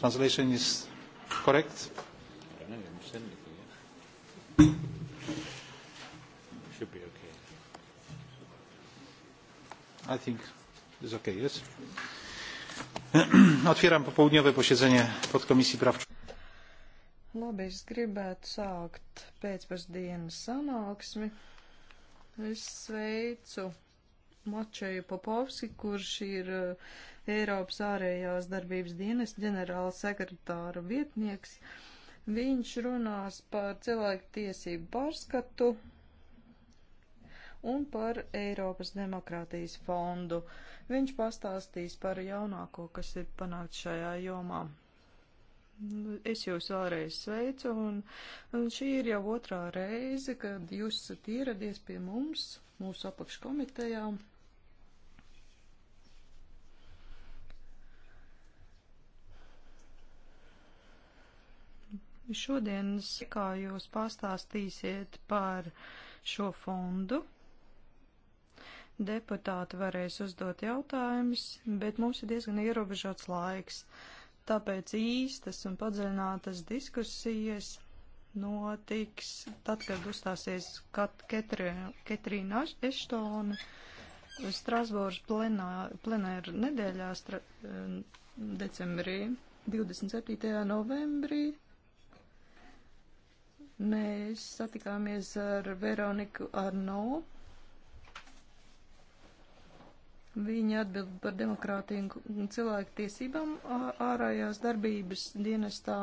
Translation is correct? Should be okay. I think it's okay, yes? Otwieram popołudniowe posiedzenie podkomisji praw człowieka. Labi, es gribētu sākt pēcpusdienas sanāksmi. Es sveicu Mačēju Popovski, kurš ir eh, Eiropas ārējās darbības dienas ģenerāla sekretāra vietnieks. Viņš runās par cilvēku tiesību pārskatu un par Eiropas demokrātijas fondu. Viņš pastāstīs par jaunāko, kas ir panākt šajā jomā. Es jūs vēlreiz sveicu, un, un šī ir jau otrā reize, kad jūs esat ieradies pie mums, mūsu apakškomitejām. Šodienas, kā jūs pastāstīsiet par šo fondu, deputāti varēs uzdot jautājumus, bet mums ir diezgan ierobežots laiks, tāpēc īstas un padziļinātas diskusijas notiks tad, kad uzstāsies Kat Ketrīna Eštona Strasbūras plenāra plenā nedēļā stra, decembrī, 27. novembrī Mēs satikāmies ar Veroniku Arno. Viņa atbild par demokrātiju un cilvēku tiesībām ārējās darbības dienestā.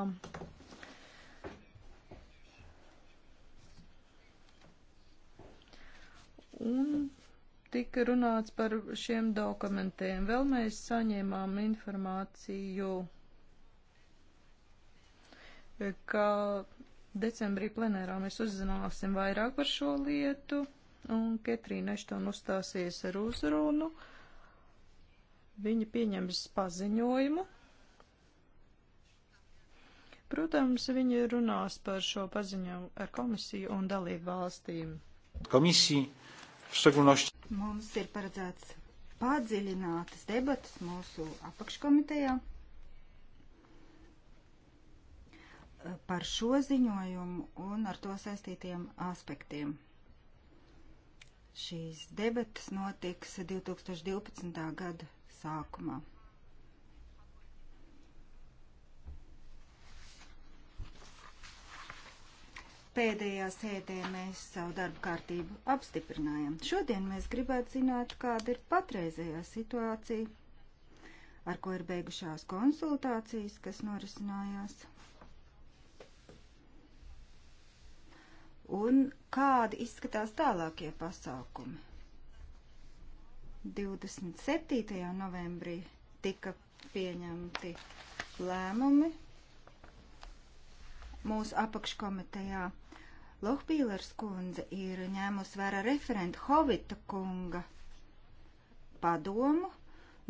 Un tika runāts par šiem dokumentiem. Vēl mēs saņēmām informāciju, ka Decembrī plenērā mēs uzzināsim vairāk par šo lietu, un Ketrīna Eštona uzstāsies ar uzrunu. Viņa pieņems paziņojumu. Protams, viņi runās par šo paziņojumu ar komisiju un dalību valstīm. Komisija, šķegunošķi. Mums ir paredzēts padziļinātas debatas mūsu apakškomitejā. par šo ziņojumu un ar to saistītiem aspektiem. Šīs debatas notiks 2012. gada sākumā. Pēdējā sēdē mēs savu darbu kārtību apstiprinājām. Šodien mēs gribētu zināt, kāda ir patreizējā situācija, ar ko ir beigušās konsultācijas, kas norisinājās. un kādi izskatās tālākie pasākumi. 27. novembrī tika pieņemti lēmumi mūsu apakškomitejā. Lohpīlers kundze ir ņēmusi vērā referenta Hovita kunga padomu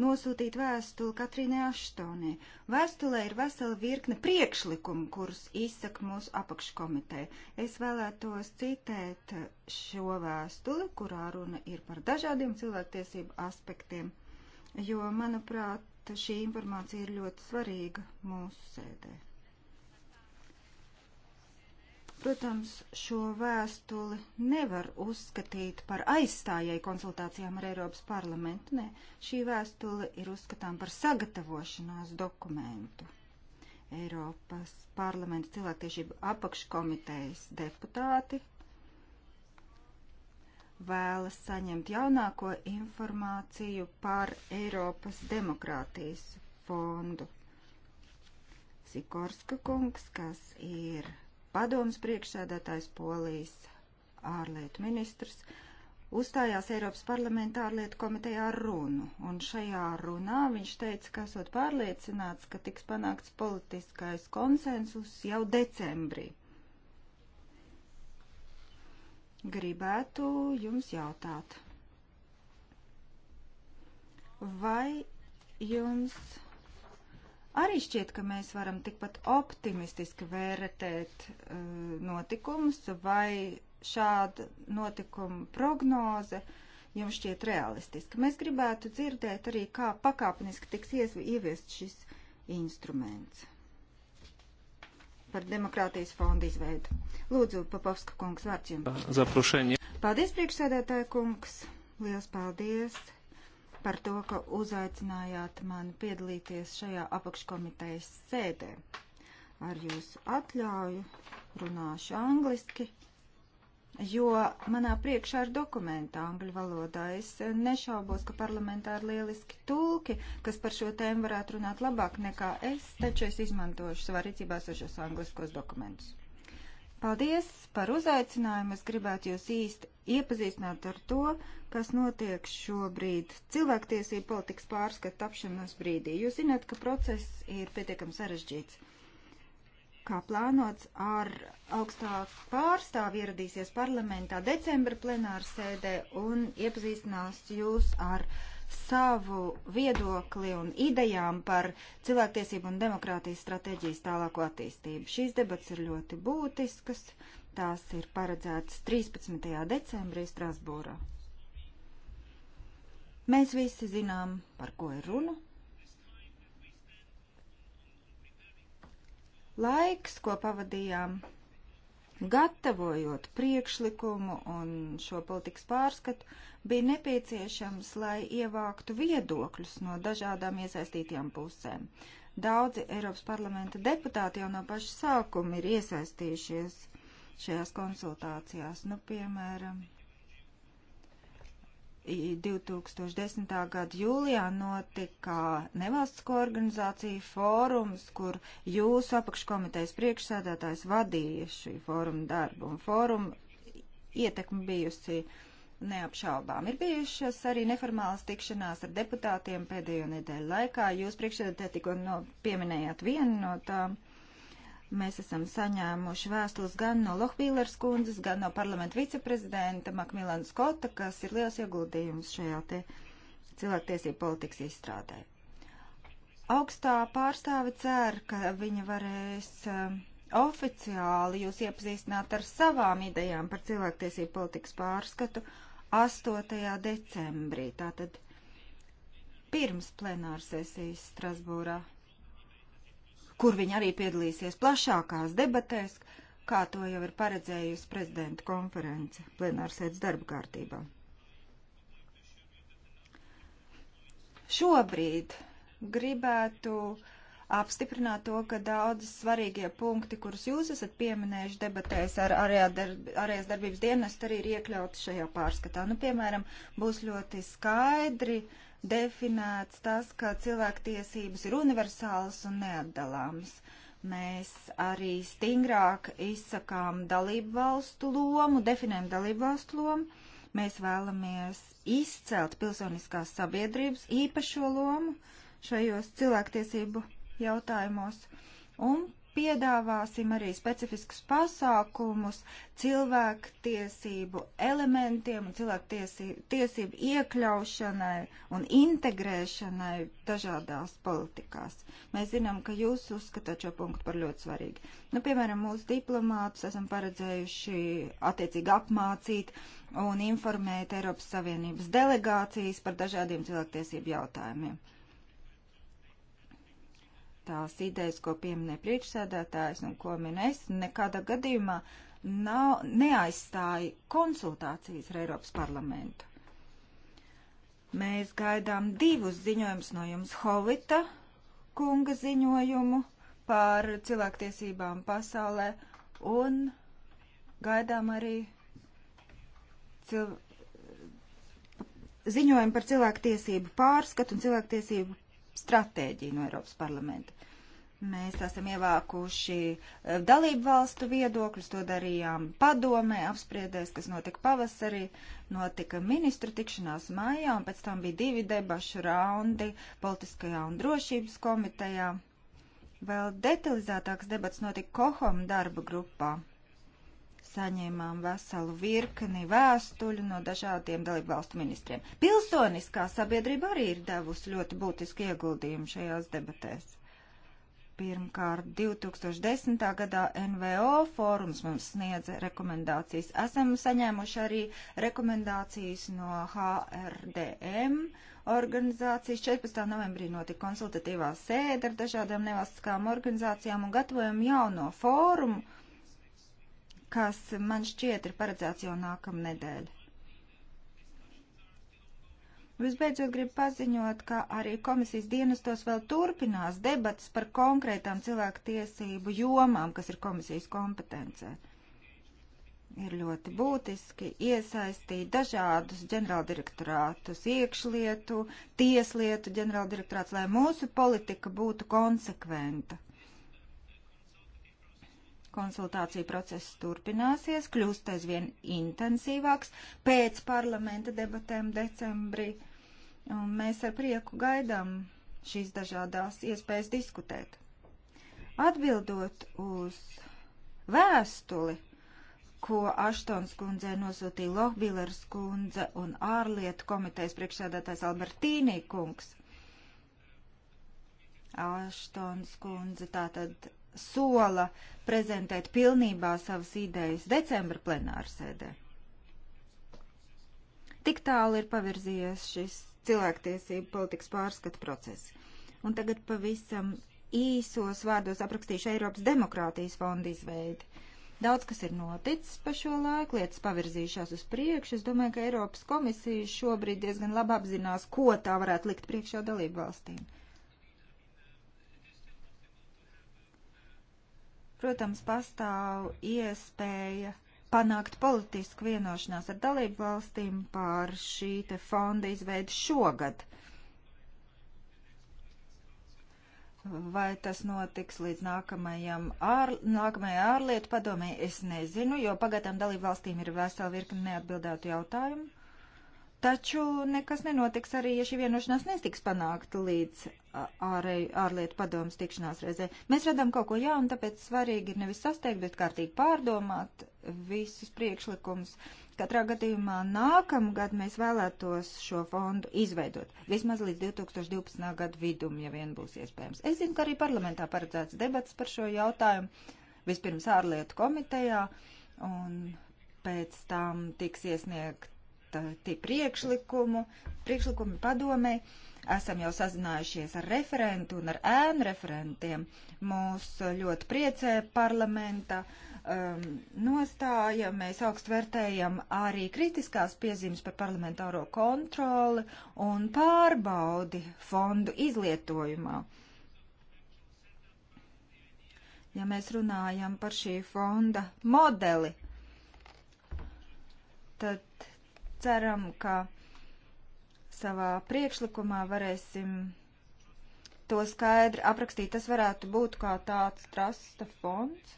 nosūtīt vēstuli Katrīnai Aštonē. Vēstulē ir vesela virkne priekšlikumu, kurus izsaka mūsu apakškomiteja. Es vēlētos citēt šo vēstuli, kurā runa ir par dažādiem cilvēktiesību aspektiem, jo, manuprāt, šī informācija ir ļoti svarīga mūsu sēdē. Protams, šo vēstuli nevar uzskatīt par aizstājai konsultācijām ar Eiropas parlamentu. Nē, šī vēstule ir uzskatām par sagatavošanās dokumentu. Eiropas parlamenta cilvēktiešību apakškomitejas deputāti vēlas saņemt jaunāko informāciju par Eiropas demokrātijas fondu. Sikorska kungs, kas ir padomas priekšsēdētājs Polijas ārlietu ministrs uzstājās Eiropas parlamenta ārlietu komitejā ar runu, un šajā runā viņš teica, ka esot pārliecināts, ka tiks panākts politiskais konsensus jau decembrī. Gribētu jums jautāt, vai jums Arī šķiet, ka mēs varam tikpat optimistiski vērtēt uh, notikumus, vai šāda notikuma prognoze jums šķiet realistiska. Mēs gribētu dzirdēt arī, kā pakāpeniski tiks ieviest šis instruments par demokrātijas fondu izveidu. Lūdzu, Papovska kungs, vārds jums. Zaprošenie. Paldies, priekšsēdētāja kungs. Liels paldies par to, ka uzaicinājāt mani piedalīties šajā apakškomitejas sēdē. Ar jūsu atļauju runāšu angliski, jo manā priekšā ir dokumenta angļu valodā. Es nešaubos, ka parlamentā ir lieliski tulki, kas par šo tēmu varētu runāt labāk nekā es, taču es izmantošu savā rīcībā sošos angliskos dokumentus. Paldies par uzaicinājumu. Es gribētu jūs īsti iepazīstināt ar to, kas notiek šobrīd cilvēktiesību politikas pārskata tapšanas brīdī. Jūs zināt, ka process ir pietiekami sarežģīts. Kā plānots, ar augstā pārstāvi ieradīsies parlamentā decembra plenāra sēdē un iepazīstinās jūs ar uh, savu viedokli un idejām par cilvēktiesību un demokrātijas stratēģijas tālāko attīstību. Šīs debats ir ļoti būtiskas. Tās ir paredzētas 13. decembrī Strasbūrā. Mēs visi zinām, par ko ir runa. Laiks, ko pavadījām gatavojot priekšlikumu un šo politikas pārskatu, bija nepieciešams, lai ievāktu viedokļus no dažādām iesaistītajām pusēm. Daudzi Eiropas parlamenta deputāti jau no paša sākuma ir iesaistījušies šajās konsultācijās. Nu, piemēram, 2010. gada jūlijā notika nevalstisko organizāciju fórums, kur jūsu apakškomitejas priekšsēdētājs vadīja šī fóruma darbu. Un fóruma ietekme bijusi uh, neapšaubām. Ir bijušas arī neformālas tikšanās ar deputātiem pēdējo nedēļu laikā. Jūs priekšsēdētē tikko no, pieminējāt vienu no tām. Mēs esam saņēmuši vēstules gan no Lohbīlers kundzes, gan no parlamenta viceprezidenta Makmilana Skota, kas ir liels ieguldījums šajā te cilvēktiesību politikas izstrādē. Augstā pārstāve cer, ka viņa varēs uh, oficiāli jūs iepazīstināt ar savām idejām par cilvēktiesību politikas pārskatu 8. decembrī, tātad pirms plenārsesijas Strasbūrā, kur viņa arī piedalīsies plašākās debatēs, kā to jau ir paredzējusi prezidenta konference plenārsēdes darba kārtībā. Šobrīd gribētu uh, apstiprināt to, ka daudzi svarīgie punkti, kurus jūs esat pieminējuši debatēs ar ārējās darbības dienestu, arī ir iekļauti šajā pārskatā. Nu, piemēram, būs ļoti skaidri definēts tas, ka cilvēktiesības ir universālas un neatdalāmas. Mēs arī stingrāk izsakām dalību valstu lomu, definējam dalību valstu lomu. Mēs vēlamies izcelt pilsoniskās sabiedrības īpašo lomu šajos cilvēktiesību jautājumos. Un piedāvāsim arī specifiskus pasākumus cilvēktiesību elementiem un cilvēktiesību tiesību iekļaušanai un integrēšanai dažādās politikās. Mēs zinām, ka jūs uzskatāt šo punktu par ļoti svarīgu. Nu, piemēram, mūsu diplomātus esam paredzējuši attiecīgi apmācīt un informēt Eiropas Savienības delegācijas par dažādiem cilvēktiesību jautājumiem tās idejas, ko pieminē priekšsēdētājs un ko min es, nekādā gadījumā nav, neaizstāja konsultācijas ar Eiropas parlamentu. Mēs gaidām divus ziņojumus no jums - Hovita kunga ziņojumu par cilvēktiesībām pasaulē un gaidām arī cil... ziņojumu par cilvēktiesību pārskatu un cilvēktiesību stratēģiju no Eiropas parlamenta. Mēs esam ievākuši eh, dalību valstu viedokļus, to darījām padomē, apspriedēs, kas notika pavasarī, notika ministru tikšanās mājā, un pēc tam bija divi debašu raundi politiskajā un drošības komitejā. Vēl detalizētāks debats notika Kohom darba grupā. Saņēmām veselu virkni vēstuļu no dažādiem dalību valstu ministriem. Pilsoniskā sabiedrība arī ir devusi ļoti būtisku ieguldījumu šajās debatēs Pirmkārt, 2010. gadā NVO fórums mums sniedza rekomendācijas. Esam saņēmuši arī rekomendācijas no HRDM organizācijas. 14. novembrī notika konsultatīvā sēde ar dažādām nevalstiskām organizācijām un gatavojam jauno fórumu, kas man šķiet ir paredzēts jau nākamnedēļ. Visbeidzot, gribu paziņot, ka arī komisijas dienestos vēl turpinās debatas par konkrētām cilvēku tiesību jomām, kas ir komisijas kompetencē. Ir ļoti būtiski iesaistīt dažādus ģenerāldirektorātus, iekšlietu, tieslietu ģenerāldirektorāts, lai mūsu politika būtu konsekventa konsultāciju process turpināsies, kļūst aizvien intensīvāks pēc parlamenta debatēm decembrī. Un mēs ar prieku gaidām šīs dažādās iespējas diskutēt. Atbildot uz vēstuli, ko Aštons kundzē nosūtīja Lohbīlers kundze un ārlietu komitejas priekšsēdētājs Albertīnī kungs. Aštons kundze tātad sola prezentēt pilnībā savas idejas decembra plenārsēdē. Tik tālu ir pavirzījies šis cilvēktiesību politikas pārskata process. Un tagad pavisam īsos vārdos aprakstīšu Eiropas demokrātijas fonda izveidi. Daudz kas ir noticis pa šo laiku, lietas pavirzījušās uz priekšu. Es domāju, ka Eiropas komisija šobrīd diezgan labi apzinās, ko tā varētu likt priekšā dalību valstīm. Uh, Protams, pastāv iespēja panākt politisku vienošanās ar dalību valstīm par šī te fonda izveidu šogad. Vai tas notiks līdz nākamajam ār, nākamajai ārlietu padomē, es nezinu, jo pagaidām dalību valstīm ir vesela virkni neatbildētu jautājumu. Taču nekas nenotiks arī, ja šī vienošanās netiks panākta līdz ārēju, ārlietu padomas tikšanās reizē. Mēs redzam kaut ko jaunu, tāpēc svarīgi ir nevis sasteigt, bet kārtīgi pārdomāt visus priekšlikumus. Katrā gadījumā nākamgad mēs vēlētos šo fondu izveidot, vismaz līdz 2012. gadu vidum, ja vien būs iespējams. Es zinu, ka arī parlamentā paredzēts debats par šo jautājumu, vispirms ārlietu komitejā, un pēc tam tiks iesniegt sagatavoti priekšlikumu, priekšlikumi padomē. Esam jau sazinājušies ar referentu un ar ēnu referentiem. Mūs ļoti priecē parlamenta um, nostāja. Mēs augstu vērtējam arī kritiskās piezīmes par parlamentāro kontroli un pārbaudi fondu izlietojumā. Ja mēs runājam par šī fonda modeli, tad ceram, ka savā priekšlikumā varēsim to skaidri aprakstīt. Tas varētu būt kā tāds trasta fonds,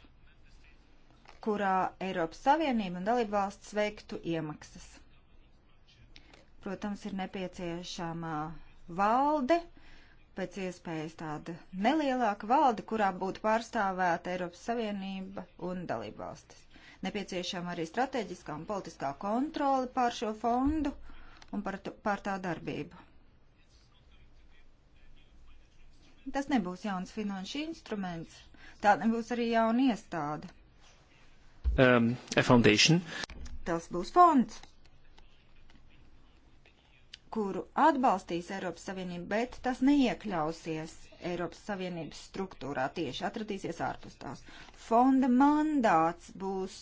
kurā Eiropas Savienība un dalībvalsts veiktu iemaksas. Protams, ir nepieciešama valde, pēc iespējas tāda nelielāka valde, kurā būtu pārstāvēta Eiropas Savienība un dalībvalstis. Nepieciešama arī strateģiskā un politiskā kontrole pār šo fondu un par, pār tā darbību. Tas nebūs jauns finanšu instruments, tā nebūs arī jauna iestāde. Um, Tas būs fonds kuru atbalstīs Eiropas Savienība, bet tas neiekļausies Eiropas Savienības struktūrā tieši, atradīsies ārpus tās. Fonda mandāts būs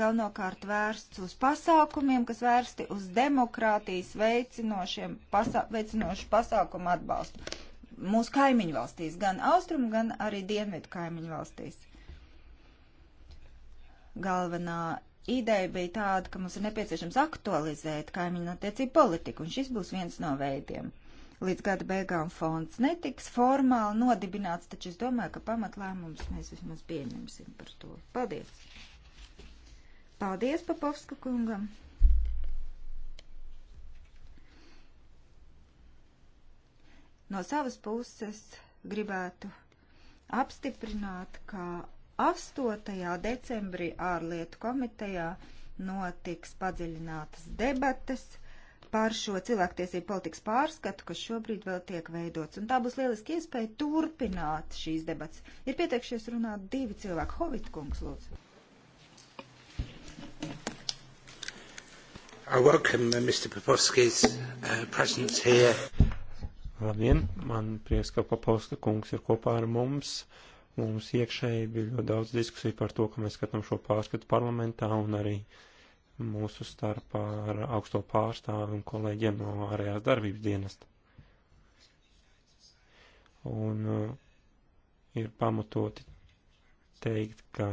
galvenokārt vērsts uz pasākumiem, kas vērsti uz demokrātijas veicinošiem, pasā, veicinošu pasākumu atbalstu. Mūsu kaimiņu valstīs, gan austrumu, gan arī dienvidu kaimiņu valstīs. Galvenā ideja bija tāda, ka mums ir nepieciešams aktualizēt kaimiņu attiecību politiku, un šis būs viens no veidiem. Līdz gada beigām fonds netiks formāli nodibināts, taču es domāju, ka pamatlēmums mēs vismaz pieņemsim par to. Paldies! Paldies Papovska kungam! No savas puses gribētu apstiprināt, ka 8. decembrī ārlietu komitejā notiks padziļinātas debates par šo cilvēktiesību politikas pārskatu, kas šobrīd vēl tiek veidots. Un tā būs lieliski iespēja turpināt šīs debats. Ir pieteikšies runāt divi cilvēki. Hovita kungs, lūdzu. I welcome uh, Mr. Popovsky's uh, presence here. Labdien, man prieks, ka Popovska kungs ir kopā ar mums. Uh, Mums iekšēji bija ļoti daudz diskusiju par to, ka mēs skatām šo pārskatu parlamentā un arī mūsu starpā ar augsto pārstāvi un kolēģiem no ārējās darbības dienesta. Un uh, ir pamatoti teikt, ka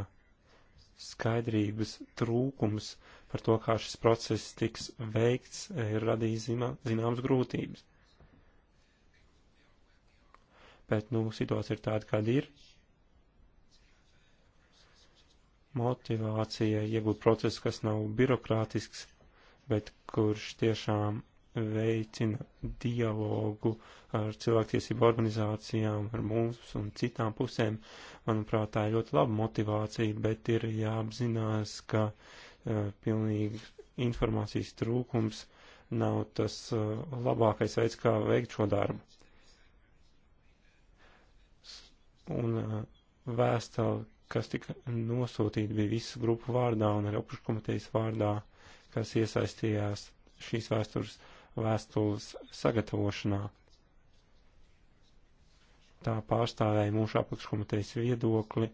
skaidrības trūkums par to, kā šis process tiks veikts, ir radījis zinā, zināmas grūtības. Bet, nu, situācija ir tāda, kāda ir, motivācijai iegūt procesu, kas nav birokrātisks, bet kurš tiešām veicina dialogu ar cilvēktiesību organizācijām, ar mums un citām pusēm. Manuprāt, tā ir ļoti laba motivācija, bet ir jāapzinās, ka uh, pilnīgi informācijas trūkums nav tas uh, labākais veids, kā veikt šo darbu. Un uh, vēstuli, kas tika nosūtīti, bija visu grupu vārdā un arī apakškomitejas vārdā, kas iesaistījās šīs vēstures vēstules sagatavošanā. Tā pārstāvēja mūsu apakškomitejas viedokli.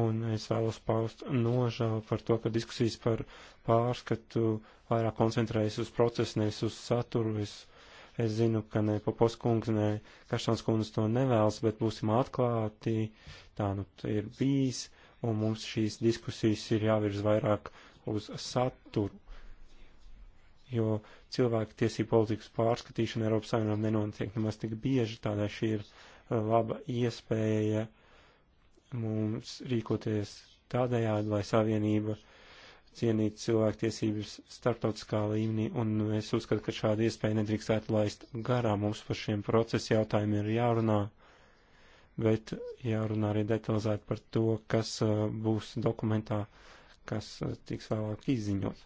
Un es vēlos paust nožēlu par to, ka diskusijas par pārskatu vairāk koncentrējas uz procesu, nevis uz saturu. Es Es zinu, ka ne Popos kungs, ne Kašons kungs to nevēlas, bet būsim atklāti, tā nu ir bijis, un mums šīs diskusijas ir jāvirz vairāk uz saturu. Jo cilvēku tiesību politikas pārskatīšana Eiropas Savienībā nenotiek nemaz tik bieži, tādēļ šī ir uh, laba iespēja mums rīkoties tādējādi, lai Savienība uh, cienīt cilvēktiesības starptautiskā līmenī, un es uzskatu, ka šāda iespēja nedrīkstētu laist garām. Mums par šiem procesu jautājumiem ir jārunā, bet jārunā arī detalizēti par to, kas uh, būs dokumentā, kas uh, tiks vēlāk izziņot.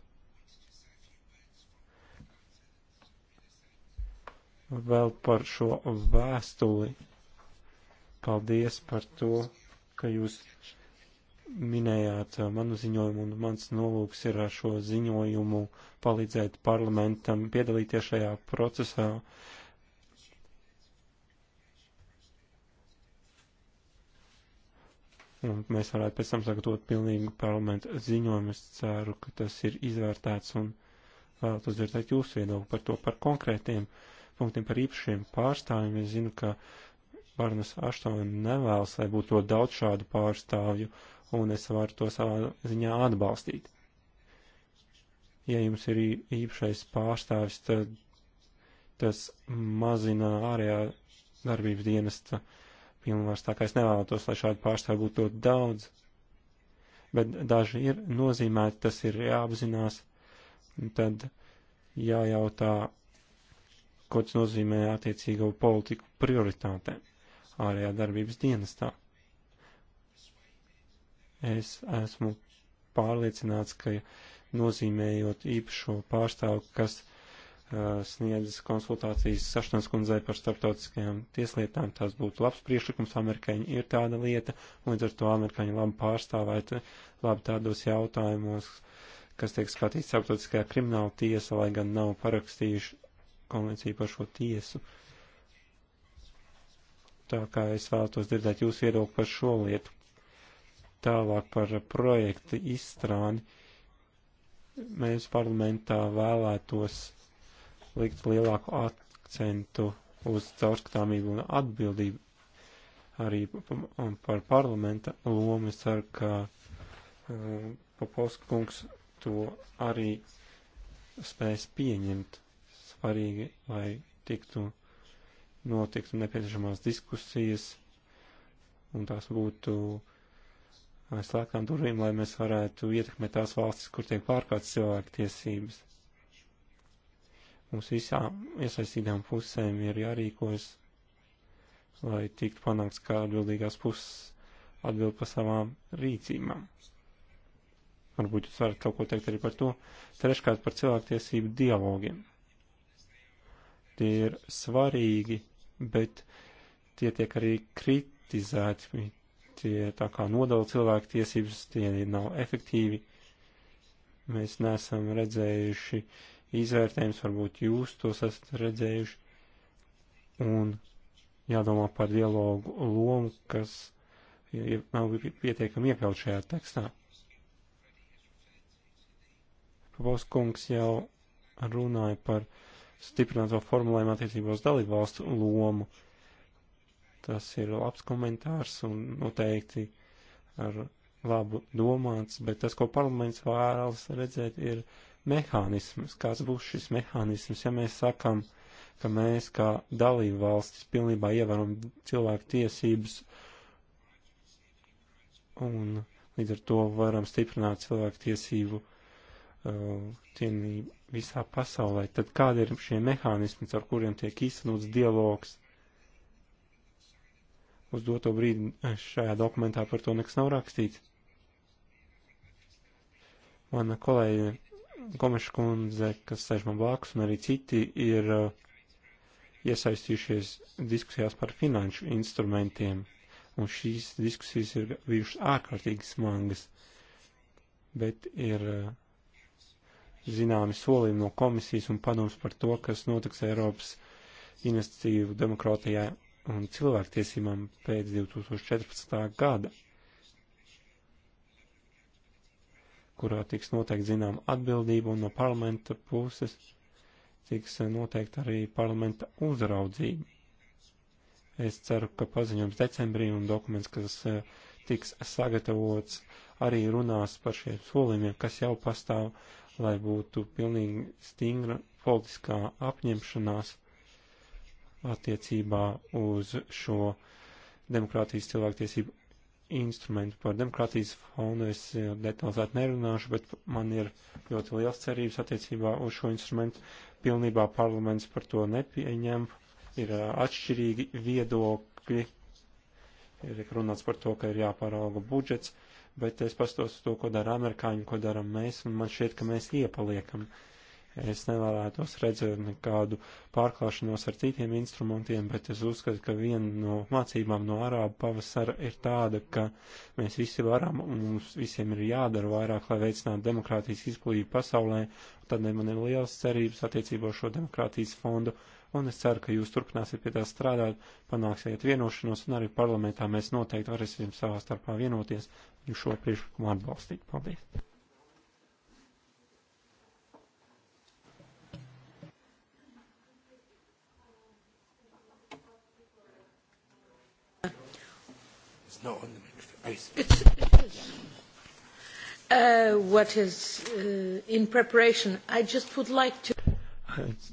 Vēl par šo vēstuli. Paldies par to, ka jūs minējāt eh, manu ziņojumu, un mans nolūks ir ar šo ziņojumu palīdzēt parlamentam piedalīties šajā procesā. Un mēs varētu pēc tam sagatavot pilnīgu parlamentu ziņojumu. Es ceru, ka tas ir izvērtēts un vēlētu uzdzirdēt jūsu viedokli par to, par konkrētiem punktiem, par īpašiem pārstāvjiem. Es zinu, ka Barnas Aštovim nevēlas, lai būtu to daudz šādu pārstāvju, uh, un es varu to savā ziņā atbalstīt. Ja jums ir īpašais pārstāvis, tad tas mazina ārējā darbības dienesta pilnvars, tā kā es nevēlētos, lai šādu pārstāvu būtu ļoti daudz, bet daži ir nozīmēti, tas ir jāapzinās, un tad jājautā, ko tas nozīmē attiecīgo politiku prioritātēm ārējā darbības dienestā. Es esmu pārliecināts, ka nozīmējot īpašo pārstāvu, kas uh, sniedzas konsultācijas Sašanas kundzei par starptautiskajām tieslietām, tas būtu labs priekšlikums. Amerikāņi ir tāda lieta, un līdz ar to amerikāņi labi pārstāvēt, labi tādos jautājumos, kas tiek skatīts starptautiskajā krimināla tiesa, lai gan nav parakstījuši konvenciju par šo tiesu. Tā kā es vēlētos dzirdēt jūsu viedokli par šo lietu. Tālāk par projektu izstrādi. Mēs parlamentā vēlētos likt lielāku akcentu uz caurskatāmību un atbildību. Arī par parlamenta lomu es ceru, ka um, Papovska kungs to arī spēs pieņemt. Svarīgi, lai tiktu notiktu nepieciešamās diskusijas un tās būtu aiz slēgtām durvīm, lai mēs varētu ietekmēt tās valstis, kur tiek pārkāptas cilvēku tiesības. Mums visām iesaistītām pusēm ir jārīkojas, lai tiktu panākts, kā atbildīgās puses atbild par savām rīcībām. Varbūt jūs varat kaut ko teikt arī par to. Treškārt par cilvēktiesību dialogiem. Tie ir svarīgi, bet tie tiek arī kritizēti tie tā kā nodala cilvēku tiesības, tie nav efektīvi. Mēs nesam redzējuši izvērtējums, varbūt jūs tos esat redzējuši. Un jādomā par dialogu lomu, kas nav pietiekami iekļaut šajā tekstā. Paboskungs jau runāja par stiprināto formulējumu attiecībos dalībvalstu lomu. Uh, Tas ir labs komentārs un noteikti ar labu domāts, bet tas, ko parlaments vēlas redzēt, ir mehānisms. Kāds būs šis mehānisms, ja mēs sakam, ka mēs kā dalība valstis pilnībā ievaram cilvēku tiesības un līdz ar to varam stiprināt cilvēku tiesību uh, cienību visā pasaulē, tad kādi ir šie mehānismi, ar kuriem tiek īstenots dialogs uz doto brīdi šajā dokumentā par to nekas nav rakstīts. Mana kolēģe Komeša kundze, kas sēž man blakus, un arī citi ir uh, iesaistījušies diskusijās par finanšu instrumentiem, un šīs diskusijas ir bijušas ārkārtīgi smagas, bet ir uh, zināmi solījumi no komisijas un padoms par to, kas notiks Eiropas investīvu demokrātijā un cilvēktiesībām pēc 2014. gada, kurā tiks noteikti zinām atbildība un no parlamenta puses tiks eh, noteikti arī parlamenta uzraudzība. Es ceru, ka paziņojums decembrī un dokuments, kas eh, tiks sagatavots, arī runās par šiem solījumiem, kas jau pastāv, lai būtu pilnīgi stingra politiskā apņemšanās attiecībā uz šo demokrātijas cilvēktiesību instrumentu. Par demokrātijas fondu es detalizēti nerunāšu, bet man ir ļoti liels cerības attiecībā uz šo instrumentu. Pilnībā parlaments par to nepieņem. Ir atšķirīgi viedokļi. Ir runāts par to, ka ir jāpārauga budžets, bet es pastos to, ko dara amerikāņi, ko dara mēs, un man šķiet, ka mēs iepaliekam. Uh, Es nevēlētos redzēt nekādu pārklāšanos ar citiem instrumentiem, bet es uzskatu, ka viena no mācībām no Arābu pavasara ir tāda, ka mēs visi varam un mums visiem ir jādara vairāk, lai veicinātu demokrātijas izplatību pasaulē. Tad man ir liels cerības attiecībā uz šo demokrātijas fondu, un es ceru, ka jūs turpināsiet pie tā strādāt, panāksiet vienošanos, un arī parlamentā mēs noteikti varēsim savā starpā vienoties un šo priekšlikumu atbalstīt. Paldies! not on the manifest. It's, it is. Uh, what is uh, in preparation? I just would like to.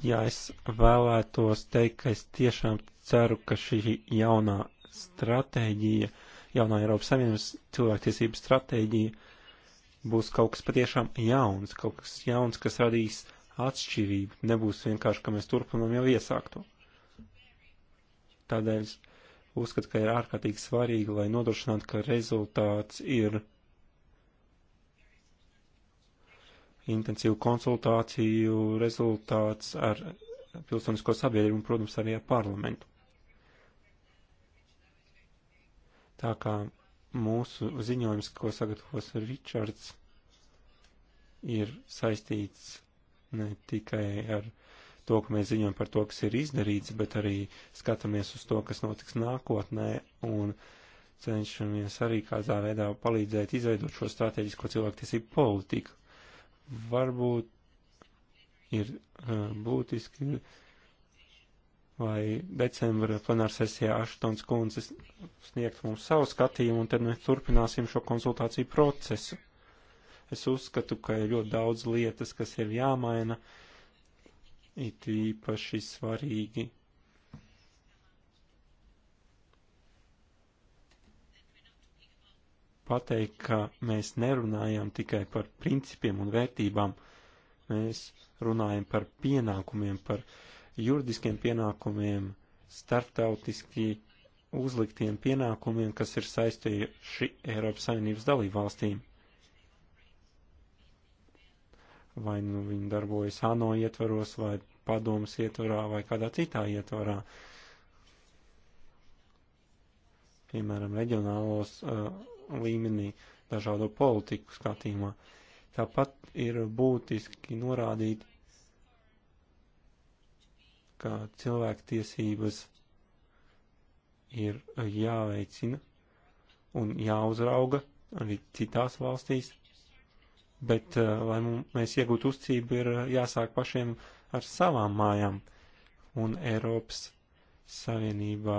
Jā, es vēlētos teikt, ka es tiešām ceru, ka šī jaunā stratēģija, jaunā Eiropas Savienības cilvēktiesību stratēģija būs kaut kas patiešām jauns, kaut kas jauns, kas radīs atšķirību. Nebūs vienkārši, ka mēs turpinām jau iesākto. Tādēļ uzskata, ka ir ārkārtīgi svarīgi, lai nodrošinātu, ka rezultāts ir intensīvu konsultāciju rezultāts ar pilsonisko sabiedrību un, protams, arī ar parlamentu. Tā kā mūsu ziņojums, ko sagatavos Ričards, ir saistīts ne tikai ar to, ka mēs ziņojam par to, kas ir izdarīts, bet arī skatāmies uz to, kas notiks nākotnē un cenšamies arī kādā veidā palīdzēt izveidot šo strateģisko cilvēktiesību politiku. Varbūt ir uh, būtiski, lai decembra plenārsesijā Aštons kundzes sniegt mums savu skatījumu, un tad mēs turpināsim šo konsultāciju procesu. Es uzskatu, ka ir ļoti daudz lietas, kas ir jāmaina. Uh, it īpaši svarīgi. Pateikt, ka mēs nerunājam tikai par principiem un vērtībām, mēs runājam par pienākumiem, par juridiskiem pienākumiem, starptautiski uzliktiem pienākumiem, kas ir saistīti Eiropas Savienības dalībvalstīm. valstīm vai nu viņi darbojas ANO ietvaros, vai padomas ietvarā, vai kādā citā ietvarā. Piemēram, reģionālos uh, līmenī, dažādo politiku skatījumā. Tāpat ir būtiski norādīt, ka cilvēktiesības ir uh, jāveicina un jāuzrauga arī citās valstīs, bet, eh, lai mēs iegūtu uzticību, ir eh, jāsāk pašiem ar savām mājām. Un Eiropas Savienībā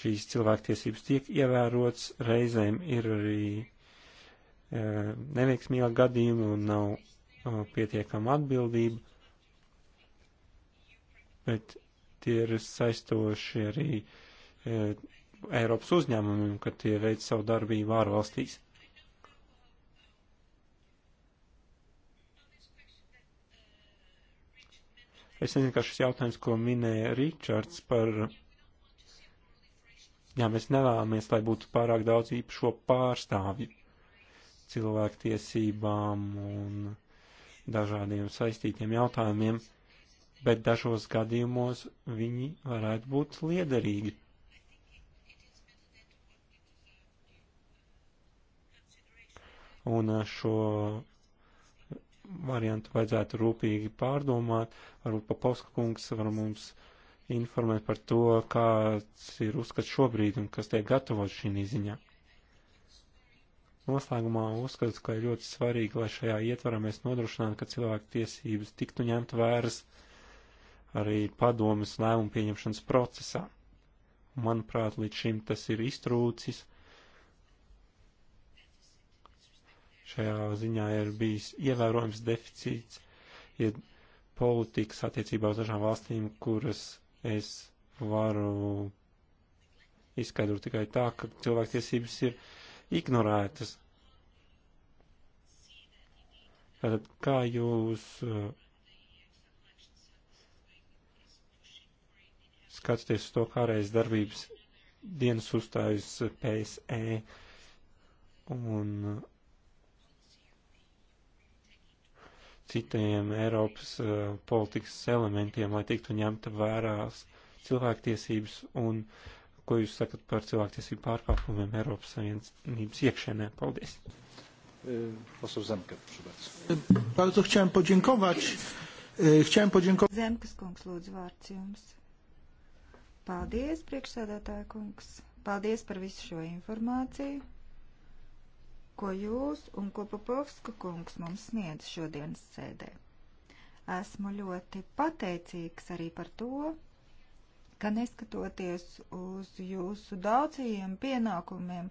šīs cilvēktiesības tiek ievērots, reizēm ir arī e, neveiksmīga gadījuma un nav e, pietiekama atbildība, bet tie ir saistoši arī e, Eiropas uzņēmumiem, ka tie veic savu darbību ārvalstīs. Es nezinu, kā šis jautājums, ko minēja Ričards par. Jā, mēs nevēlamies, lai būtu pārāk daudz īpašo pārstāvju cilvēktiesībām un dažādiem saistītiem jautājumiem, bet dažos gadījumos viņi varētu būt liederīgi. Un uh, šo variantu vajadzētu rūpīgi pārdomāt. Varbūt Papovska kungs var mums informēt par to, kāds ir uzskats šobrīd un kas tiek gatavots šī ziņā. Noslēgumā uzskatu, ka ir ļoti svarīgi, lai šajā ietvarā mēs nodrošinātu, ka cilvēku tiesības tiktu ņemt vēras arī padomas lēmumu pieņemšanas procesā. Manuprāt, līdz šim tas ir iztrūcis šajā ziņā ir bijis ievērojams deficīts, ir politikas attiecībā uz dažām valstīm, kuras es varu izskaidrot tikai tā, ka cilvēktiesības ir ignorētas. Tātad, kā jūs uh, skatoties uz to, kā reiz darbības dienas uzstājas PSE un citiem Eiropas uh, politikas elementiem, lai tiktu ņemta vērās cilvēktiesības un ko jūs sakat par cilvēktiesību pārkāpumiem Eiropas Savienības iekšēnē. Paldies. E, poseł Zemke, proszę bardzo. Bardzo chciałem podziękować. E, chciałem podziękować. Zemkas kungs, lūdzu, vārds jums. Paldies, priekšsēdētāja kungs. Paldies par visu šo informāciju ko jūs un ko Papovska kungs mums sniedz šodienas sēdē. Esmu ļoti pateicīgs arī par to, ka neskatoties uz jūsu daudzajiem pienākumiem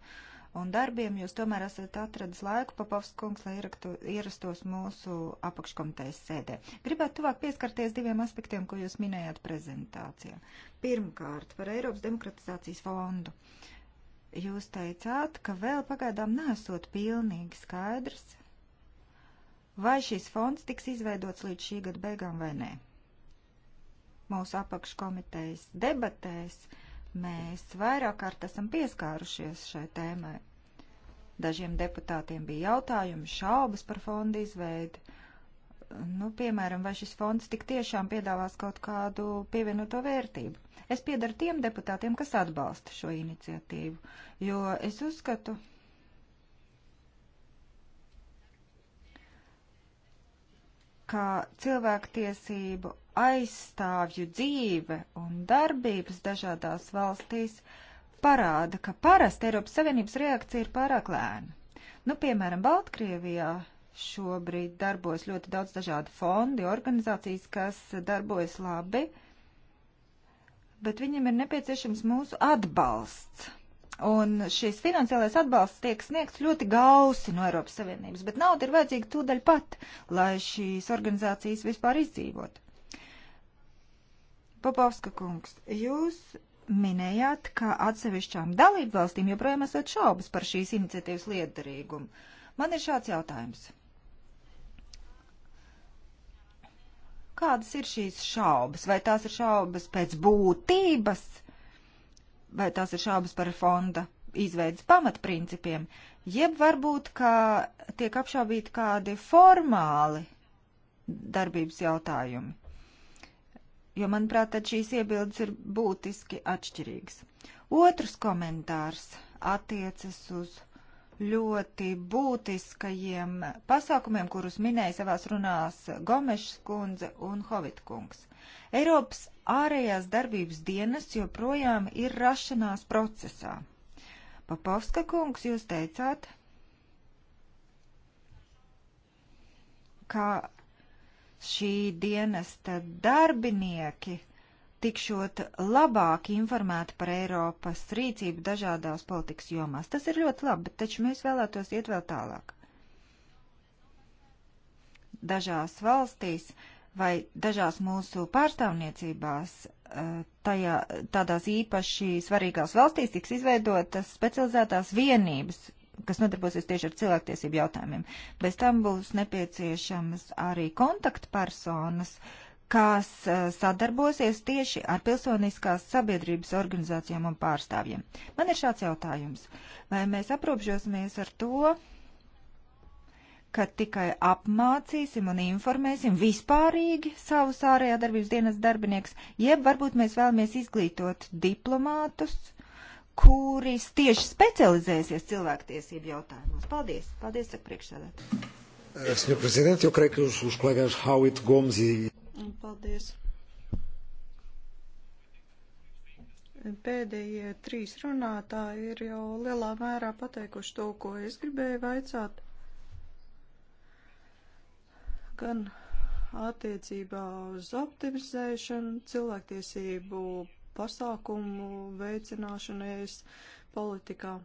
un darbiem, jūs tomēr esat atradis laiku, Papovs kungs, lai ieraktu, ierastos mūsu apakškomitejas sēdē. Gribētu tuvāk pieskarties diviem aspektiem, ko jūs minējāt prezentācijā. Pirmkārt, par Eiropas demokratizācijas fondu. Uh, Jūs teicāt, ka vēl pagaidām nesot pilnīgi skaidrs, vai šis fonds tiks izveidots līdz šī gada beigām vai nē. Mūsu apakškomitejas debatēs mēs vairāk kārt esam pieskārušies šai tēmai. Dažiem deputātiem bija jautājumi, šaubas par fondu izveidi. Nu, piemēram, vai šis fonds tik tiešām piedāvās kaut kādu pievienoto vērtību. Es piedaru tiem deputātiem, kas atbalsta šo iniciatīvu, jo es uzskatu, ka cilvēktiesību aizstāvju dzīve un darbības dažādās valstīs parāda, ka parasti Eiropas Savienības reakcija ir pārāk lēna. Nu, piemēram, Baltkrievijā šobrīd darbojas ļoti daudz dažādu fondi, organizācijas, kas darbojas labi, uh, bet viņam ir nepieciešams mūsu atbalsts. Un šis finansiālais atbalsts tiek sniegts ļoti gausi no Eiropas Savienības, bet nauda ir vajadzīga tūdaļ pat, lai šīs organizācijas vispār izdzīvot. Popavska kungs, jūs minējāt, ka atsevišķām dalību valstīm joprojām esat šaubas par šīs iniciatīvas liederīgumu. Man ir šāds jautājums. Kādas ir šīs šaubas? Vai tās ir šaubas pēc būtības, vai tās ir šaubas par fonda izveidas pamatprincipiem, jeb varbūt, ka tiek apšaubīti kādi formāli darbības jautājumi? Jo, manuprāt, tad šīs iebildes ir būtiski atšķirīgas. Otrs komentārs attiecas uz ļoti būtiskajiem pasākumiem, kurus minēja savās runās Gomešs kundze un Hovita kungs. Eiropas ārējās darbības dienas joprojām ir rašanās procesā. Papovska kungs, jūs teicāt, ka šī dienesta darbinieki tikšot labāk informēti par Eiropas rīcību dažādās politikas jomās. Tas ir ļoti labi, bet taču mēs vēlētos iet vēl tālāk. Dažās valstīs vai dažās mūsu pārstāvniecībās, eh, tajā, tādās īpaši svarīgās valstīs tiks izveidotas specializētās vienības, kas nodarbosies tieši ar cilvēktiesību jautājumiem. Bez tam būs nepieciešamas arī kontaktpersonas, uh, kas eh, sadarbosies tieši ar pilsoniskās sabiedrības organizācijām un pārstāvjiem. Man ir šāds jautājums. Vai mēs aprobežosimies ar to, ka tikai apmācīsim un informēsim vispārīgi savus ārējā darbības dienas darbinieks, jeb varbūt mēs vēlamies izglītot diplomātus, kuri tieši specializēsies cilvēktiesību jautājumos. Paldies! Paldies, saka priekšsēdētāji! Senhor Presidente, eu creio que os, os colegas Howitt, Gomes e Paldies. Pēdējie trīs runātāji ir jau lielā mērā pateikuši to, ko es gribēju vaicāt. Gan attiecībā uz optimizēšanu, cilvēktiesību pasākumu veicināšanai politikā.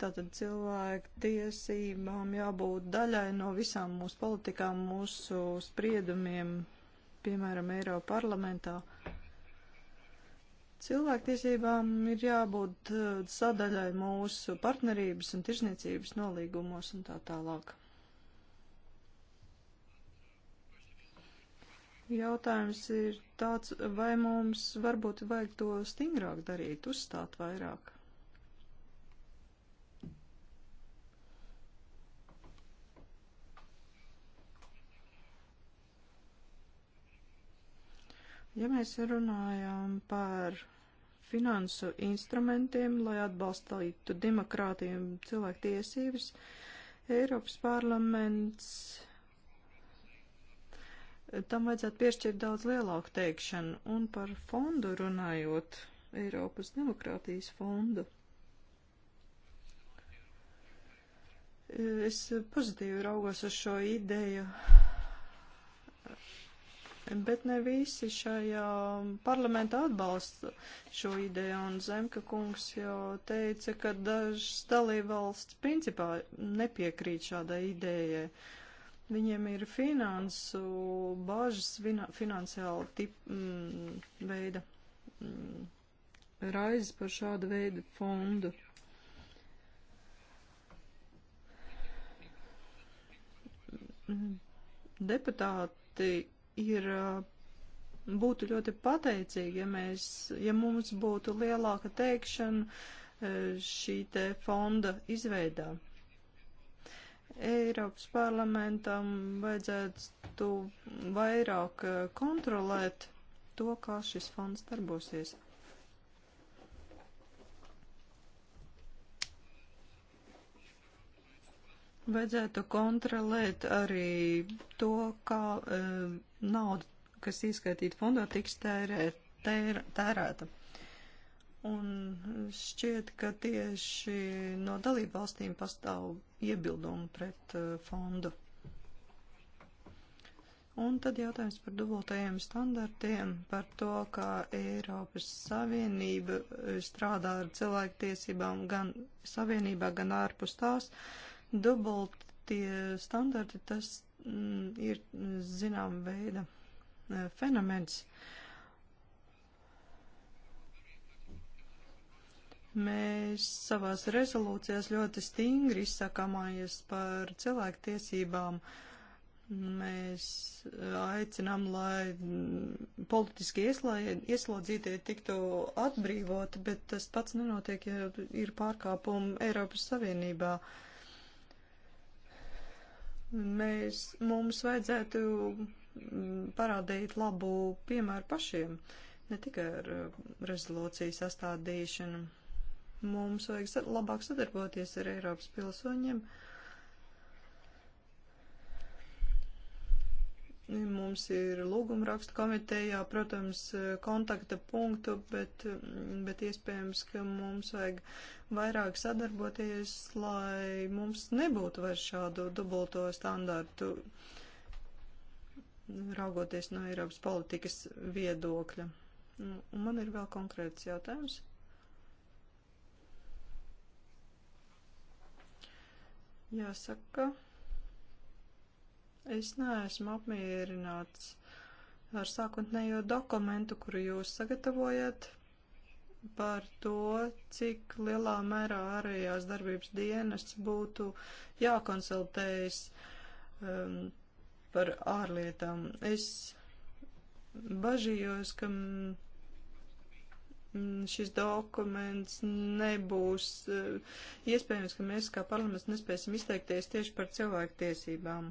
Tātad cilvēku tiesībām jābūt daļai no visām mūsu politikām, mūsu spriedumiem, piemēram, Eiropa parlamentā. Cilvēktiesībām ir jābūt eh, sadaļai mūsu partnerības un tirzniecības nolīgumos un tā tālāk. Jautājums ir tāds, vai mums varbūt vajag to stingrāk darīt, uzstāt vairāk. Ja mēs runājam par finansu instrumentiem, lai atbalstītu demokrātiju un cilvēktiesības, Eiropas parlaments tam vajadzētu piešķirt daudz lielāku teikšanu. Un par fondu runājot, Eiropas demokrātijas fondu. Es pozitīvi raugos uz šo ideju bet ne visi šajā parlamentā atbalsta šo ideju, un Zemka kungs jau teica, ka dažas dalībvalsts principā nepiekrīt šādai idejai. Viņiem ir finansu bāžas, finansiāla tip, m, mm, veida m, mm, raizes par šādu veidu fondu. Mm, deputāti ir uh, būtu ļoti pateicīgi, ja, mēs, ja mums būtu lielāka teikšana uh, šī te fonda izveidā. Eiropas parlamentam vajadzētu vairāk uh, kontrolēt to, kā šis fonds darbosies. Vajadzētu kontrolēt arī to, kā e, nauda, kas ieskaitīta fondā, tiks tērēt, tēr, tērēta. Un šķiet, ka tieši no dalību valstīm pastāv iebildumi pret e, fondu. Un tad jautājums par dubultajiem standartiem, par to, kā Eiropas Savienība eh, strādā ar cilvēktiesībām gan Savienībā, gan ārpus tās. Uh, Dubultie standarti tas mm, ir zinām veida e, fenomens. Mēs savās rezolūcijās ļoti stingri izsakāmājies par cilvēktiesībām. Mēs e, aicinām, lai mm, politiski ieslodzītie tiktu atbrīvoti, bet tas pats nenotiek, ja ir pārkāpumi Eiropas Savienībā. Uh, Mēs, mums vajadzētu mm, parādīt labu piemēru pašiem, ne tikai ar mm, rezolūciju sastādīšanu. Mums vajag labāk sadarboties ar Eiropas pilsoņiem. Uh, Mums ir lūguma rakstu komitejā, protams, kontakta punktu, bet, bet iespējams, ka mums vajag vairāk sadarboties, lai mums nebūtu vairs šādu dubulto standartu, raugoties no Eiropas politikas viedokļa. Un man ir vēl konkrēts jautājums. Jāsaka. Es neesmu apmierināts ar sākotnējo dokumentu, kuru jūs sagatavojat par to, cik lielā mērā ārējās darbības dienas būtu jākonsultējas um, par ārlietām. Es bažījos, ka mm, mm, šis dokuments nebūs uh, iespējams, ka mēs kā parlaments nespēsim izteikties tieši par cilvēku tiesībām.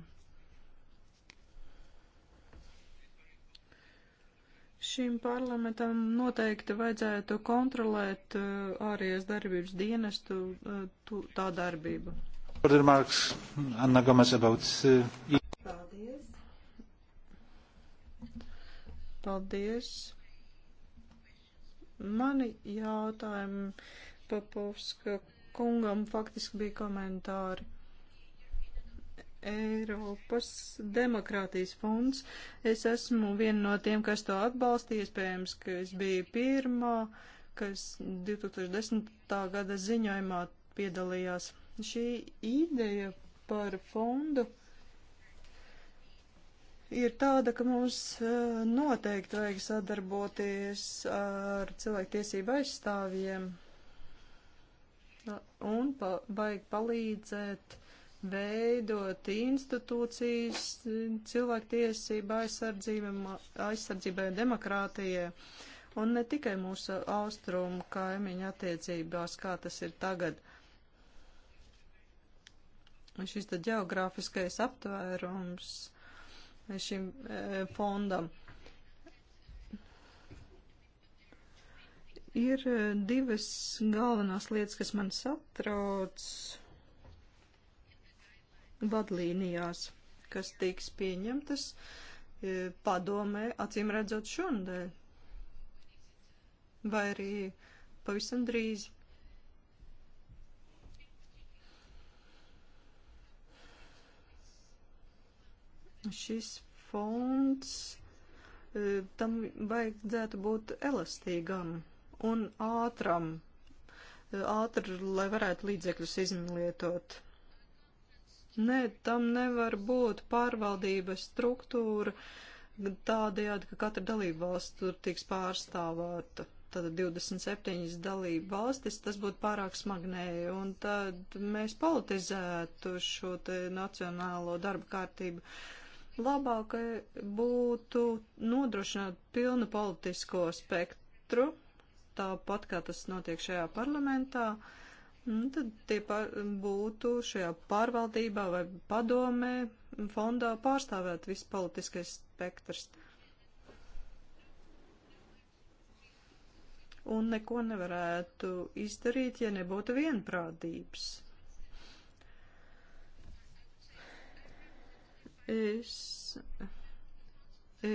Šim parlamentam noteikti vajadzētu kontrolēt uh, ārējās darbības dienestu uh, tu, tā darbību. Remarks, Anna Gomes about, uh, Paldies. Paldies. Mani jautājumi Papovska kungam faktiski bija komentāri. Eiropas demokrātijas fonds. Es esmu viena no tiem, kas to atbalstīja, iespējams, ka es biju pirmā, kas 2010. gada ziņojumā piedalījās. Šī ideja par fondu ir tāda, ka mums eh, noteikti vajag sadarboties ar cilvēktiesību aizstāvjiem un pa, vajag palīdzēt veidot institūcijas cilvēktiesība aizsardzībai un demokrātijai, un ne tikai mūsu austrumu kaimiņu attiecībās, kā tas ir tagad. Un šis tad geogrāfiskais aptvērums šim e, fondam. Ir e, divas galvenās lietas, kas man satrauc vadlīnijās, kas tiks pieņemtas e, padomē, acīm redzot šonadēļ. Vai arī pavisam drīz. Šis fonds e, tam vajadzētu būt elastīgam un ātram, e, ātri, lai varētu līdzekļus izmantot. Nē, tam nevar būt pārvaldības struktūra tādējādi, ka katra dalība valsts tur tiks pārstāvāta. Tad 27 dalība valstis, tas būtu pārāk smagnēji, un tad mēs politizētu šo te nacionālo darba kārtību. Labāk būtu nodrošināt pilnu politisko spektru, tāpat kā tas notiek šajā parlamentā. Uh, Nu, tad tie pār, būtu šajā pārvaldībā vai padomē fondā pārstāvēt viss politiskais spektrs. Un neko nevarētu izdarīt, ja nebūtu vienprātības. Es,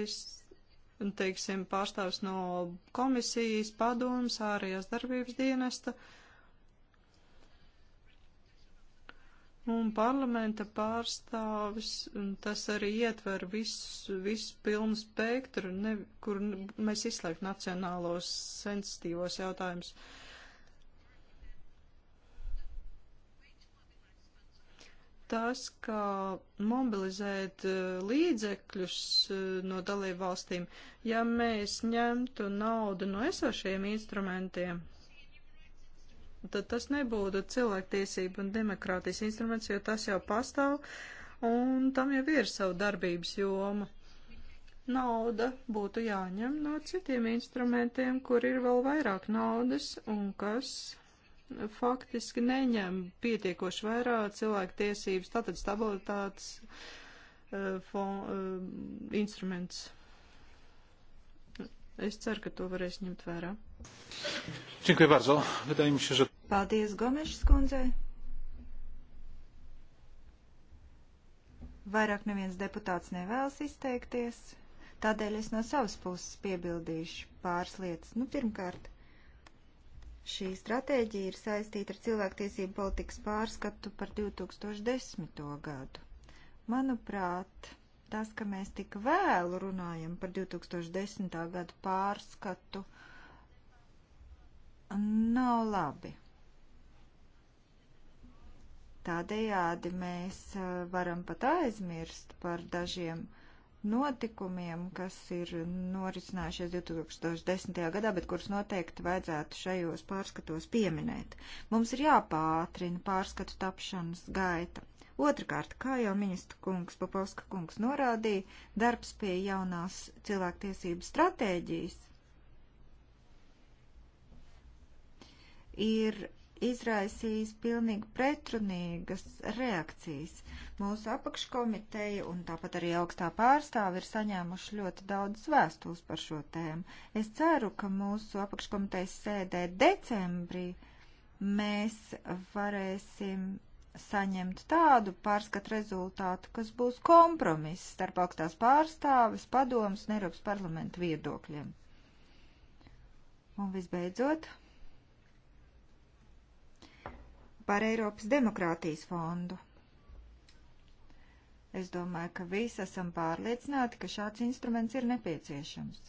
es teiksim, pārstāvs no komisijas, padomas, ārējās darbības dienesta. Uh, Un parlamenta pārstāvis, tas arī ietver visu, visu pilnu spektru, ne, kur mēs izslēgt nacionālos sensitīvos jautājumus. Tas, kā mobilizēt eh, līdzekļus eh, no dalību valstīm, ja mēs ņemtu naudu no esošajiem instrumentiem, tad tas nebūtu cilvēktiesība un demokrātijas instruments, jo tas jau pastāv un tam jau ir savu darbības joma. Nauda būtu jāņem no citiem instrumentiem, kur ir vēl vairāk naudas un kas faktiski neņem pietiekoši vairāk cilvēktiesības, tātad stabilitātes uh, eh, fon, uh, eh, instruments. Es ceru, ka to varēs ņemt vērā. Dziękuję bardzo. Wydaje mi się, że... Paldies Gomešas kundzei. Vairāk neviens deputāts nevēlas izteikties, tādēļ es no savas puses piebildīšu pāris lietas. Nu, pirmkārt, šī stratēģija ir saistīta ar cilvēktiesību politikas pārskatu par 2010. gadu. Manuprāt, tas, ka mēs tik vēlu runājam par 2010. gadu pārskatu, uh, nav labi. Tādējādi mēs eh, varam pat aizmirst par dažiem notikumiem, kas ir norisinājušies 2010. gadā, bet kurus noteikti vajadzētu šajos pārskatos pieminēt. Mums ir jāpātrina pārskatu tapšanas gaita. Otrakārt, kā jau ministra kungs Papauska kungs norādīja, darbs pie jaunās cilvēktiesības stratēģijas ir izraisījis pilnīgi pretrunīgas reakcijas. Mūsu apakškomiteja un tāpat arī augstā pārstāve ir saņēmuši ļoti daudz vēstules par šo tēmu. Es ceru, ka mūsu apakškomitejas sēdē decembrī mēs varēsim saņemt tādu pārskatu rezultātu, kas būs kompromiss starp augstās pārstāves, padomas un Eiropas parlamenta viedokļiem. Un visbeidzot, par Eiropas demokrātijas fondu. Es domāju, ka visi esam pārliecināti, ka šāds instruments ir nepieciešams.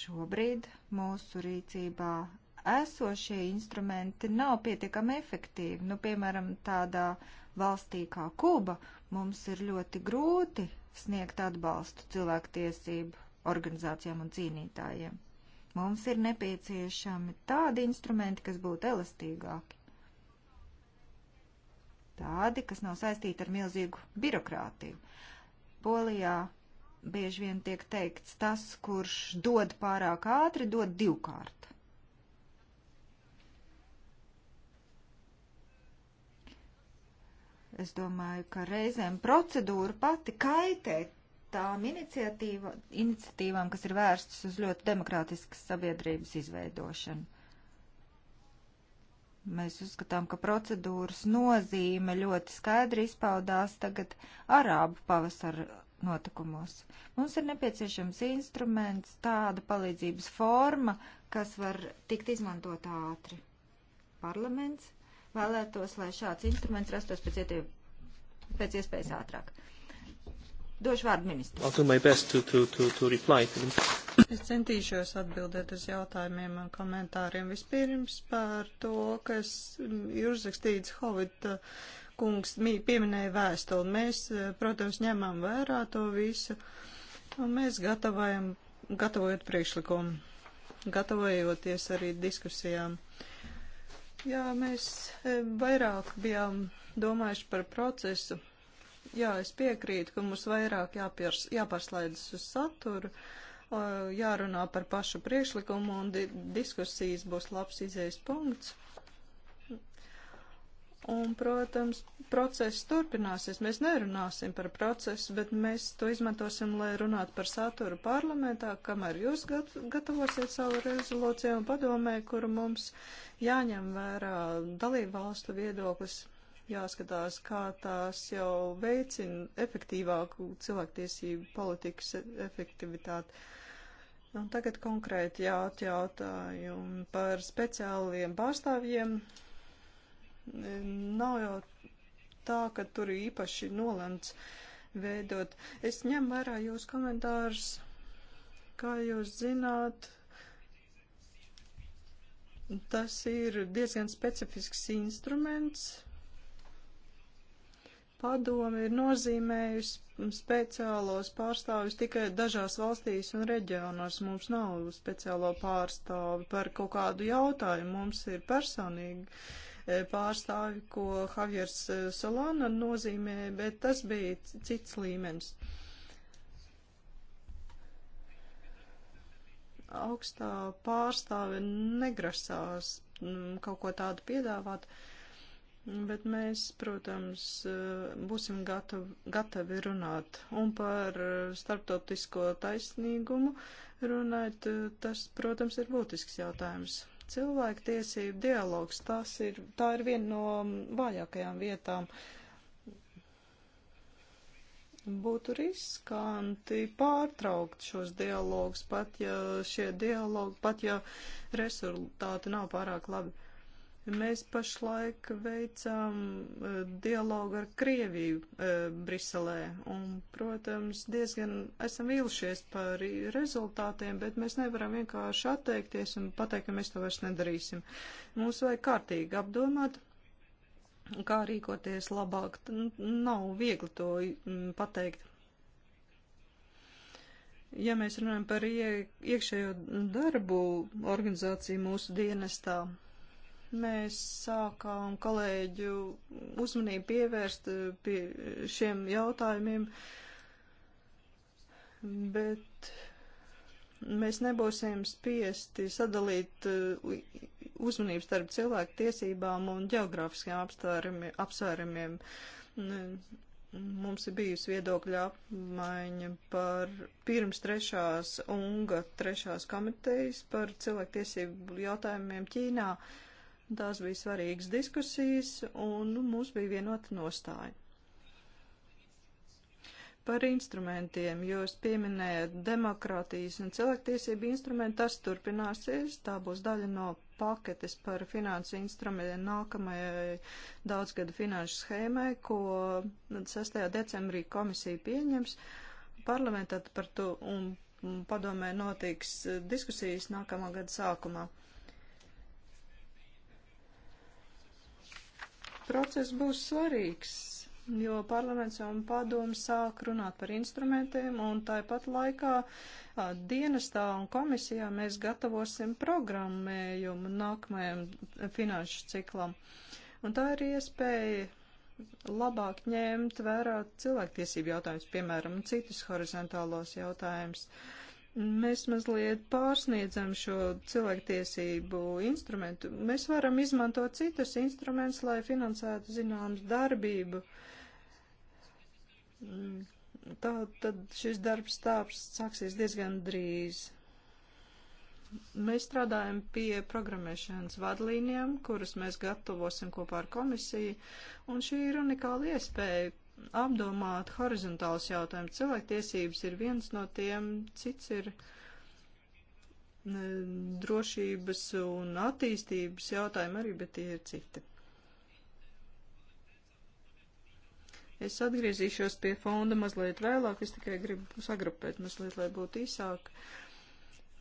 Šobrīd mūsu rīcībā esošie instrumenti nav pietiekami efektīvi. Nu, piemēram, tādā valstī kā Kuba mums ir ļoti grūti sniegt atbalstu cilvēktiesību organizācijām un cīnītājiem. Mums ir nepieciešami tādi instrumenti, kas būtu elastīgāki. Tādi, kas nav saistīti ar milzīgu birokrātiju. Polijā bieži vien tiek teikts, tas, kurš dod pārāk ātri, dod divkārt. Es domāju, ka reizēm procedūra pati kaitē tām iniciatīvām, kas ir vērstas uz ļoti demokrātiskas sabiedrības izveidošanu. Mēs uzskatām, ka procedūras nozīme ļoti skaidri izpaudās tagad arābu pavasara notikumos. Mums ir nepieciešams instruments, tāda palīdzības forma, kas var tikt izmantot ātri. Parlaments vēlētos, lai šāds instruments rastos pēc, ietiev, pēc iespējas ātrāk. Uh, Došu vārdu ministram. Es centīšos atbildēt uz jautājumiem un komentāriem. Vispirms par to, kas ir uzrakstīts Hovita kungs pieminēja vēstuli. Mēs, protams, ņemam vērā to visu un mēs gatavojam, gatavojot priekšlikumu, gatavojoties arī diskusijām. Jā, mēs eh, vairāk bijām domājuši par procesu jā, es piekrītu, ka mums vairāk jāpiers, jāpārslēdzas uz saturu, jārunā par pašu priekšlikumu un di diskusijas būs labs izējas punkts. Un, protams, process turpināsies. Mēs nerunāsim par procesu, bet mēs to izmantosim, lai runātu par saturu parlamentā, kamēr jūs gat gatavosiet savu rezolūciju un padomē, kuru mums jāņem vērā dalību valstu viedoklis jāskatās, kā tās jau veicina efektīvāku cilvēktiesību politikas e- efektivitāti. Un tagad konkrēti jautājumu par speciāliem pārstāvjiem. E, nav jau tā, ka tur īpaši nolemts veidot. Es ņem vērā jūs komentārus, kā jūs zināt, tas ir diezgan specifisks instruments Padome ir nozīmējusi speciālos pārstāvjus tikai dažās valstīs un reģionos. Mums nav speciālo pārstāvi par kaut kādu jautājumu. Mums ir personīgi e, pārstāvi, ko Javiers e, Solana nozīmē, bet tas bija cits līmenis. Augstā pārstāve negrasās mm, kaut ko tādu piedāvāt. Uh, Bet mēs, protams, eh, būsim gatavi, gatavi runāt. Un par eh, starptautisko taisnīgumu runāt, eh, tas, protams, ir būtisks jautājums. Cilvēktiesību dialogs, tas ir, tā ir viena no mm, vājākajām vietām. Būtu riskanti pārtraukt šos dialogus, pat ja šie dialogi, pat ja rezultāti nav pārāk labi Mēs pašlaik veicam e, dialogu ar Krieviju e, Briselē un, protams, diezgan esam vīlušies par rezultātiem, bet mēs nevaram vienkārši atteikties un pateikt, ka mēs to vairs nedarīsim. Mums vajag kārtīgi apdomāt, kā rīkoties labāk. Nav viegli to pateikt. Ja mēs runājam par iekšējo darbu organizāciju mūsu dienestā, mēs sākām kolēģu uzmanību pievērst eh, pie šiem jautājumiem, bet mēs nebūsim spiesti sadalīt eh, uzmanību starp cilvēku tiesībām un geogrāfiskiem apsvērumiem. Mums ir bijusi viedokļa apmaiņa par pirms trešās UNGA trešās komitejas par cilvēktiesību jautājumiem Ķīnā. Uh, Tās bija svarīgas diskusijas, un nu, mums bija vienota nostāja. Par instrumentiem jūs pieminējat demokrātijas un cilvēktiesību instrumentu, tas turpināsies, tā būs daļa no paketes par finansu instrumentiem nākamajai daudzgada finanšu schēmai, ko 6. Nu, decembrī komisija pieņems. Parlamentā par to un padomē notiks diskusijas nākamā gada sākumā. Process būs svarīgs, jo parlaments un padomu sāk runāt par instrumentiem, un tāpat laikā a, dienestā un komisijā mēs gatavosim programmējumu nākamajam finanšu ciklam. Un tā ir iespēja labāk ņemt vērā cilvēktiesību jautājumus, piemēram, citus horizontālos jautājumus. Uh, mēs mazliet pārsniedzam šo cilvēktiesību instrumentu. Mēs varam izmantot citus instrumentus, lai finansētu zināmas darbību. Tā tad šis darbs tāps sāksies diezgan drīz. Mēs strādājam pie programmēšanas vadlīnijām, kuras mēs gatavosim kopā ar komisiju, un šī ir unikāla iespēja, apdomāt horizontāls jautājums. Cilvēktiesības ir viens no tiem, cits ir drošības un attīstības jautājumi arī, bet tie ir citi. Es atgriezīšos pie fonda mazliet vēlāk, es tikai gribu sagrupēt mazliet, lai būtu īsāk. Uh,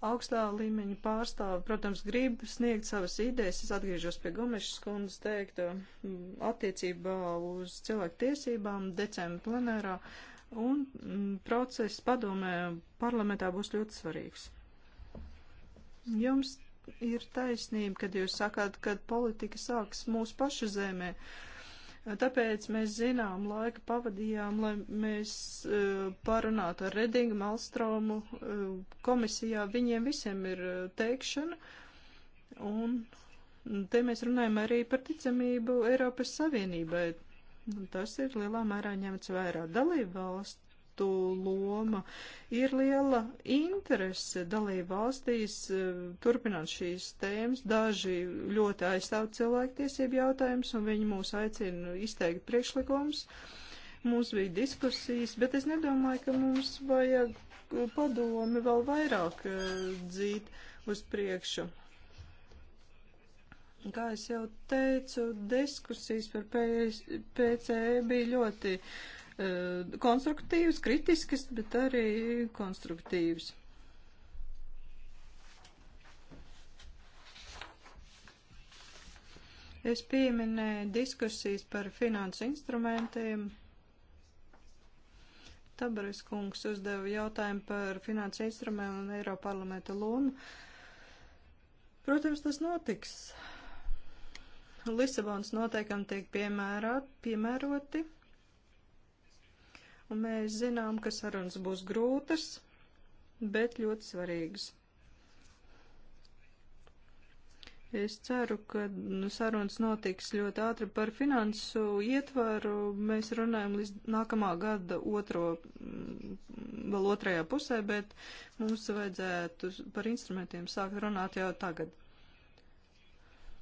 augstā līmeņa pārstāve, protams, grib sniegt savas idejas. Es atgriežos pie Gomešas kundas teikta mm, attiecībā uz cilvēku tiesībām decembra plenērā, un mm, process padomē parlamentā būs ļoti svarīgs. Jums ir taisnība, kad jūs sakāt, ka politika sāks mūsu pašu zemē. Uh, Tāpēc mēs zinām, laika pavadījām, lai mēs e, pārunātu ar Redingu, Malstromu e, komisijā. Viņiem visiem ir e, teikšana. Un te mēs runājam arī par ticamību Eiropas Savienībai. Tas ir lielā mērā ņemts vērā dalību valsts ekspertu loma. Ir liela interese dalību valstīs e, turpināt šīs tēmas. Daži ļoti aizstāv cilvēktiesību jautājumus, un viņi mūs aicina izteikt priekšlikumus. Mums bija diskusijas, bet es nedomāju, ka mums vajag padomi vēl vairāk e, dzīt uz priekšu. Kā es jau teicu, diskusijas par PCE bija ļoti uh, Eh, konstruktīvs, kritisks, bet arī konstruktīvs. Es pieminēju diskusijas par finansu instrumentiem. Tabaris kungs uzdeva jautājumu par finansu instrumentu un Eiroparlamenta lomu. Protams, tas notiks. Lisabons noteikam tiek piemērot, piemēroti un mēs zinām, ka sarunas būs grūtas, bet ļoti svarīgas. Es ceru, ka sarunas notiks ļoti ātri par finansu ietvaru. Mēs runājam līdz nākamā gada otro, mm, vēl otrajā pusē, bet mums vajadzētu par instrumentiem sākt runāt jau tagad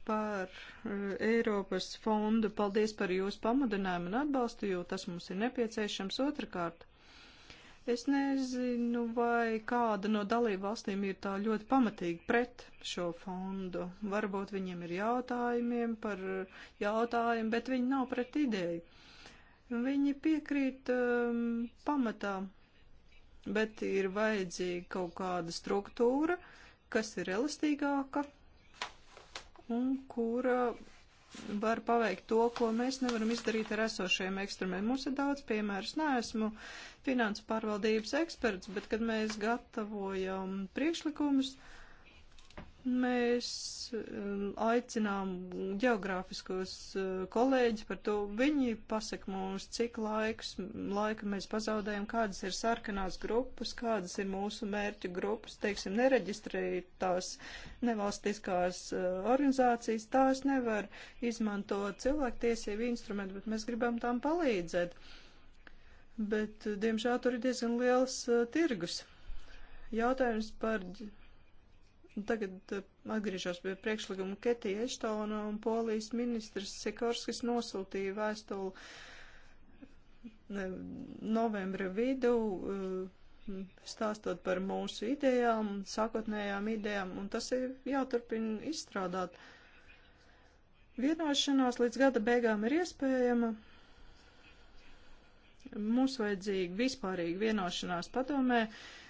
par eh, Eiropas fondu. Paldies par jūsu pamudinājumu un atbalstu, jo tas mums ir nepieciešams otrkārt. Es nezinu, vai kāda no dalību valstīm ir tā ļoti pamatīgi pret šo fondu. Varbūt viņiem ir jautājumiem par eh, jautājumu, bet viņi nav pret ideju. Viņi piekrīt um, pamatā, bet ir vajadzīga kaut kāda struktūra, kas ir elastīgāka, un kura uh, var paveikt to, ko mēs nevaram izdarīt ar esošiem ekstremiem. Mums ir daudz piemērus. Nē, esmu finansu pārvaldības eksperts, bet kad mēs gatavojam priekšlikumus, uh, Mēs um, aicinām geogrāfiskos uh, kolēģis par to. Viņi pasaka mums, cik laiks, laika mēs pazaudējam, kādas ir sarkanās grupas, kādas ir mūsu mērķu grupas, teiksim, nereģistrētās nevalstiskās uh, organizācijas. Tās nevar izmantot cilvēktiesību instrumentu, bet mēs gribam tām palīdzēt. Bet, diemžēl, tur ir diezgan liels uh, tirgus. Jautājums par Tagad eh, atgriežos pie priekšlikuma Ketija Eštona un polijas ministrs Sikorskis nosūtīja vēstuli eh, novembra vidū, eh, stāstot par mūsu idejām, sākotnējām idejām, un tas ir jāturpina izstrādāt. Vienošanās līdz gada beigām ir iespējama. Mums vajadzīga vispārīga vienošanās padomē. Uh,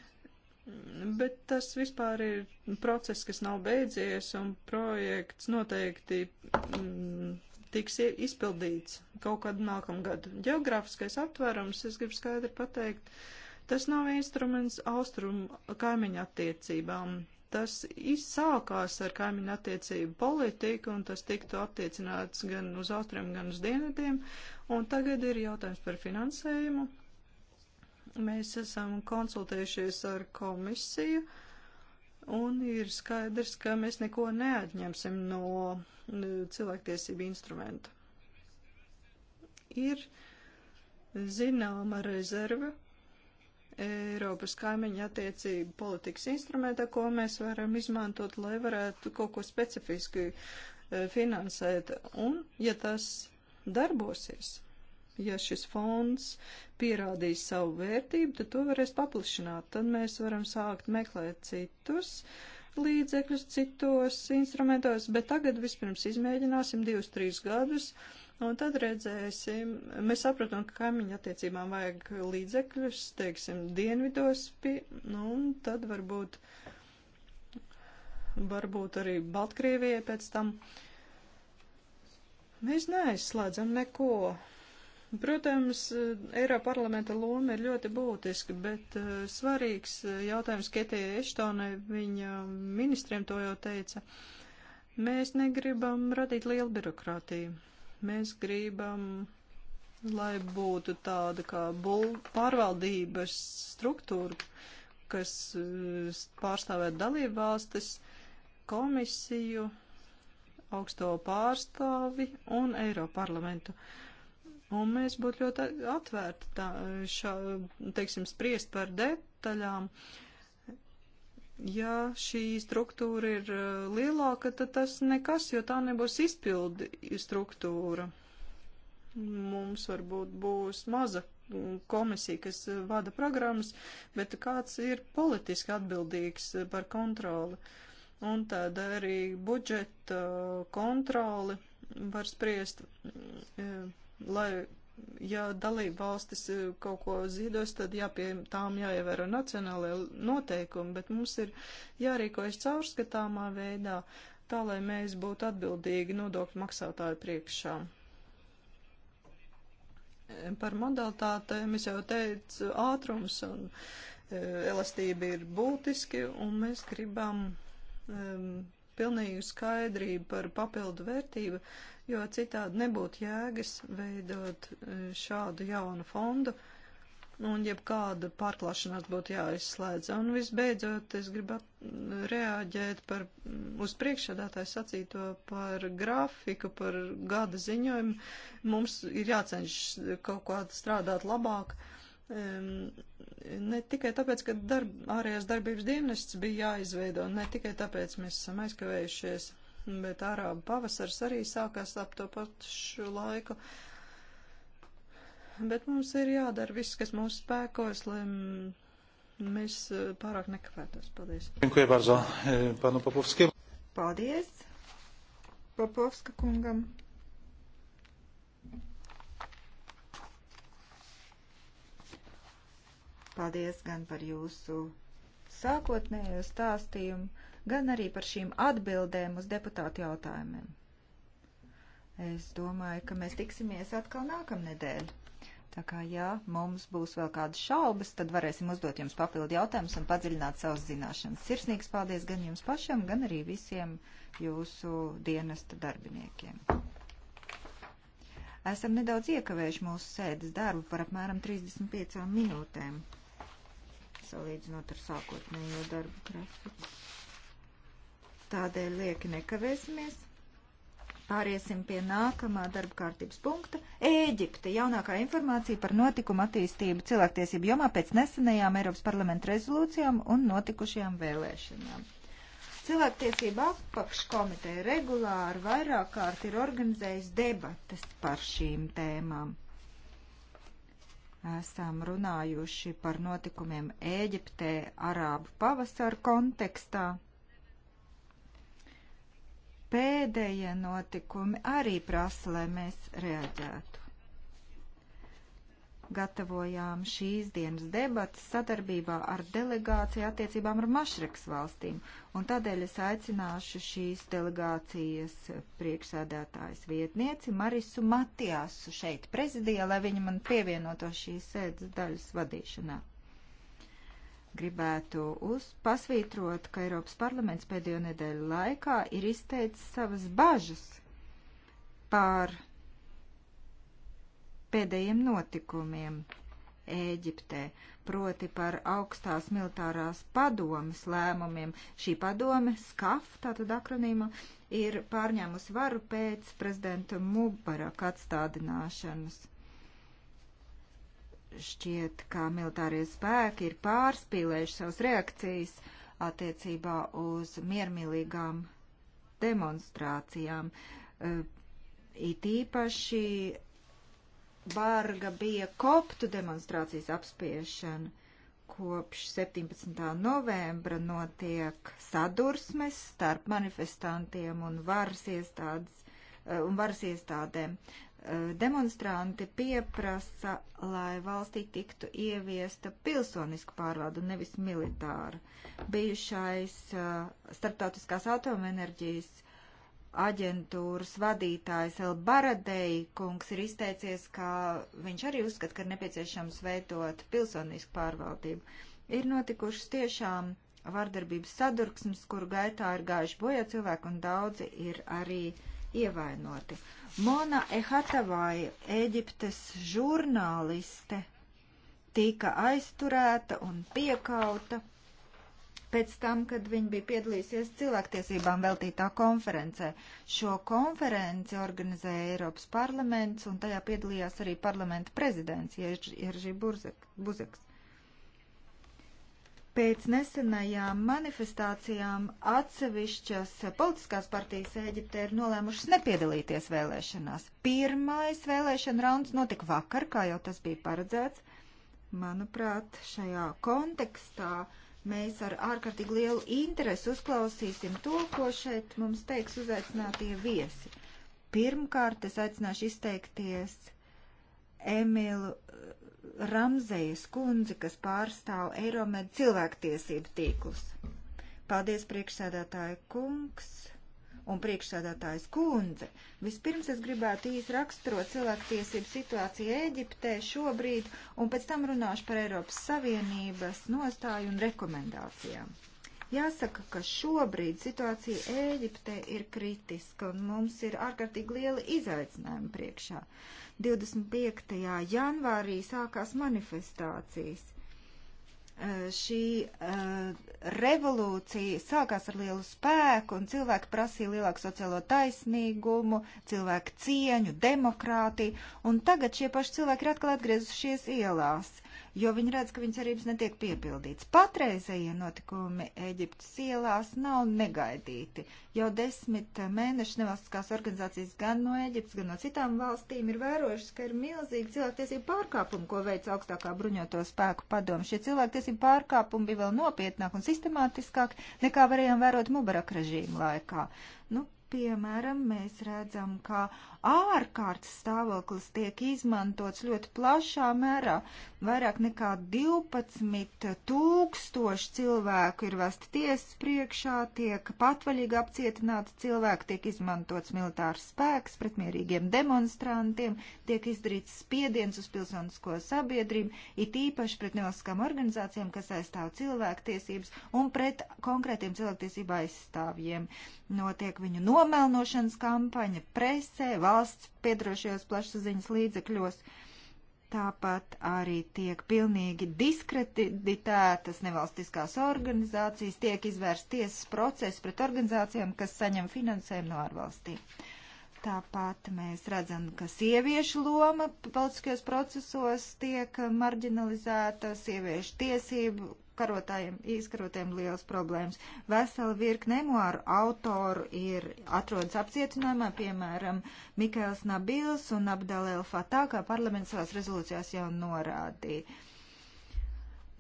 bet tas vispār ir process, kas nav beidzies, un projekts noteikti mm, tiks izpildīts kaut kad nākamgad. Geogrāfiskais aptvērums, es gribu skaidri pateikt, tas nav instruments austrumu kaimiņu attiecībām. Tas izsākās ar kaimiņu attiecību politiku, un tas tiktu attiecināts gan uz austriem, gan uz dienvidiem, un tagad ir jautājums par finansējumu, Mēs esam konsultējušies ar komisiju, un ir skaidrs, ka mēs neko neatņemsim no e, cilvēktiesību instrumenta. Ir zināma rezerve Eiropas kaimiņa attiecību politikas instrumenta, ko mēs varam izmantot, lai varētu kaut ko specifiski e, finansēt. Un, ja tas darbosies, ja šis fonds pierādīs savu vērtību, tad to varēs paplašināt. Tad mēs varam sākt meklēt citus līdzekļus, citos instrumentos, bet tagad vispirms izmēģināsim divus, trīs gadus. Un tad redzēsim, mēs saprotam, ka kaimiņu attiecībām vajag līdzekļus, teiksim, dienvidos, pie, nu, un tad varbūt, varbūt arī Baltkrievijai pēc tam. Mēs neaizslēdzam neko. Protams, eh, Eiropa parlamenta loma ir ļoti būtiska, bet uh, svarīgs eh, jautājums Ketija Eštonai, viņa ministriem to jau teica. Mēs negribam radīt lielu birokrātiju. Mēs gribam, lai būtu tāda kā pārvaldības struktūra, kas uh, pārstāvē dalību valstis, komisiju, augsto pārstāvi un Eiropa parlamentu. Uh, Un mēs būtu ļoti atvērti, tā, šā, teiksim, spriest par detaļām. Ja šī struktūra ir uh, lielāka, tad tas nekas, jo tā nebūs izpildi struktūra. Mums varbūt būs maza komisija, kas vada programmas, bet kāds ir politiski atbildīgs par kontroli. Un tad arī budžeta uh, kontroli var spriest. E, lai, ja dalība valstis eh, kaut ko ziedos, tad jāpie tām jāievēro nacionālajie noteikumi, bet mums ir jārīkojas caurskatāmā veidā, tā lai mēs būtu atbildīgi nodokļu maksātāju priekšā. Eh, par modalitātēm es jau teicu, ātrums un eh, elastība ir būtiski, un mēs gribam um, pilnīgu skaidrību par papildu vērtību, jo citādi nebūtu jēgas veidot e, šādu jaunu fondu, un jebkāda pārklāšanās būtu jāizslēdz. Un visbeidzot, es gribu reaģēt par, mm, uz priekšsēdētāju sacīto par grafiku, par gada ziņojumu. Mums ir jācenšas kaut kā strādāt labāk. Uh, Ne tikai tāpēc, ka darb, ārējās darbības dienests bija jāizveido, ne tikai tāpēc mēs esam aizkavējušies, bet ārāba pavasars arī sākās ap to pašu laiku. Bet mums ir jādara viss, kas mūsu spēkos, lai mēs e, pārāk nekavētos. Paldies. E, Paldies, Papovska kungam. Paldies gan par jūsu sākotnējo stāstījumu, gan arī par šīm atbildēm uz deputātu jautājumiem. Es domāju, ka mēs tiksimies atkal nākamnedēļ. Tā kā, ja mums būs vēl kādas šaubas, tad varēsim uzdot jums papildu jautājumus un padziļināt savas zināšanas. Sirsnīgs paldies gan jums pašam, gan arī visiem jūsu dienesta darbiniekiem. Esam nedaudz iekavējuši mūsu sēdes darbu par apmēram 35 minūtēm salīdzinot ar sākotnējo darbu grafiku. Tādēļ lieki nekavēsimies. Pāriesim pie nākamā darba kārtības punkta. Ēģipte jaunākā informācija par notikumu attīstību cilvēktiesību jomā pēc nesenajām Eiropas parlamenta rezolūcijām un notikušajām vēlēšanām. Cilvēktiesība apakškomiteja regulāri vairāk kārt ir organizējis debatas par šīm tēmām esam runājuši par notikumiem Ēģiptē Arābu pavasara kontekstā. Pēdējie notikumi arī prasa, lai mēs reaģētu gatavojām šīs dienas debatas sadarbībā ar delegāciju attiecībām ar Mašreks valstīm, un tādēļ es aicināšu šīs delegācijas priekšsēdētājas vietnieci Marisu Matiasu šeit prezidijā, lai viņa man pievienoto šīs sēdes daļas vadīšanā. Gribētu uzpasvītrot, ka Eiropas parlaments pēdējo nedēļu laikā ir izteicis savas bažas par pēdējiem notikumiem Ēģiptē, proti par augstās militārās padomas lēmumiem. Šī padome, SKAF, tātad akronīma, ir pārņēmusi varu pēc prezidenta Mubaraka atstādināšanas. Šķiet, ka militārie spēki ir pārspīlējuši savas reakcijas attiecībā uz miermīlīgām demonstrācijām. It īpaši barga bija koptu demonstrācijas apspiešana. Kopš 17. novembra notiek sadursmes starp manifestantiem un varas, iestādes, eh, un varas iestādēm. Eh, demonstranti pieprasa, lai valstī tiktu ieviesta pilsoniska pārvalda, nevis militāra. Bijušais eh, starptautiskās atomenerģijas aģentūras vadītājs Elbaradei kungs ir izteicies, ka viņš arī uzskata, ka ir nepieciešams veidot pilsonisku pārvaldību. Ir notikušas tiešām vardarbības sadurksmes, kuru gaitā ir gājuši bojā cilvēki un daudzi ir arī ievainoti. Mona Ehatavai, Eģiptes žurnāliste, tika aizturēta un piekauta pēc tam, kad viņa bija piedalījusies cilvēktiesībām veltītā konferencē. Šo konferenci organizēja Eiropas parlaments, un tajā piedalījās arī parlamenta prezidents Jerzy Buzeks. Pēc nesenajām manifestācijām atsevišķas politiskās partijas Ēģiptē ir nolēmušas nepiedalīties vēlēšanās. Pirmais vēlēšana rauns notika vakar, kā jau tas bija paredzēts. Manuprāt, šajā kontekstā uh, Mēs ar ārkārtīgi lielu interesi uzklausīsim to, ko šeit mums teiks uzaicinātie viesi. Pirmkārt, es aicināšu izteikties Emilu eh, Ramzejas kundzi, kas pārstāv Eiromed cilvēktiesību tīklus. Paldies, priekšsēdētāja kungs! un priekšsādātājs kundze. Vispirms es gribētu īsi raksturot cilvēktiesību situāciju Ēģiptē šobrīd, un pēc tam runāšu par Eiropas Savienības nostāju un rekomendācijām. Jāsaka, ka šobrīd situācija Ēģiptē ir kritiska, un mums ir ārkārtīgi lieli izaicinājumi priekšā. 25. janvārī sākās manifestācijas Eh, šī eh, revolūcija sākās ar lielu spēku, un cilvēki prasīja lielāku sociālo taisnīgumu, cilvēku cieņu, demokrātiju, un tagad šie paši cilvēki ir atkal atgriezušies ielās jo viņi redz, ka viņas cerības netiek piepildīts. Patreizējie notikumi Eģiptes ielās nav negaidīti. Jau desmit mēneši nevalstiskās organizācijas gan no Eģiptes, gan no citām valstīm ir vērojušas, ka ir milzīgi cilvēktiesību pārkāpumi, ko veic augstākā bruņoto spēku padomu. Šie cilvēktiesību pārkāpumi bija vēl nopietnāk un sistemātiskāk nekā varējām vērot Mubarak režīmu laikā. Nu, piemēram, mēs redzam, ka ārkārtas stāvoklis tiek izmantots ļoti plašā mērā. Vairāk nekā 12 tūkstoši cilvēku ir vesti tiesas priekšā, tiek patvaļīgi apcietināti cilvēki, tiek izmantots militārs spēks pret mierīgiem demonstrantiem, tiek izdarīts spiediens uz pilsonisko sabiedrību, it īpaši pret nevalstiskām organizācijām, kas aizstāv cilvēktiesības un pret konkrētiem cilvēktiesību aizstāvjiem. Notiek viņu nomelnošanas kampaņa presē, valsts valsts piedarošajos plašsaziņas līdzekļos. Tāpat arī tiek pilnīgi diskreditētas nevalstiskās organizācijas, tiek izvērsts tiesas process pret organizācijām, kas saņem finansējumu no ārvalstīm. Tāpat mēs redzam, ka sieviešu loma politiskajos procesos tiek marginalizēta, sieviešu tiesību karotājiem, izkarotiem liels problēmas. Vesela virkne memoāru autoru ir atrodas apcietinājumā, piemēram, Mikēls Nabils un Abdalēl Fatā, kā parlaments savās rezolūcijās jau norādīja.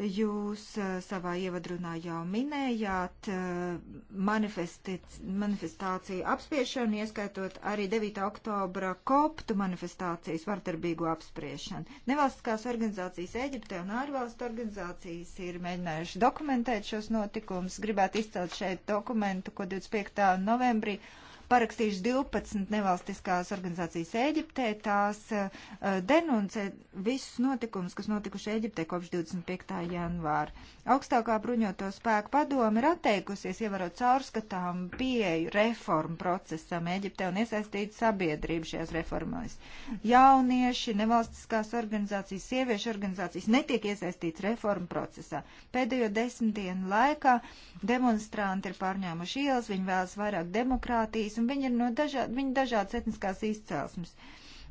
Jūs eh, savā ievadrunā jau minējāt eh, manifestāciju apspriešanu, ieskaitot arī 9. oktobra koptu manifestācijas vardarbīgo apspriešanu. Nevalstiskās organizācijas Eģipte un ārvalstu organizācijas ir mēģinājuši dokumentēt šos notikumus. Gribētu izcelt šeit dokumentu, ko 25. novembrī parakstījušas 12 nevalstiskās organizācijas Eģiptē. Tās uh, denuncē visus notikumus, kas notikuši Eģiptē kopš 25. janvāra. Augstākā bruņoto spēku padome ir atteikusies ievarot caurskatām pieeju reformu procesam Eģiptē un iesaistīt sabiedrību šajās reformās. Jaunieši, nevalstiskās organizācijas, sieviešu organizācijas netiek iesaistīts reformu procesā. Pēdējo desmit dienu laikā demonstranti ir pārņēmuši ielas, viņi vēlas vairāk demokrātijas valstīs, un viņi ir no dažād, viņi dažādas etniskās izcelsmes.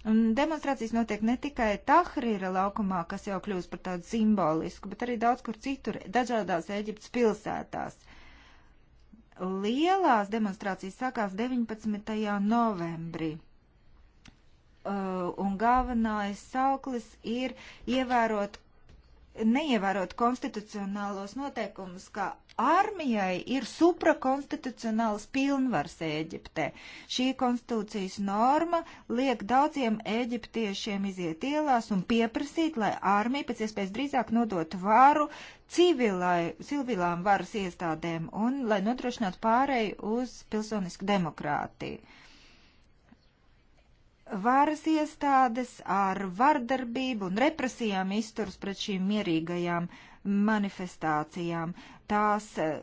Un demonstrācijas notiek ne tikai Tahrīra laukumā, kas jau kļūst par tādu simbolisku, bet arī daudz kur citur, dažādās Eģiptes pilsētās. Lielās demonstrācijas sākās 19. novembrī. Uh, un galvenais sauklis ir ievērot neievērot konstitucionālos noteikumus, ka armijai ir suprakonstitucionāls pilnvars Ēģiptē. Šī konstitūcijas norma liek daudziem eģiptiešiem iziet ielās un pieprasīt, lai armija pēc iespējas drīzāk nodot varu civilai, civilām varas iestādēm un lai nodrošinātu pārēju uz pilsonisku demokrātiju varas iestādes ar vardarbību un represijām izturs pret šīm mierīgajām manifestācijām. Tās eh,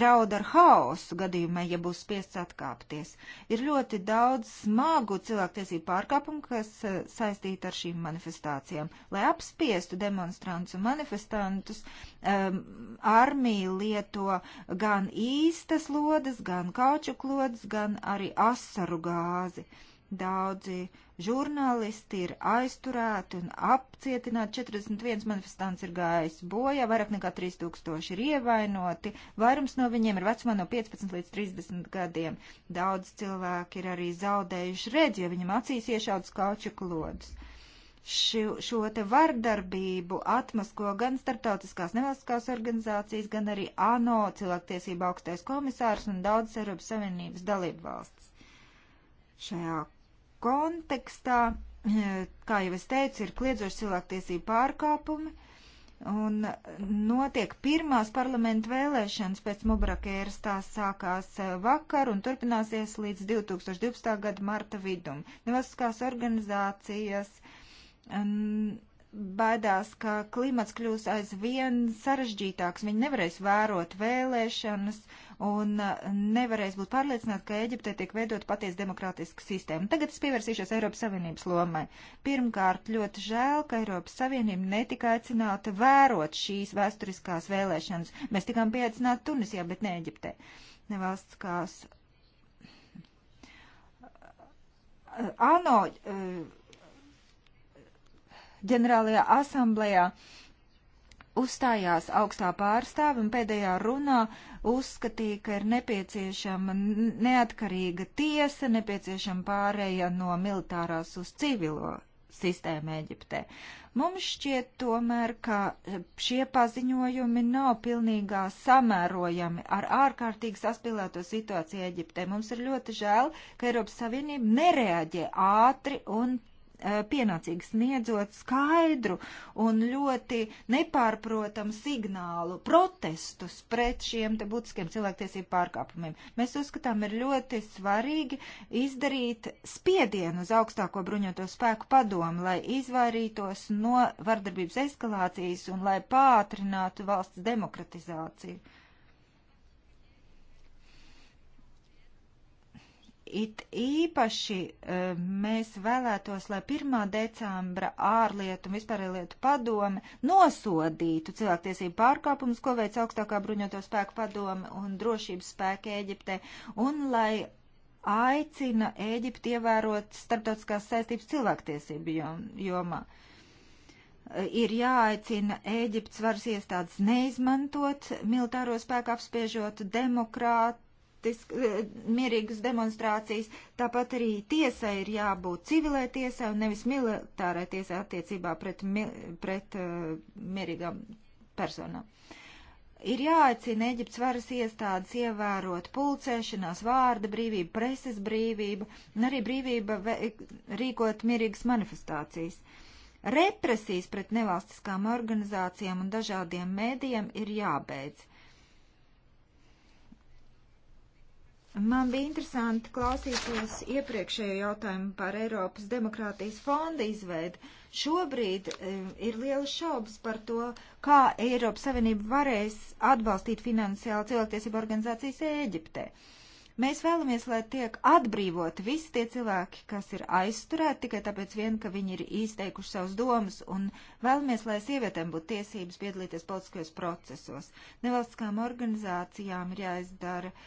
draud ar haosu gadījumā, ja būs spiests atkāpties. Ir ļoti daudz smagu cilvēktiesību pārkāpumu, kas eh, saistīti ar šīm manifestācijām. Lai apspiestu demonstrantus un manifestantus, um, armija lieto gan īstas lodes, gan kaučuklodes, gan arī asaru gāzi. Uh, Daudzi žurnālisti ir aizturēti un apcietināti, 41 manifestants ir gājis bojā, vairāk nekā 3000 ir ievainoti, vairums no viņiem ir vecumā no 15 līdz 30 gadiem. Daudz cilvēki ir arī zaudējuši redzi, jo viņam acīs iešaudas kauču klodus šo, šo te vardarbību atmasko gan starptautiskās nevalstiskās organizācijas, gan arī ANO cilvēktiesība augstais komisārs un daudzas Eiropas Savienības dalību valsts. Šajā kontekstā, e, kā jau es teicu, ir kliedzoši cilvēktiesību pārkāpumi. Un notiek pirmās parlamentu vēlēšanas pēc Mubarakēras, tās sākās e, vakar un turpināsies līdz 2012. gada marta vidum. Nevalstiskās organizācijas. Um, baidās, ka klimats kļūs aizvien sarežģītāks. Viņi nevarēs vērot vēlēšanas un uh, nevarēs būt pārliecināti, ka Eģiptē tiek veidot paties demokrātiska sistēma. Tagad es pievērsīšos Eiropas Savienības lomai. Pirmkārt, ļoti žēl, ka Eiropas Savienība netika aicināta vērot šīs vēsturiskās vēlēšanas. Mēs tikām pieaicināti Tunisijā, bet ne Eģiptē. Nevalstiskās uh, ANO uh, ģenerālajā asamblējā uzstājās augstā pārstāve un pēdējā runā uzskatīja, ka ir nepieciešama neatkarīga tiesa, nepieciešama pārēja no militārās uz civilo sistēmu Eģiptē. Mums šķiet tomēr, ka šie paziņojumi nav pilnīgā samērojami ar ārkārtīgi saspilēto situāciju Eģiptē. Mums ir ļoti žēl, ka Eiropas Savienība nereaģē ātri un Eh, pienācīgi sniedzot skaidru un ļoti nepārprotamu signālu protestus pret šiem te būtiskiem cilvēktiesību pārkāpumiem. Mēs uzskatām, ir ļoti svarīgi izdarīt spiedienu uz augstāko bruņoto spēku padomu, lai izvairītos no vardarbības eskalācijas un lai pātrinātu valsts demokratizāciju. It īpaši e, mēs vēlētos, lai 1. decembra ārlietu un vispārlietu padome nosodītu cilvēktiesību pārkāpumus, ko veic augstākā bruņoto spēku padome un drošības spēki Ēģiptē, un lai aicina Ēģipti ievērot starptautiskās saistības cilvēktiesību jomā. E, ir jāaicina Ēģipts varas iestādes neizmantot militāro spēku apspiežot demokrātu Eh, mierīgas demonstrācijas. Tāpat arī tiesai ir jābūt civilai tiesai un nevis militārai tiesai attiecībā pret, pret uh, mierīgām personām. Ir jāaicina Eģiptes varas iestādes ievērot pulcēšanās, vārda brīvību, preses brīvību un arī brīvība rīkot mierīgas manifestācijas. Represijas pret nevalstiskām organizācijām un dažādiem mēdījiem ir jābeidz Man bija interesanti klausīties iepriekšējo jautājumu par Eiropas demokrātijas fonda izveidu. Šobrīd e, ir liela šaubas par to, kā Eiropas Savienība varēs atbalstīt finansiāli cilvēktiesību organizācijas Ēģiptē. E, Mēs vēlamies, lai tiek atbrīvoti visi tie cilvēki, kas ir aizturēti tikai tāpēc vien, ka viņi ir izteikuši savus domas, un vēlamies, lai sievietēm būtu tiesības piedalīties politiskajos procesos. Nevalstiskām organizācijām ir jāizdara uh,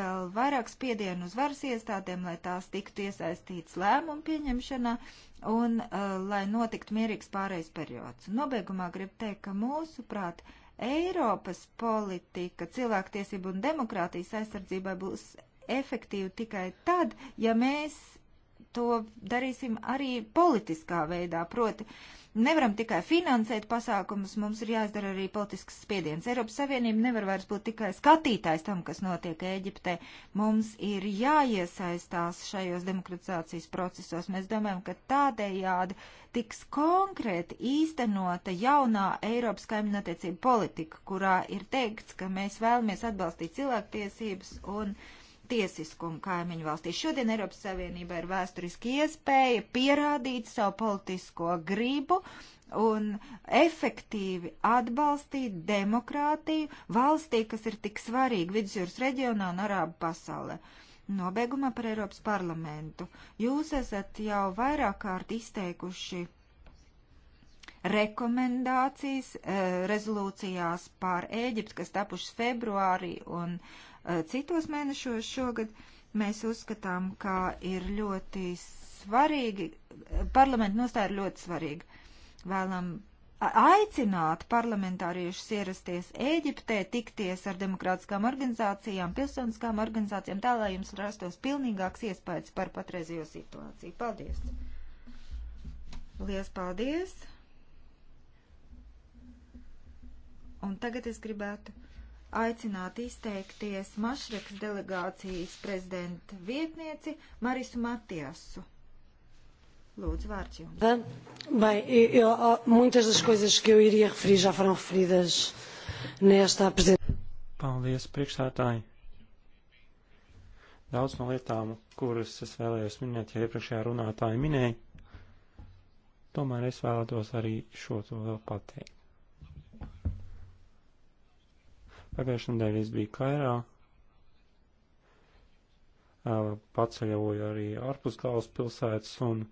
vēl vairāk spiedienu uz varas iestādēm, lai tās tiktu iesaistītas lēmumu pieņemšanā, un uh, lai notiktu mierīgs pārējais periods. Nobeigumā gribu teikt, ka mūsuprāt Eiropas politika cilvēktiesību un demokrātijas aizsardzībai būs efektīva tikai tad, ja mēs to darīsim arī politiskā veidā. Proti, Nevaram tikai finansēt pasākumus, mums ir jāizdara arī politisks spiediens. Eiropas Savienība nevar vairs būt tikai skatītājs tam, kas notiek Ēģiptē. Mums ir jāiesaistās šajos demokratizācijas procesos. Mēs domājam, ka tādējādi tiks konkrēti īstenota jaunā Eiropas kaimiņattiecību politika, kurā ir teikts, ka mēs vēlamies atbalstīt cilvēktiesības un uh, tiesiskumu kaimiņu valstīs. Šodien Eiropas Savienībā ir vēsturiski iespēja pierādīt savu politisko gribu un efektīvi atbalstīt demokrātiju valstī, kas ir tik svarīga vidusjūras reģionā un arābu pasaulē. Nobeigumā par Eiropas parlamentu. Jūs esat jau vairāk kārt izteikuši rekomendācijas eh, rezolūcijās par Ēģipti, kas tapušas februārī un uh, Eh, citos mēnešos šogad. Mēs uzskatām, ka ir ļoti svarīgi, eh, parlamenta nostāja ir ļoti svarīga. Vēlam aicināt parlamentāriešus ierasties Ēģiptē, tikties ar demokrātiskām organizācijām, pilsoniskām organizācijām, tā lai jums rastos pilnīgāks iespējas par patreizējo situāciju. Paldies! Lielas paldies! Un tagad es gribētu aicināt izteikties Mašreks delegācijas prezidenta vietnieci Marisu Matiasu. Lūdzu, vārds jums. Bem, eu, e, e, muitas das coisas que eu iria referir já foram referidas nesta apresentação. Paldies, priekšsētāji. Daudz no lietām, kuras es vēlējos minēt, ja iepriekšējā runātāja minēja, tomēr es vēlētos arī šo to vēl pateikt. Pagājušajā nedēļā es biju Kairā, paceļoju arī ārpus galvaspilsētas un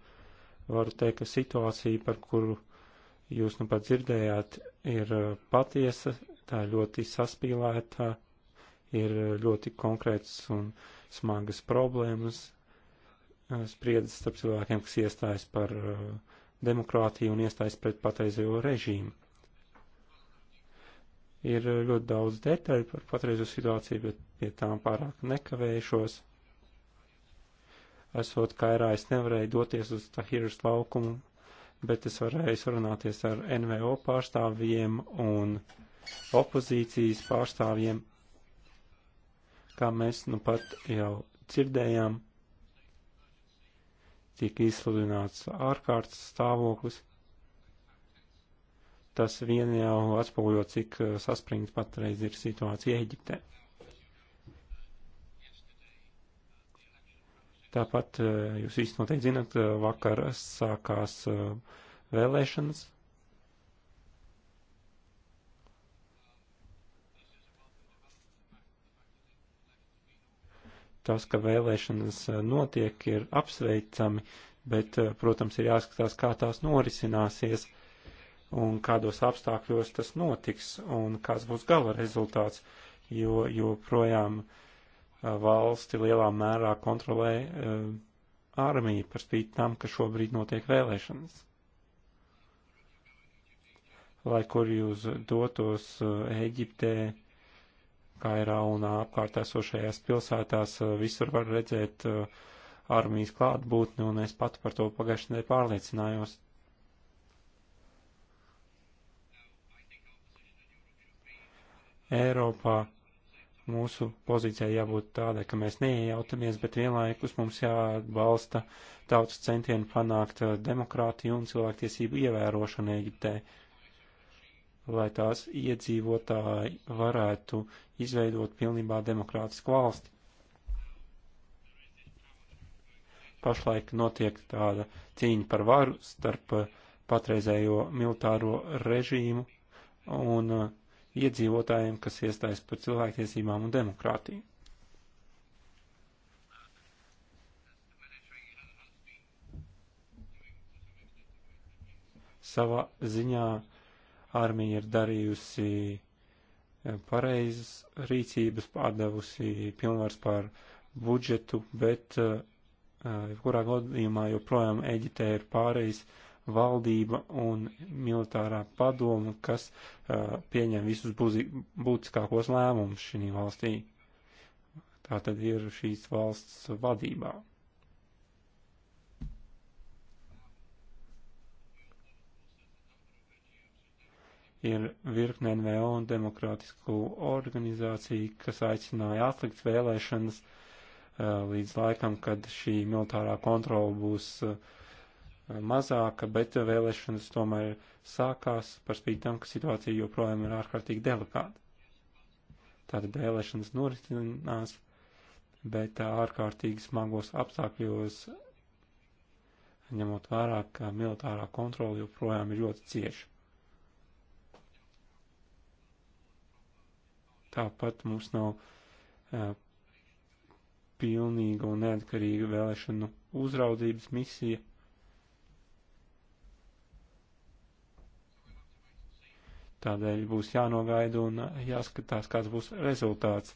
varu teikt, ka situācija, par kuru jūs nu pat dzirdējāt, ir patiesa, tā ļoti saspīlēta, ir ļoti konkrēts un smagas problēmas, spriedzes starp cilvēkiem, kas iestājas par demokrātiju un iestājas pret patreizējo režīmu. Ir eh, ļoti daudz detaļu par patreizu situāciju, bet pie tām pārāk nekavējušos. Esot Kairā, es nevarēju doties uz Tahiras laukumu, bet es varēju sarunāties ar NVO pārstāvjiem un opozīcijas pārstāvjiem, kā mēs nu pat jau dzirdējām, tika izsludināts ārkārtas stāvoklis. Tas vien jau atspoguļo, cik eh, saspringts patreiz ir situācija Eģiptē. Tāpat eh, jūs visi noteikti zinat, eh, vakar sākās vēlēšanas. Tas, ka vēlēšanas notiek, ir apsveicami, bet, protams, ir jāskatās, kā tās norisināsies. Uh, un kādos apstākļos tas notiks un kāds būs gala rezultāts, jo joprojām valsti lielā mērā kontrolē uh, armija par spīti tam, ka šobrīd notiek vēlēšanas. Lai kur jūs dotos Eģiptē, Kairā un apkārt esošajās pilsētās, visur var redzēt uh, armijas klātbūtni, un es pat par to pagājušajā nedēļā pārliecinājos. Eiropā mūsu pozīcijai jābūt tādai, ka mēs neiejautamies, bet vienlaikus mums jāatbalsta tautas centienu panākt uh, demokrātiju un cilvēktiesību ievērošanu Eģiptē, lai tās iedzīvotāji varētu izveidot pilnībā demokrātisku valsti. Pašlaik notiek tāda cīņa par varu starp uh, patreizējo militāro režīmu un uh, iedzīvotājiem, kas iestājas par cilvēktiesībām un demokrātiju. Savā ziņā armija ir darījusi e, pareizas rīcības, pārdevusi pilnvars pār budžetu, bet e, e, jebkurā uh, gadījumā joprojām Eģitē ir pārējais uh, valdība un militārā padoma, kas uh, pieņem visus buzi, būtiskākos lēmumus šī valstī. Tā tad ir šīs valsts vadībā. ir virkne NVO un demokrātisku organizāciju, kas aicināja atlikt vēlēšanas uh, līdz laikam, kad šī militārā kontrola būs uh, Eh, mazāka, bet vēlēšanas tomēr sākās par spīti tam, ka situācija joprojām ir ārkārtīgi delikāta. Tātad vēlēšanas norisinās, bet eh, ārkārtīgi smagos apstākļos, ņemot vērā, ka militārā kontrola joprojām ir ļoti cieša. Tāpat mums nav uh, pilnīga un neatkarīga vēlēšanu uzraudzības misija Tādēļ būs jānogaida un jāskatās, kāds būs rezultāts.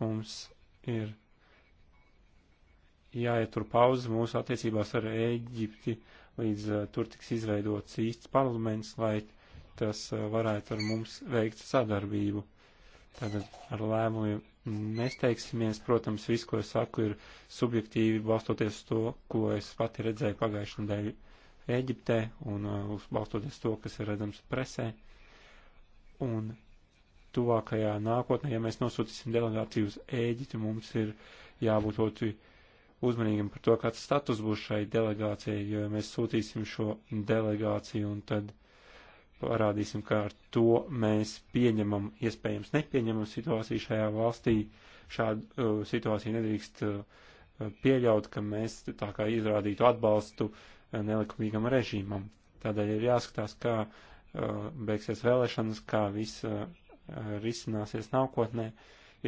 Mums ir jāietur pauze mūsu attiecībās ar Ēģipti, līdz uh, tur tiks izveidots īsts parlaments, lai tas uh, varētu ar mums veikt sadarbību. Tātad ar lēmumiem nesteigsimies, protams, viss, ko es saku, ir subjektīvi balstoties to, ko es pati redzēju pagājušajā nedēļā Eģiptē un uh, uz balstoties to, kas ir redzams presē. Un tuvākajā nākotnē, ja mēs nosūtīsim delegāciju uz Ēģipti, mums ir jābūt ļoti uzmanīgiem par to, kāds status būs šai delegācijai, jo ja mēs sūtīsim šo delegāciju un tad parādīsim, kā ar to mēs pieņemam, iespējams, nepieņemam situāciju šajā valstī. Šādu uh, situāciju nedrīkst uh, pieļaut, ka mēs tā kā izrādītu atbalstu uh, nelikumīgam režīmam. Tādēļ ir jāskatās, kā uh, beigsies vēlēšanas, kā viss uh, risināsies nākotnē.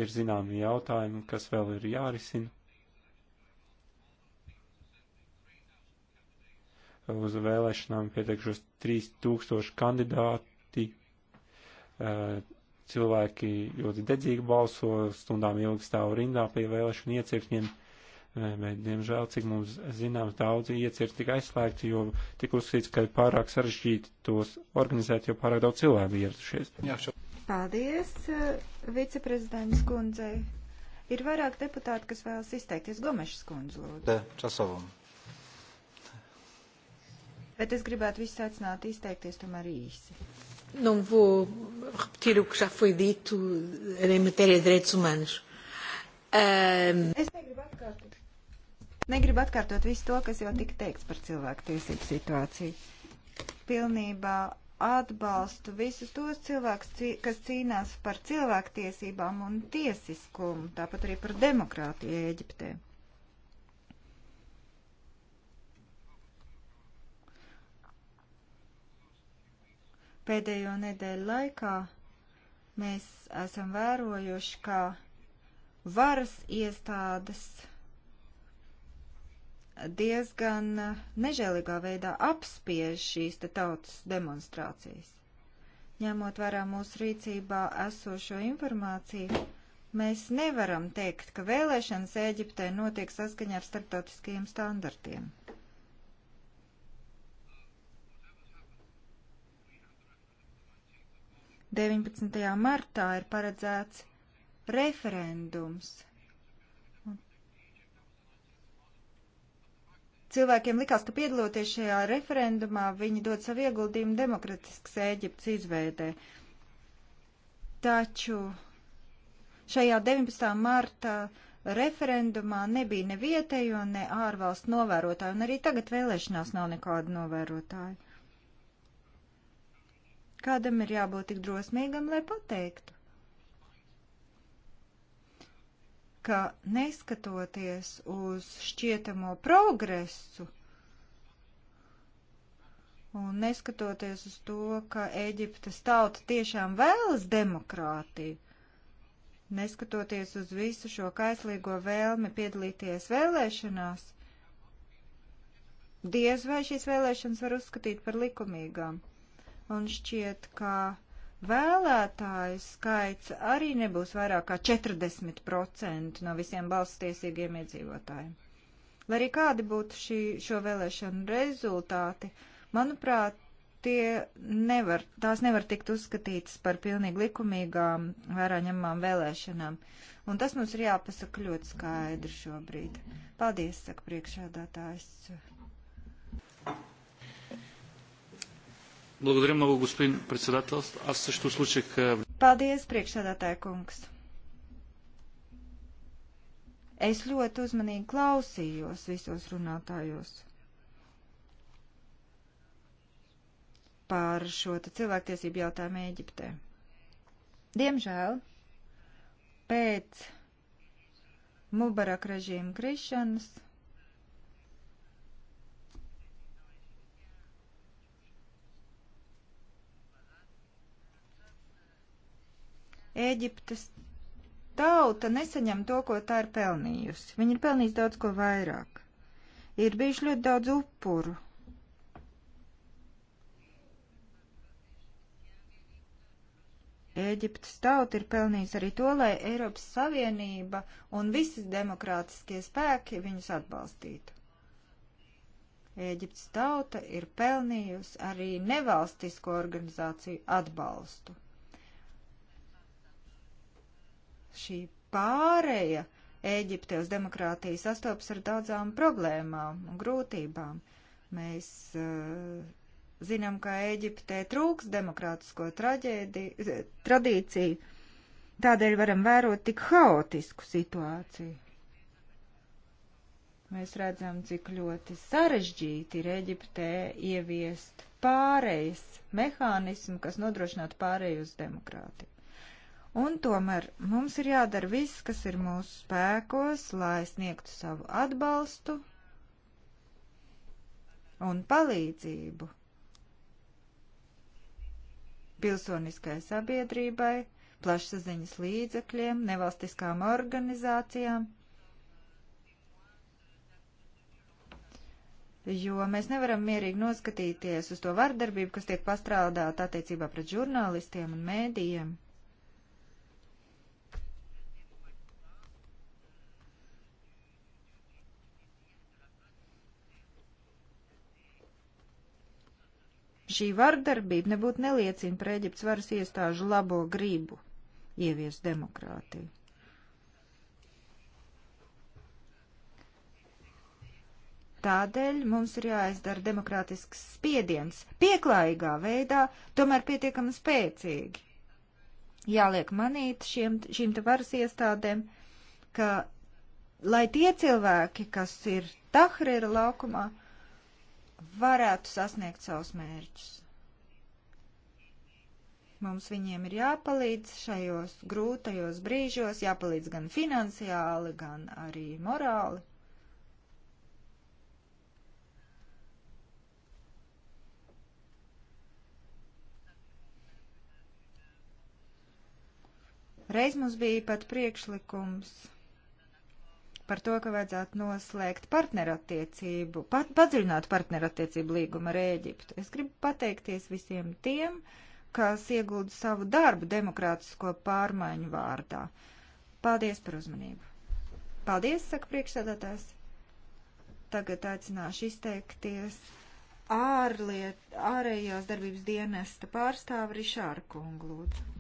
Ir zināmi jautājumi, kas vēl ir jārisina. Uz vēlēšanām pieteikšos 3000 kandidāti. Uh, cilvēki ļoti dedzīgi balso, stundām ilgi stāv rindā pie vēlēšanu iecirkņiem bet, diemžēl, cik mums zināms, daudzi ieci ir tik aizslēgti, jo tik uzskatīts, ka ir pārāk sarežģīti tos organizēt, jo pārāk daudz cilvēku ieradušies. Jā, šo. Paldies, eh, viceprezidents kundzei. Ir vairāk deputāti, kas vēlas izteikties. Gomešas kundze, lūdzu. Časovam. Bet es gribētu visus aicināt izteikties tomēr īsi. Não nu, vou repetir o que já foi dito em matéria de direitos humanos. Um... Es negribu atkārtot. Negribu atkārtot visu to, kas jau tika teikts par cilvēku tiesību situāciju. Pilnībā atbalstu visus tos cilvēkus, kas cīnās par cilvēktiesībām un tiesiskumu, tāpat arī par demokrātiju Eģiptē. Pēdējo nedēļu laikā mēs esam vērojuši, kā varas iestādes diezgan nežēlīgā veidā apspiež šīs te tautas demonstrācijas. Ņemot vērā mūsu rīcībā esošo informāciju, mēs nevaram teikt, ka vēlēšanas Ēģiptē notiek saskaņā ar starptautiskajiem standartiem. Deviņpadsmitajā martā ir paredzēts referendums cilvēkiem likās, ka piedaloties šajā referendumā, viņi dod savu ieguldījumu demokratiskas Ēģiptes izveidē. Taču šajā 19. marta referendumā nebija ne vietējo, ne ārvalstu novērotāju, un arī tagad vēlēšanās nav nekādu novērotāju. Kādam ir jābūt tik drosmīgam, lai pateiktu? ka neskatoties uz šķietamo progresu un neskatoties uz to, ka Eģiptes tauta tiešām vēlas demokrātiju, neskatoties uz visu šo kaislīgo vēlmi piedalīties vēlēšanās, diez vai šīs vēlēšanas var uzskatīt par likumīgām. Un šķiet, ka Vēlētāju skaits arī nebūs vairāk kā 40% no visiem balsstiesīgiem iedzīvotājiem. Lai arī kādi būtu šī, šo vēlēšanu rezultāti, manuprāt, tie nevar, tās nevar tikt uzskatītas par pilnīgi likumīgām, vērā ņemamām vēlēšanām. Un tas mums ir jāpasaka ļoti skaidri šobrīd. Paldies, saka priekšādātājs. Благодаря много, господин председател. Аз също случих... Paldies, priekšsēdētāja kungs. Es ļoti uzmanīgi klausījos visos runātājos par šo cilvēktiesību jautājumu Ēģiptē. Diemžēl pēc Mubarak režīma krišanas Ēģiptes tauta nesaņem to, ko tā ir pelnījusi. Viņa ir pelnījusi daudz ko vairāk. Ir bijuši ļoti daudz upuru. Ēģiptes tauta ir pelnījusi arī to, lai Eiropas Savienība un visas demokrātiskie spēki viņus atbalstītu. Ēģiptes tauta ir pelnījusi arī nevalstisko organizāciju atbalstu šī pāreja Ēģipte uz demokrātiju sastopas ar daudzām problēmām un grūtībām. Mēs uh, zinām, ka Ēģiptē trūks demokrātisko traģēdi, eh, tradīciju, tādēļ varam vērot tik haotisku situāciju. Mēs redzam, cik ļoti sarežģīti ir Eģiptē ieviest pārejas mehānismu, kas nodrošinātu pāreju uz demokrātiju. Un tomēr mums ir jādara viss, kas ir mūsu spēkos, lai sniegtu savu atbalstu un palīdzību pilsoniskai sabiedrībai, plašsaziņas līdzekļiem, nevalstiskām organizācijām, jo mēs nevaram mierīgi noskatīties uz to vardarbību, kas tiek pastrādāta attiecībā pret žurnālistiem un mēdījiem. šī vardarbība nebūtu neliecina par Eģiptes varas iestāžu labo gribu ievies demokrātiju. Tādēļ mums ir jāizdara demokrātisks spiediens, pieklājīgā veidā, tomēr pietiekami spēcīgi. Jāliek manīt šiem, šīm te varas iestādēm, ka, lai tie cilvēki, kas ir Tahrira laukumā, varētu sasniegt savus mērķus. Mums viņiem ir jāpalīdz šajos grūtajos brīžos, jāpalīdz gan finansiāli, gan arī morāli. Reiz mums bija pat priekšlikums par to, ka vajadzētu noslēgt partnerattiecību, pat, padziļināt partnerattiecību līgumu ar Ēģiptu. Es gribu pateikties visiem tiem, kas iegulda savu darbu demokrātisko pārmaiņu vārdā. Paldies par uzmanību. Paldies, saka priekšsēdētājs. Tagad aicināšu izteikties ārliet, ārējās darbības dienesta pārstāvu Rišāru Kunglūdzu.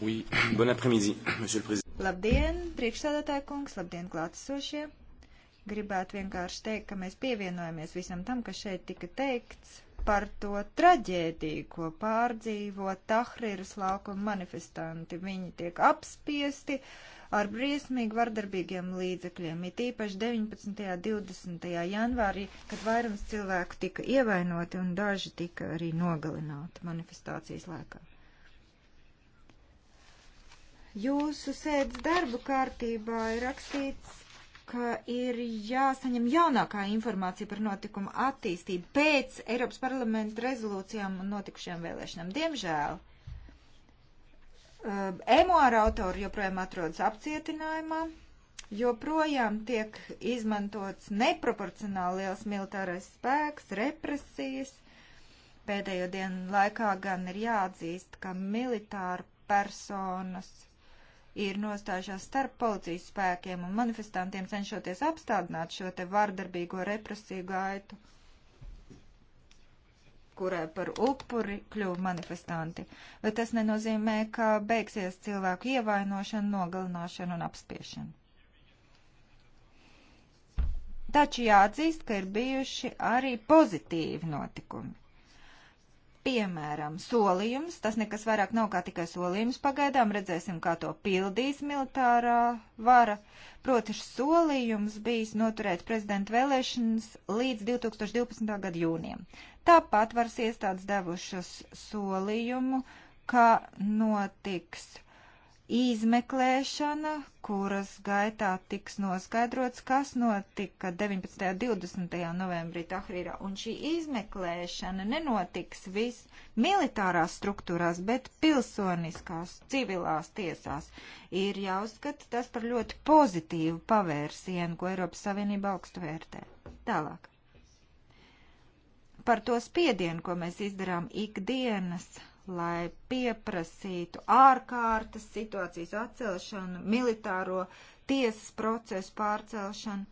Oui, bon après-midi, monsieur le président. Labdien, priekšsēdētāja kungs, labdien, klātesošie. Gribētu vienkārši teikt, ka mēs pievienojamies visam tam, kas šeit tika teikts par to traģēdiju, ko pārdzīvo Tahriras laukuma manifestanti. Viņi tiek apspiesti ar briesmīgi vardarbīgiem līdzekļiem, it īpaši 19. un 20. janvārī, kad vairums cilvēku tika ievainoti un daži tika arī nogalināti manifestācijas laikā. Jūsu sēdes darbu kārtībā ir rakstīts, ka ir jāsaņem jaunākā informācija par notikumu attīstību pēc Eiropas parlamenta rezolūcijām un notikušajām vēlēšanām. Diemžēl emuāra um, autori joprojām atrodas apcietinājumā, joprojām tiek izmantots neproporcionāli liels militārais spēks, represijas. Pēdējo dienu laikā gan ir jāatzīst, ka militāra personas ir nostājušās starp policijas spēkiem un manifestantiem cenšoties apstādināt šo te vardarbīgo represiju gaitu kurai par upuri kļuva manifestanti, bet tas nenozīmē, ka beigsies cilvēku ievainošana, nogalināšana un apspiešana. Taču jāatzīst, ka ir bijuši arī pozitīvi notikumi. Piemēram, solījums, tas nekas vairāk nav kā tikai solījums pagaidām, redzēsim, kā to pildīs militārā vara. Proti, solījums bijis noturēt prezidenta vēlēšanas līdz 2012. gada jūnijam. Tāpat varas iestādes devušas solījumu, ka notiks izmeklēšana, kuras gaitā tiks noskaidrots, kas notika 19. un 20. novembrī Tahrīrā. Un šī izmeklēšana nenotiks vis militārās struktūrās, bet pilsoniskās, civilās tiesās. Ir jāuzskata tas par ļoti pozitīvu pavērsienu, ko Eiropas Savienība augstu vērtē. Tālāk. Par to spiedienu, ko mēs izdarām ikdienas lai pieprasītu ārkārtas situācijas atcelšanu, militāro tiesas procesu pārcelšanu.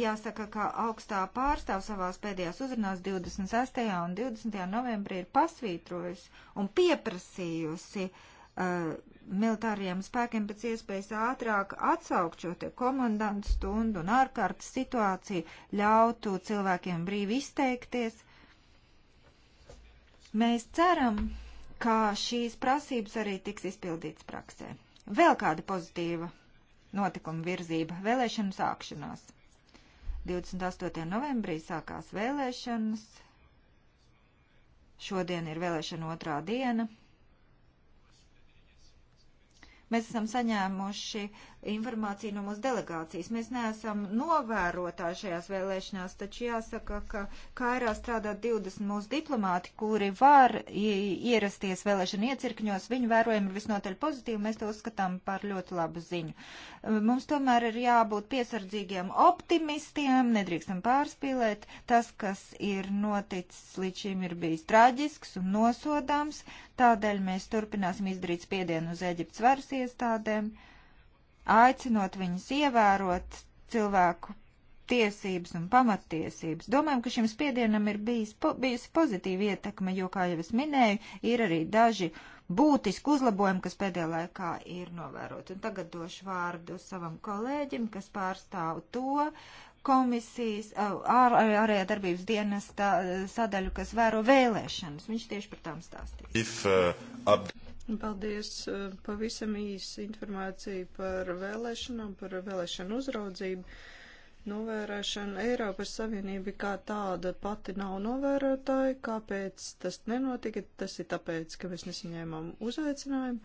Jāsaka, ka augstā pārstāv savās pēdējās uzrunās 26. un 20. novembrī ir pasvītrojusi un pieprasījusi uh, militāriem spēkiem pēc iespējas ātrāk atsaukt šo te komandantu stundu un ārkārtas situāciju, ļautu cilvēkiem brīvi izteikties. Mēs ceram, ka šīs prasības arī tiks izpildītas praksē. Vēl kāda pozitīva notikuma virzība - vēlēšanu sākšanās. 28. novembrī sākās vēlēšanas. Šodien ir vēlēšana otrā diena. Mēs esam saņēmuši informāciju no mūsu delegācijas. Mēs neesam novērotāji šajās vēlēšanās, taču jāsaka, ka Kairā strādā 20 mūsu diplomāti, kuri var ierasties vēlēšana iecirkņos. Viņu vērojumi ir visnotaļ pozitīvi, mēs to uzskatām par ļoti labu ziņu. Uh, mums tomēr ir jābūt piesardzīgiem optimistiem, nedrīkstam pārspīlēt. Tas, kas ir noticis līdz šim, ir bijis traģisks un nosodāms. Tādēļ mēs turpināsim izdarīt spiedienu uz Eģiptes varas iestādēm. Uh, aicinot viņus ievērot cilvēku tiesības un pamattiesības. Domājam, ka šim spiedienam ir bijis, po, bijusi pozitīva ietekme, jo, kā jau es minēju, ir arī daži būtiski uzlabojumi, kas pēdējā laikā ir novēroti. Un tagad došu vārdu savam kolēģim, kas pārstāv to komisijas, ār, ārējā darbības dienas tā, sadaļu, kas vēro vēlēšanas. Viņš tieši par tām stāstīs. If, uh, up... Paldies. Eh, pavisam īsi informācija par vēlēšanām, par vēlēšanu uzraudzību. Novērēšana Eiropas Savienība kā tāda pati nav novērotāja. Kāpēc tas nenotika? Tas ir tāpēc, ka mēs nesaņēmām uzaicinājumu.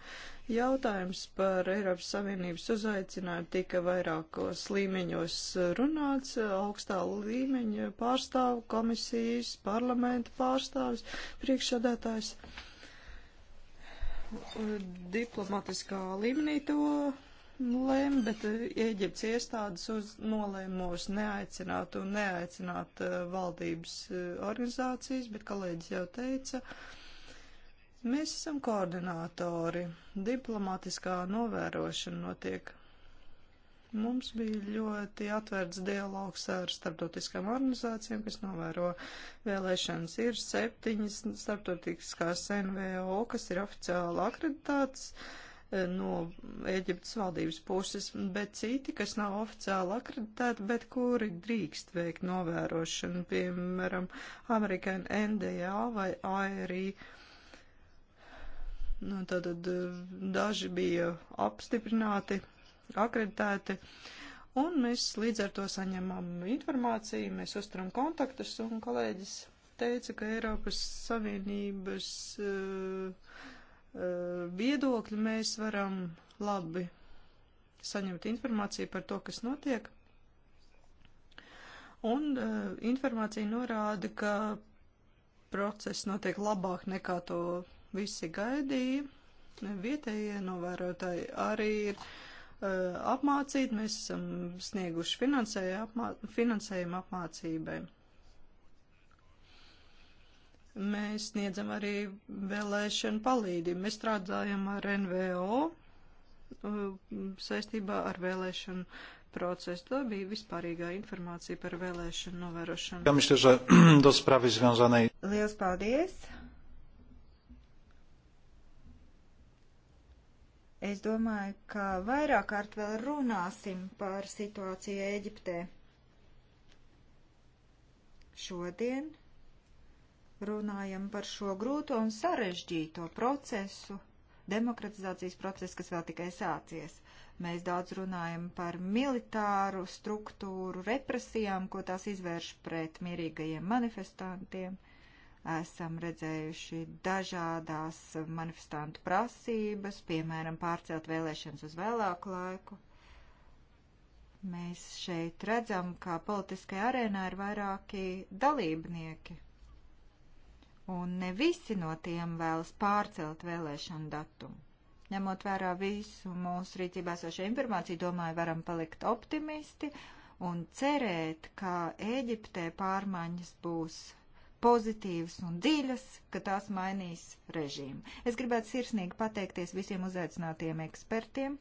Jautājums par Eiropas Savienības uzaicinājumu tika vairākos līmeņos runāts. Augstā līmeņa pārstāvu komisijas, parlamenta pārstāvis, priekšsādātājs diplomatiskā līmenī to lēma, bet eh, Ēģiptes iestādes uz nolēmos neaicināt un neaicināt eh, valdības eh, organizācijas, bet kolēģis jau teica, mēs esam koordinātori. Diplomatiskā novērošana notiek Mums bija ļoti atvērts dialogs ar starptautiskām organizācijām, kas novēro vēlēšanas. Ir septiņas starptautiskās NVO, kas ir oficiāli akreditāts eh, no Eģiptes valdības puses, bet citi, kas nav oficiāli akreditēti, bet kuri drīkst veikt novērošanu, piemēram, Amerikāņu NDA vai ARI. Nu, tātad eh, daži bija apstiprināti akreditēti. Un mēs līdz ar to saņemam informāciju, mēs uzturam kontaktus, un kolēģis teica, ka Eiropas Savienības uh, uh, viedokļi mēs varam labi saņemt informāciju par to, kas notiek. Un uh, informācija norāda, ka process notiek labāk nekā to visi gaidīja. Vietējie novērotāji arī ir Uh, apmācīt, mēs esam snieguši finansējumu, apmā, finansējumu apmācībai. Mēs sniedzam arī vēlēšanu palīdību. Mēs strādājam ar NVO uh, saistībā ar vēlēšanu procesu. Tā bija vispārīgā informācija par vēlēšanu novērošanu. Liels paldies! Es domāju, ka vairāk kārt vēl runāsim par situāciju Eģiptē. Šodien runājam par šo grūto un sarežģīto procesu, demokratizācijas procesu, kas vēl tikai sācies. Mēs daudz runājam par militāru struktūru, represijām, ko tās izvērš pret mierīgajiem manifestantiem esam redzējuši dažādās manifestantu prasības, piemēram, pārcelt vēlēšanas uz vēlāku laiku. Mēs šeit redzam, ka politiskajā arēnā ir vairāki dalībnieki, un ne visi no tiem vēlas pārcelt vēlēšanu datumu. Ņemot vērā visu mūsu rīcībā esošo informāciju, domāju, varam palikt optimisti un cerēt, ka Ēģiptē pārmaiņas būs pozitīvas un dziļas, ka tās mainīs režīmu. Es gribētu sirsnīgi pateikties visiem uzaicinātiem ekspertiem,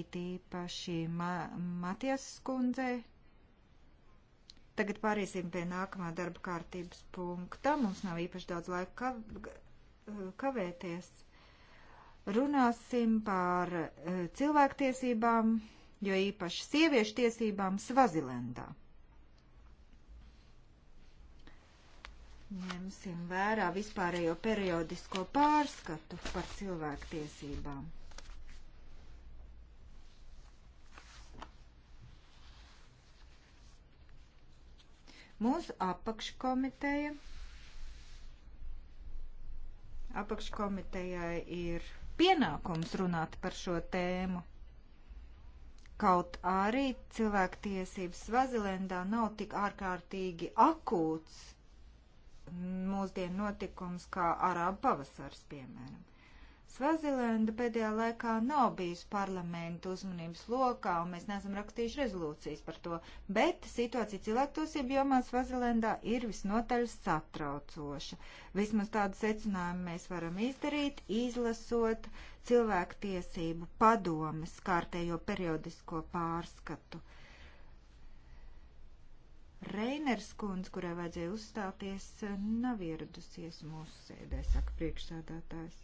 it īpaši Ma Matijas skundzei. Tagad pāriesim pie nākamā darba kārtības punkta. Mums nav īpaši daudz laika kav eh, kavēties. Runāsim par eh, cilvēktiesībām, jo īpaši sieviešu tiesībām Svazilendā. ņemsim vērā vispārējo periodisko pārskatu par cilvēktiesībām. Mūsu apakškomiteja apakškomitejai ir pienākums runāt par šo tēmu. Kaut arī cilvēktiesības Svazilendā nav tik ārkārtīgi akūts mūsdienu notikums kā Arābu pavasars, piemēram. Svazilenda pēdējā laikā nav bijusi parlamentu uzmanības lokā, un mēs neesam rakstījuši rezolūcijas par to, bet situācija cilvēktiesību jomā Svazilendā ir visnotaļ satraucoša. Vismaz tādu secinājumu mēs varam izdarīt, izlasot cilvēktiesību padomes kārtējo periodisko pārskatu. Reiners kundze, kurai vajadzēja uzstāties, nav ieradusies mūsu sēdē, saka priekšsādātājs.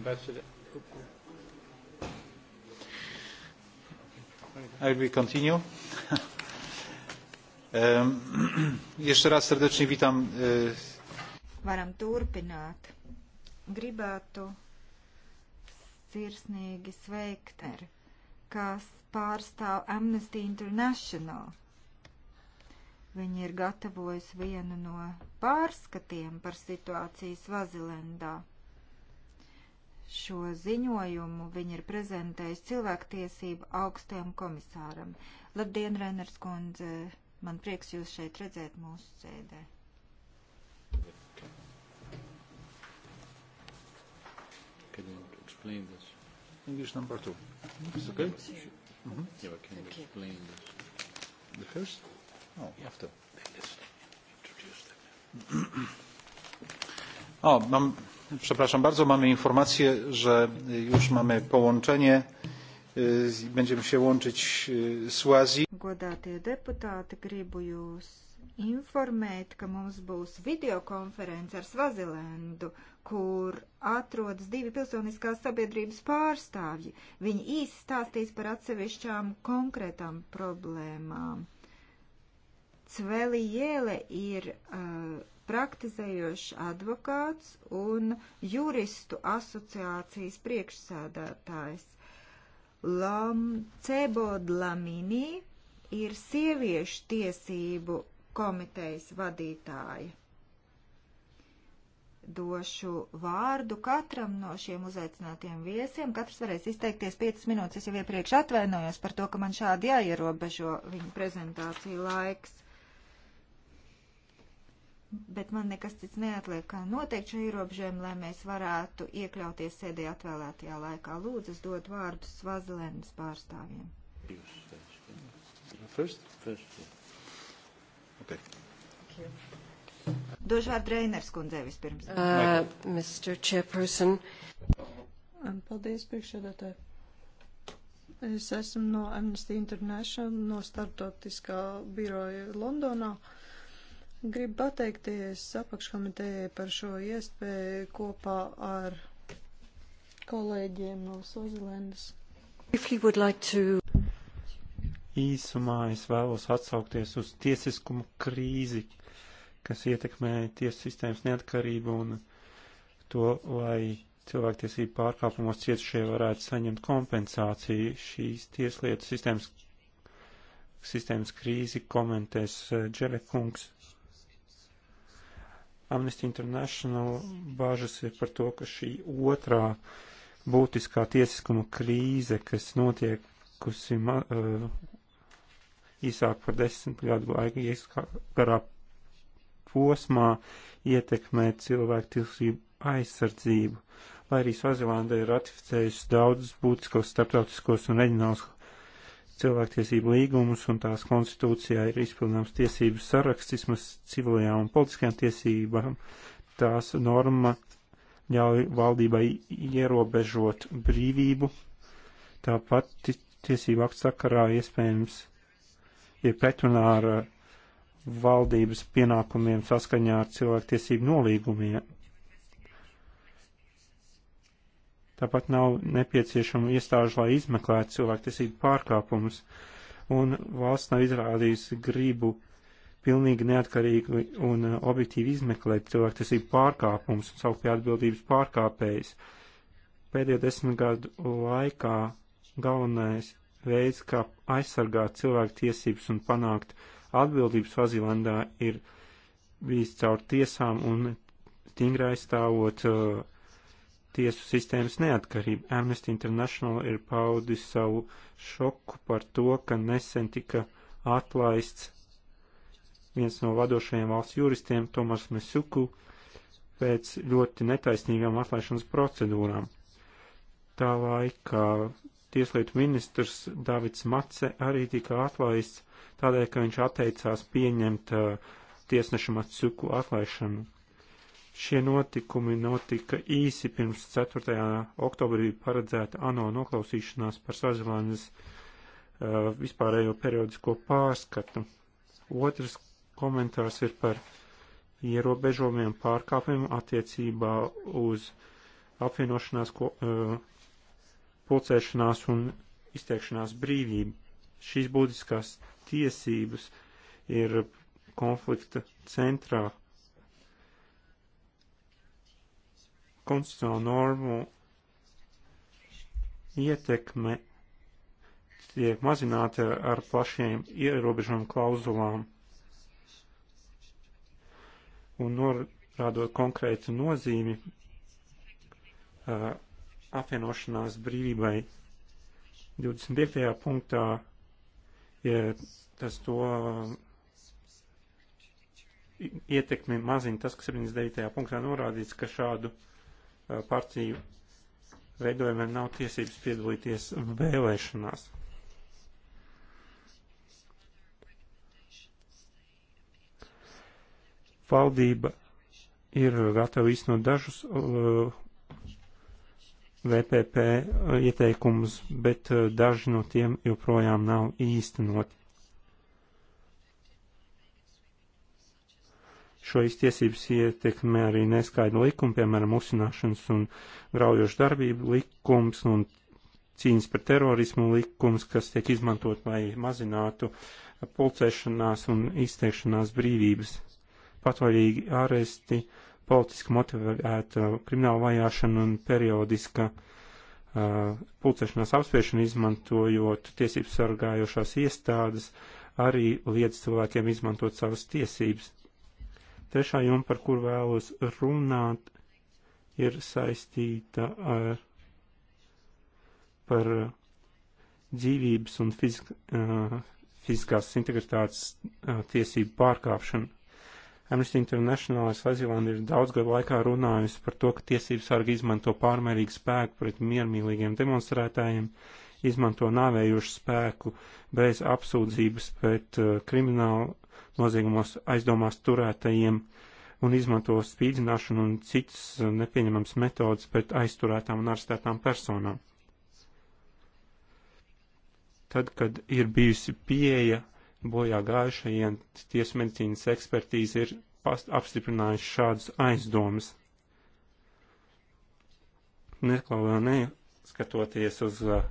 Ambassador. I will continue. Um, jeszcze raz serdecznie witam. E, Varam turpināt. Gribētu sirsnīgi sveikt ar, kas pārstāv Amnesty International. Viņi ir gatavojusi vienu no pārskatiem par situācijas Vazilendā šo ziņojumu viņi ir prezentējis cilvēktiesību augstajam komisāram. Labdien, Reners kundze, man prieks jūs šeit redzēt mūsu sēdē. Can you explain this? English number two. It's okay? Mm -hmm. Yeah, I can okay. explain this. The first? No, oh, yeah. after. Introduce them. oh, mam... Um, Przepraszam bardzo, mamy informację, że już mamy połączenie. Będziemy się łączyć z Łazji. Godātie deputāti, gribu jūs informēt, ka mums būs videokonference ar Svazilendu, kur atrodas divi pilsoniskās sabiedrības pārstāvji. Viņi īsti stāstīs par atsevišķām konkrētām problēmām. Cveli Jēle ir uh, praktizējošs advokāts un juristu asociācijas priekšsēdētājs. Lam, Cebod Lamini ir sieviešu tiesību komitejas vadītāja. Došu vārdu katram no šiem uzaicinātiem viesiem. Katrs varēs izteikties 5 minūtes. Es jau iepriekš atvainojos par to, ka man šādi jāierobežo viņu prezentāciju laiks bet man nekas cits neatliek, kā noteikt šo ierobežojumu, lai mēs varētu iekļauties sēdē atvēlētajā laikā. Lūdzu, es dodu vārdu Svazilēnas pārstāvjiem. First? First, yeah. okay. Došu vārdu Reiners kundzei vispirms. Uh, Mr. Chairperson. Um, paldies, priekšsēdētāji. Es esmu no Amnesty International, no startautiskā biroja Londonā. Uh, Gribu pateikties apakškomitējai par šo iespēju kopā ar kolēģiem no Sūzilendas. Like to... Īsumā es vēlos atsaukties uz tiesiskumu krīzi, kas ietekmē tiesu sistēmas neatkarību un to, lai cilvēktiesību pārkāpumos cietušie varētu saņemt kompensāciju. Šīs tieslietu sistēmas, sistēmas krīzi komentēs eh, Džerekungs. Uh, Amnesty International bāžas ir par to, ka šī otrā būtiskā tiesiskuma krīze, kas notiekusi uh, eh, īsāk par desmit gadu laika ieskarā posmā, ietekmē cilvēku tiesību aizsardzību. Lai arī Svazilandē ir ratificējusi daudzus būtiskos starptautiskos un reģionālus cilvēktiesību līgumus un tās konstitūcijā ir izpildāms tiesības saraksts, vismaz civilajām un politiskajām tiesībām, tās norma ļauj valdībai ierobežot brīvību, tāpat tiesību aktu sakarā iespējams ir pretrunā ar valdības pienākumiem saskaņā ar cilvēktiesību nolīgumiem Tāpat nav nepieciešama iestāžu, lai izmeklētu cilvēktiesību pārkāpumus, un valsts nav izrādījusi gribu pilnīgi neatkarīgi un uh, objektīvi izmeklēt cilvēktiesību pārkāpumus un saukt pie atbildības pārkāpējus. Pēdējo desmit gadu laikā galvenais veids, kā aizsargāt cilvēktiesības un panākt atbildības Vazilandā, ir bijis caur tiesām un stingri aizstāvot uh, tiesu sistēmas neatkarību. Amnesty International ir paudis savu šoku par to, ka nesen tika atlaists viens no vadošajiem valsts juristiem, Tomas Mesuku, pēc ļoti netaisnīgām atlaišanas procedūrām. Tā laikā tieslietu ministrs Davids Mace arī tika atlaists tādēļ, ka viņš atteicās pieņemt uh, tiesneša Matsuku atlaišanu Šie notikumi notika īsi pirms 4. oktobrī paredzēta ANO noklausīšanās par Svazilandes uh, vispārējo periodisko pārskatu. Otrs komentārs ir par ierobežojumiem pārkāpumiem attiecībā uz apvienošanās, ko, uh, pulcēšanās un izteikšanās brīvību. Šīs būtiskās tiesības ir konflikta centrā konstitucionālo normu ietekme tiek mazināta ar plašiem ierobežojumu klauzulām un norādot konkrētu nozīmi uh, apvienošanās brīvībai. 25. punktā ja tas to uh, ietekmi mazina tas, ka 79. punktā norādīts, ka šādu uh, partiju veidojumiem nav tiesības piedalīties vēlēšanās. Valdība ir gatava iznot dažus VPP ieteikumus, bet daži no tiem joprojām nav īstenoti. Šo iztiesības ietekmē arī neskaidri likumi, piemēram, uzsināšanas un graujošu darbību likums un cīņas par terorismu likums, kas tiek izmantot, lai mazinātu pulcēšanās un izteikšanās brīvības, patvaļīgi āresti, politiski motivēta krimināla vajāšana un periodiska uh, pulcēšanās apspiešana izmantojot tiesības sargājošās iestādes, arī liedz cilvēkiem izmantot savas tiesības. Trešā joma, par kur vēlos runāt, ir saistīta ar par dzīvības un fizik, uh, fiziskās integritātes uh, tiesību pārkāpšanu. Amnesty International Svazilanda ir daudz gadu laikā runājusi par to, ka tiesības sargi izmanto pārmērīgu spēku pret miermīlīgiem demonstrētājiem, izmanto nāvējušu spēku bez apsūdzības pret uh, kriminālu noziegumos aizdomās turētajiem un izmanto spīdzināšanu un citas nepieņemams metodas pret aizturētām un arstētām personām. Tad, kad ir bijusi pieeja bojā gājušajiem, tiesmedicīnas ekspertīze ir apstiprinājusi šādas aizdomas. Neklauvēl neskatoties uz uh,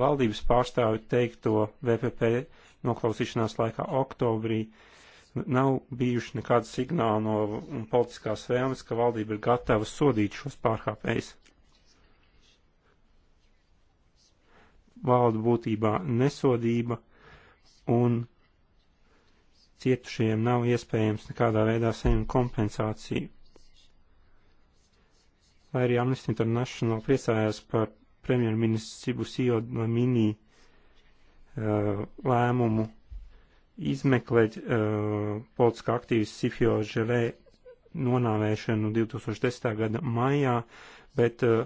valdības pārstāvi teikto VPP noklausīšanās laikā oktobrī, uh, nav bijuši nekāda signāla no politiskās vēlmes, ka valdība ir gatava sodīt šos pārkāpējus. Valda būtībā nesodība un cietušajiem nav iespējams nekādā veidā saņemt kompensāciju. Lai arī Amnesty International priecājās par premjerministru Sibusijo Lamini uh, lēmumu izmeklēt uh, politiskā aktīvistu Sifio Želē nonāvēšanu 2010. gada maijā, bet uh,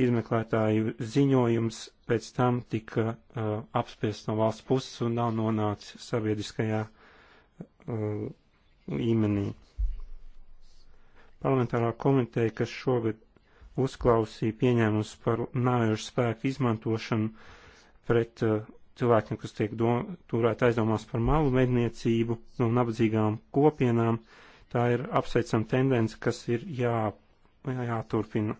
izmeklētāju ziņojums pēc tam tika uh, apspiest no valsts puses un nav nonācis sabiedriskajā uh, līmenī. Parlamentārā komiteja, kas šogad uzklausīja pieņēmums par nājošu spēku izmantošanu pret uh, cilvēkiem, kas tiek do, turēt aizdomās par malu medniecību no nabadzīgām kopienām. Tā ir apsveicama tendence, kas ir jā, jāturpina.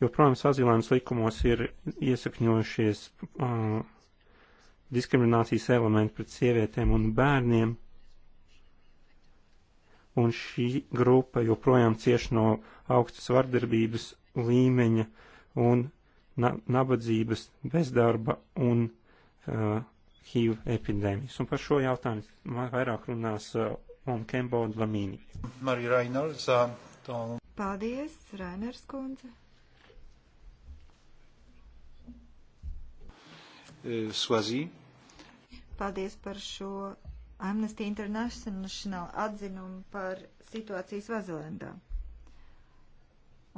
Jo, protams, azilēmas likumos ir iesakņojušies uh, diskriminācijas elementi pret sievietēm un bērniem, un šī grupa joprojām cieš no augstas vardarbības līmeņa un na nabadzības, bezdarba un uh, HIV epidēmijas. Un par šo jautājumu vairāk runās uh, un Kemboda Lamīni. Marija Rainers. Uh, Paldies, Rainers kundze. Suazī. Paldies par šo Amnesty International atzinumu par situāciju Svazilendā.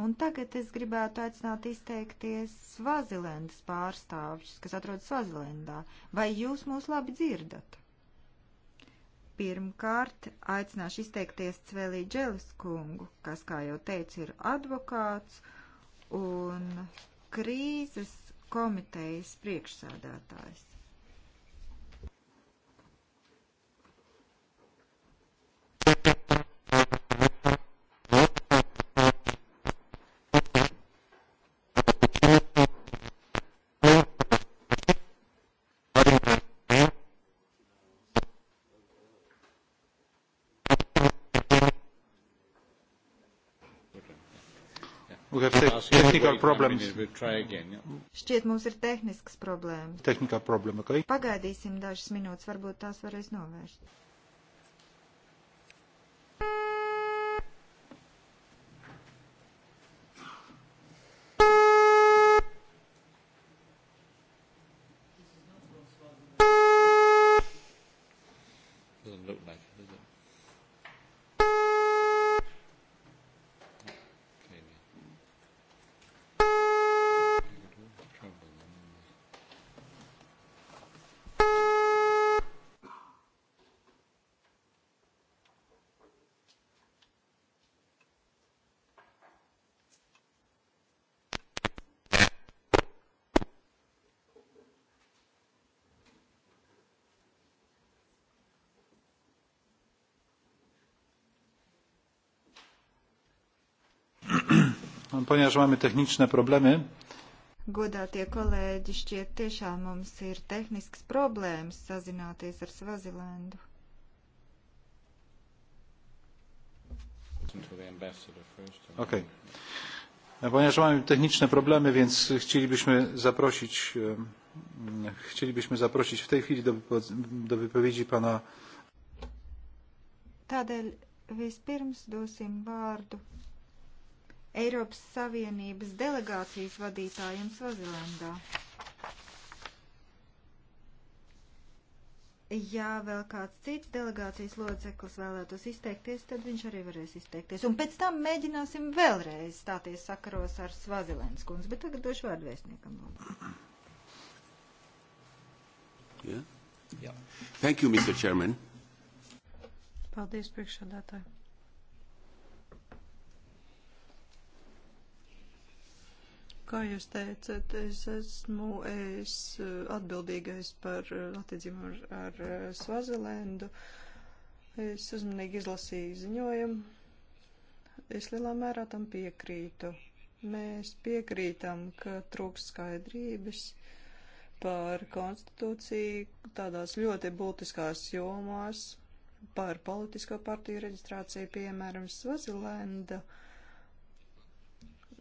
Un tagad es gribētu aicināt izteikties Svazilendas pārstāvjus, kas atrodas Svazilendā. Vai jūs mūs labi dzirdat? Pirmkārt, aicināšu izteikties Cvelī Dželis kungu, kas, kā jau teicu, ir advokāts un krīzes komitejas priekšsādātājs. We have technical problems. Šķiet, mums ir tehniskas problēmas. Technical problem, okay? Pagaidīsim dažas minūtes, varbūt tās varēs novērst. ponieważ mamy techniczne problemy. Godātie kolēģi, šķiet tiešām mums ir tehnisks problēmas sazināties ar Svazilendu. Okay. Ponieważ mamy techniczne problemy, więc chcielibyśmy zaprosić, chcielibyśmy zaprosić w tej chwili do, do wypowiedzi pana. Tādēļ vispirms dosim vārdu Eiropas Savienības delegācijas vadītājiem Svazilendā. Ja vēl kāds cits delegācijas loceklis vēlētos izteikties, tad viņš arī varēs izteikties. Un pēc tam mēģināsim vēlreiz stāties sakaros ar Svazilens kundzi, bet tagad došu vārdu vēstniekam. Yeah. Yeah. Thank you, Mr. Chairman. Paldies, priekšsādātāji. kā jūs teicat, es esmu es eh, atbildīgais par eh, attiecībām ar, ar eh, Svazilendu. Es uzmanīgi izlasīju ziņojumu. Es lielā mērā tam piekrītu. Mēs piekrītam, ka trūks skaidrības par konstitūciju tādās ļoti būtiskās jomās, par politisko partiju reģistrāciju, piemēram, Svazilenda. Uh,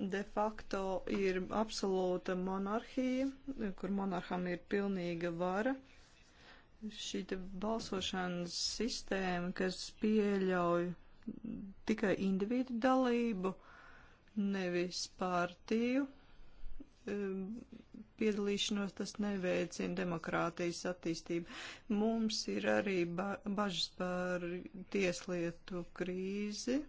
de facto ir absolūta monarhija, kur monarham ir pilnīga vara. Šī balsošanas sistēma, kas pieļauj tikai individu dalību, nevis partiju um, piedalīšanos, tas neveicina demokrātijas attīstību. Mums ir arī ba bažas par tieslietu krīzi,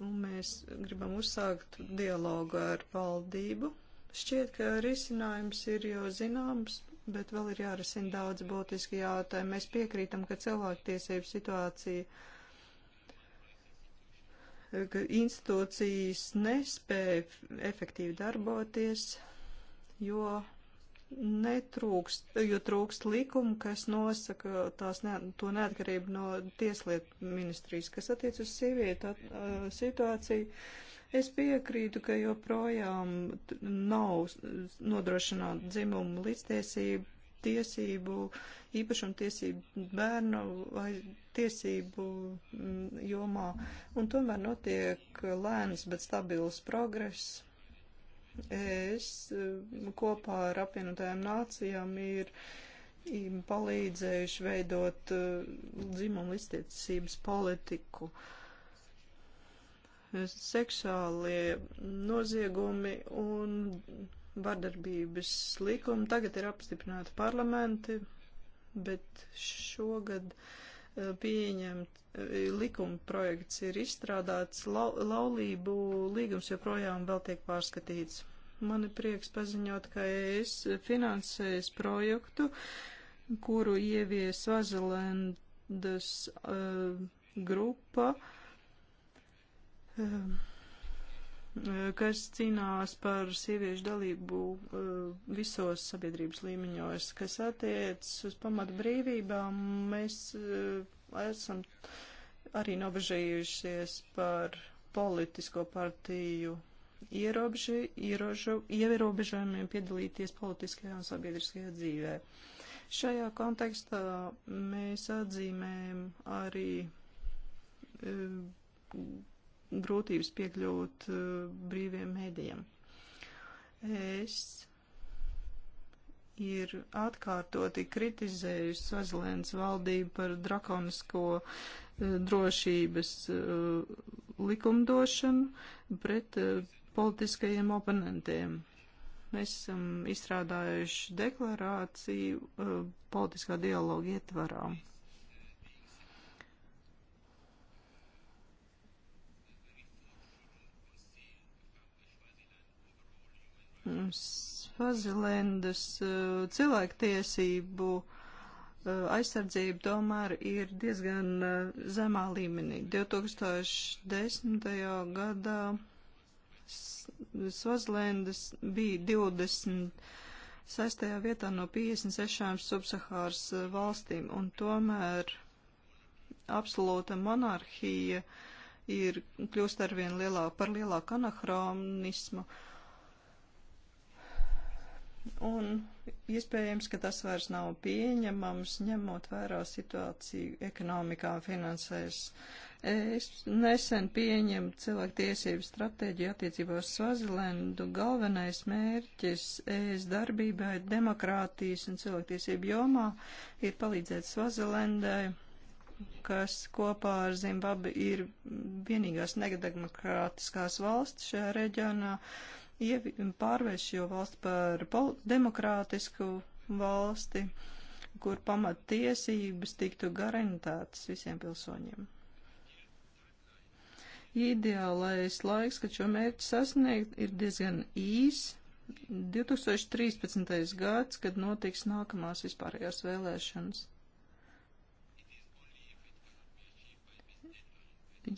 un nu, mēs gribam uzsākt dialogu ar valdību. Šķiet, ka risinājums ir jau zināms, bet vēl ir jārisina daudz būtiski jautājumi. Mēs piekrītam, ka cilvēktiesību situācija, ka institūcijas nespēja efektīvi darboties, jo netrūkst, jo trūkst likumu, kas nosaka tās ne, to neatkarību no tieslietu ministrijas, kas attiec uz sievietu at, situāciju. Es piekrītu, ka joprojām nav nodrošināta dzimumu līdztiesību, tiesību, īpašumu tiesību bērnu vai tiesību mm, jomā. Un tomēr notiek lēns, bet stabils progress es eh, kopā ar apvienotajām nācijām ir palīdzējuši veidot eh, dzimumu iztiecības politiku. Seksuālie noziegumi un vardarbības likumi tagad ir apstiprināti parlamenti, bet šogad eh, pieņemt likuma projekts ir izstrādāts, lau, laulību līgums joprojām vēl tiek pārskatīts. Man ir prieks paziņot, ka es finansēju projektu, kuru ievies Vazelendas uh, grupa, uh, kas cīnās par sieviešu dalību uh, visos sabiedrības līmeņos, kas attiec uz pamatu brīvībām. Mēs uh, esam arī nobežējušies par politisko partiju ierobeži, ierožu, ierobežojumiem piedalīties politiskajā un sabiedriskajā dzīvē. Šajā kontekstā mēs atzīmējam arī e, grūtības piekļūt e, brīviem mēdījiem. Es ir atkārtoti kritizējusi Svazilēnas valdību par drakonisko e, drošības e, likumdošanu pret e, politiskajiem oponentiem. Mēs esam izstrādājuši deklarāciju uh, politiskā dialoga ietvarā. Svazilendas uh, cilvēktiesību uh, aizsardzība tomēr ir diezgan uh, zemā līmenī. 2010. gadā Svazlendas bija 26. vietā no 56 subsahāras eh, valstīm, un tomēr absolūta monarhija ir kļūst arvien lielāk par lielāku anahronismu. Un iespējams, ka tas vairs nav pieņemams, ņemot vērā situāciju ekonomikā un finansēs. Es nesen pieņemu cilvēktiesību stratēģiju attiecībā uz Svazilendu. Galvenais mērķis es darbībai demokrātijas un cilvēktiesību jomā ir palīdzēt Svazilendai, kas kopā ar Zimbabvi ir vienīgās negademokrātiskās valsts šajā reģionā, pārvērš šo valsti par demokrātisku valsti, kur pamattiesības tiktu garantētas visiem pilsoņiem. Ideālais laiks, kad šo mērķu sasniegt, ir diezgan īs. 2013. gads, kad notiks nākamās vispārējās vēlēšanas.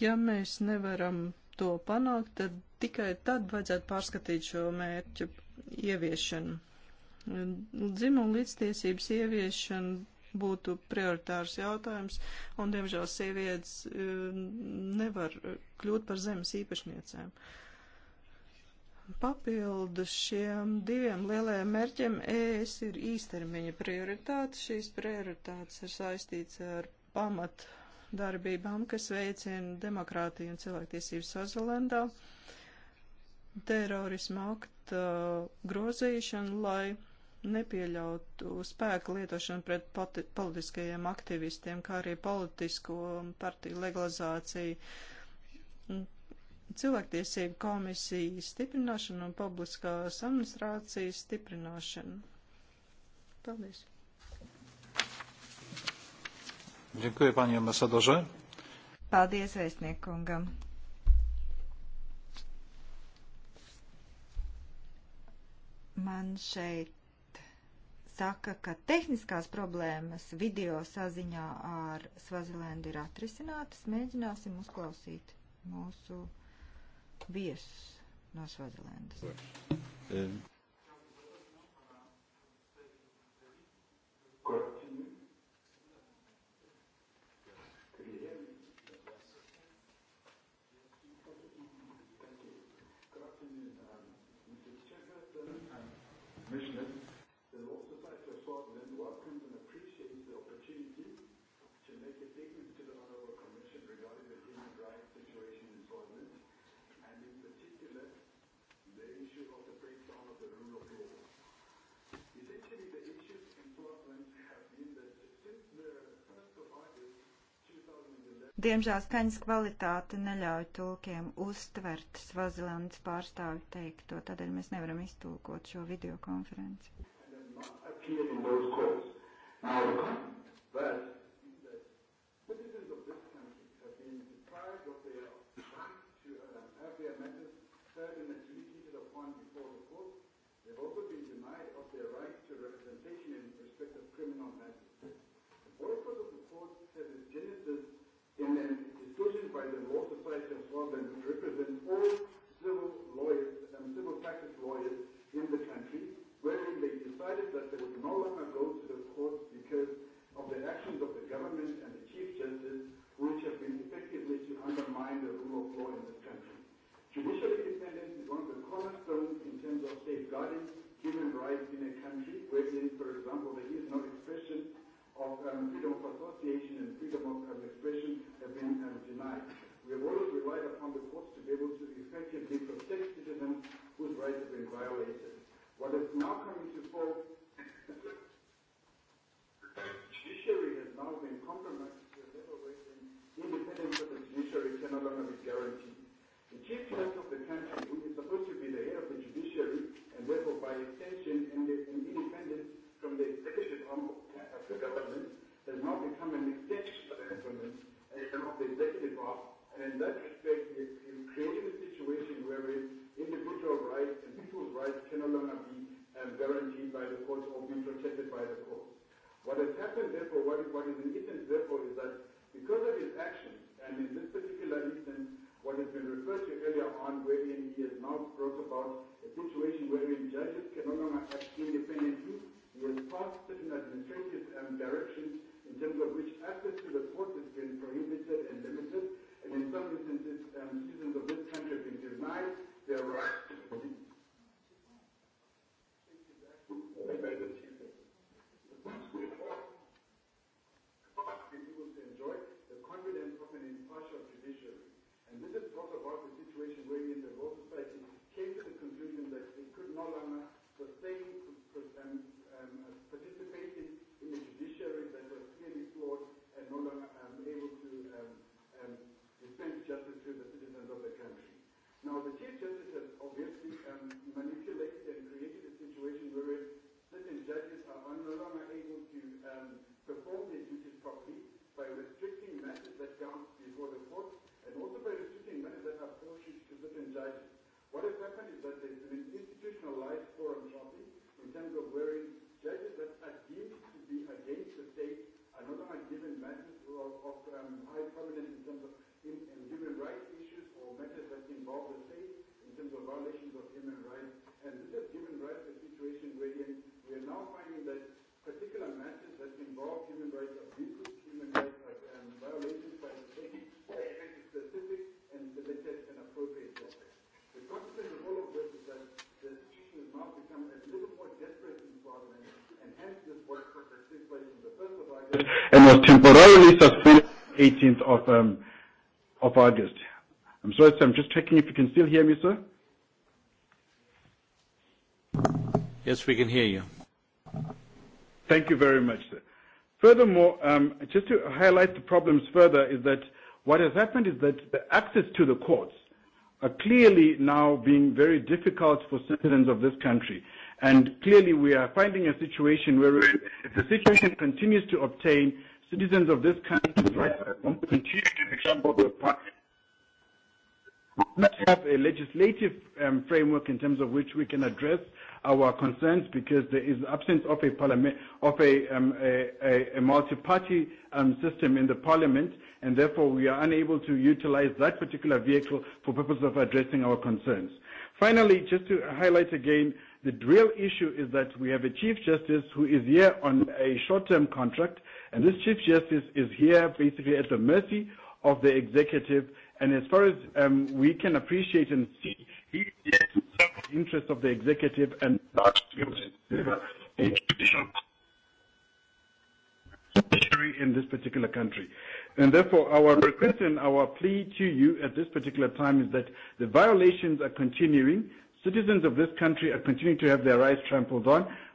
Ja mēs nevaram to panākt, tad tikai tad vajadzētu pārskatīt šo mērķu ieviešanu. Dzimuma līdztiesības ieviešana būtu prioritārs jautājums, un, diemžēl, sievietes eh, nevar kļūt par zemes īpašniecēm. Papildu šiem diviem lielajiem mērķiem ES ir īstermiņa prioritāte. Šīs prioritātes ir saistīts ar pamat darbībām, kas veicina demokrātiju un cilvēktiesību Svazilendā, terorisma akta grozīšanu, lai nepieļautu spēku lietošanu pret politiskajiem aktivistiem, kā arī politisko partiju legalizāciju, cilvēktiesību komisijas stiprināšanu un publiskās administrācijas stiprināšanu. Paldies. Dziękuję panie ambasadorze. Paldies vēstniekungam. Man šeit saka, ka tehniskās problēmas video saziņā ar Svazilendu ir atrisinātas. Mēģināsim uzklausīt mūsu viesus no Svazilendas. Diemžēl skaņas kvalitāte neļauj tulkiem uztvert Svazilandes pārstāvi teikto, tādēļ mēs nevaram iztulkot šo videokonferenci. Appear in those calls. Now the, but pushed by the Law Society of Swaziland, which represents all civil lawyers and um, civil practice lawyers in the country, wherein they decided that they would no longer go to the courts because of the actions of the government and the Chief Justice, which have been effectively to undermine the rule of law in this country. Judicial independence is one of the cornerstones in terms of safeguarding human rights in a country wherein, for example, there is no expression of um, freedom of association and freedom of um, expression have been um, denied. We have always relied upon the courts to be able to effectively protect citizens whose rights have been violated. What is now coming to fore, judiciary has now been compromised to a level where the independence of the judiciary can no longer be guaranteed. The chief judge of the country, who is supposed to be the head of the judiciary and therefore by extension and, the, and independent from the executive arm of the government has now become an extension of the government and of the executive arm. And in that respect, it's creating a situation wherein individual rights and people's rights can no longer be um, guaranteed by the courts or be protected by the courts. What has happened, therefore, what is, what is in essence, therefore, is that because of his actions, and in this particular instance, what has been referred to earlier on, wherein he has now brought about a situation wherein judges can no longer act independently We were fast in administrative um, directions in terms of which access to the court has been prohibited and limited, and in some instances, um, citizens of this country have been denied their rights Now, the Chief Justice has obviously um, manipulated and created a situation wherein certain judges are no longer able to um, perform their duties properly by restricting matters that come before the court and also by restricting matters that are portioned to certain judges. What has happened is that there's been an institutionalized forum shopping in terms of wherein judges that are deemed to be against the state are no longer given matters of, of um, high prominence in terms of in, in human rights democracy, in terms of violations of human rights. And this is human rights a situation wherein we are now finding that particular matters that involve human rights abuses, human rights um, violations by the state, are specific and limited and appropriate topics. The consequence of all of this is that the issue has now become a little more desperate in Parliament, and hence this boycott that took place on the 1st of August and was temporarily suspended 18th of, um, of August. I'm sorry, sir. I'm just checking if you can still hear me, sir. Yes, we can hear you. Thank you very much, sir. Furthermore, um, just to highlight the problems further is that what has happened is that the access to the courts are clearly now being very difficult for citizens of this country. And clearly we are finding a situation where if the situation continues to obtain, citizens of this country continue to be trampled upon not have a legislative um, framework in terms of which we can address our concerns because there is absence of a parliament of a um, a, a, a multi-party um, system in the parliament, and therefore we are unable to utilize that particular vehicle for purpose of addressing our concerns. Finally, just to highlight again, the real issue is that we have a chief justice who is here on a short-term contract, and this chief justice is here basically at the mercy of the executive And as far as um, we can appreciate and see, he yes, the interest of the executive and in this particular country. And therefore, our request and our plea to you at this particular time is that the violations are continuing. Citizens of this country are continuing to have their rights trampled on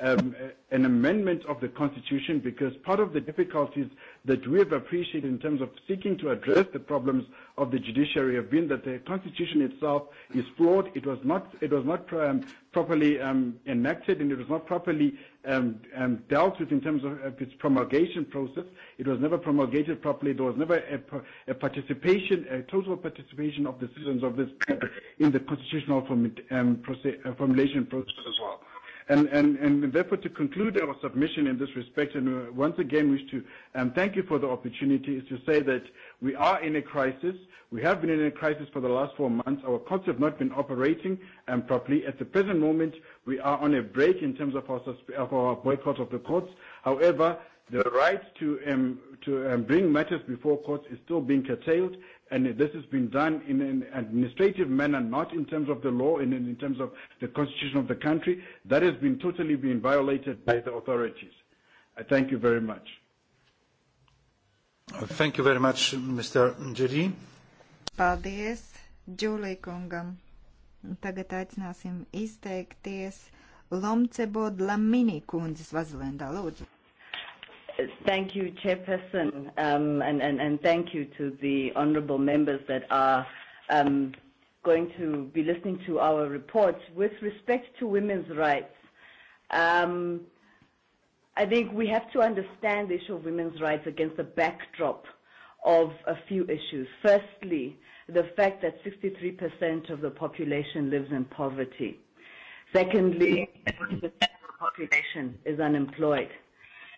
um, uh, an amendment of the constitution because part of the difficulties that we have appreciated in terms of seeking to address the problems of the judiciary have been that the constitution itself is flawed. It was not, it was not um, properly um, enacted and it was not properly um, um, dealt with in terms of its promulgation process. It was never promulgated properly. There was never a, a participation, a total participation of the citizens of this in the constitutional form, um, proce- uh, formulation process as well. And, and, and therefore, to conclude our submission in this respect, and uh, once again wish to um, thank you for the opportunity, is to say that we are in a crisis. We have been in a crisis for the last four months. Our courts have not been operating um, properly. At the present moment, we are on a break in terms of our, of our boycott of the courts. However, the right to, um, to um, bring matters before courts is still being curtailed, And this has been done in an administrative manner, not in terms of the law and in terms of the constitution of the country. That has been totally been violated by the authorities. I thank you very much. Uh, thank you very much, Mr. Ndjeri. Paldies, Džulī kungam. Tagad aicināsim izteikties Lomcebod Lamini kundzes Vazilendā. Lūdzu. Thank you, Chairperson, um, and thank you to the honorable members that are um, going to be listening to our report. With respect to women's rights, um, I think we have to understand the issue of women's rights against the backdrop of a few issues. Firstly, the fact that 63% of the population lives in poverty. Secondly, 40% of the population is unemployed.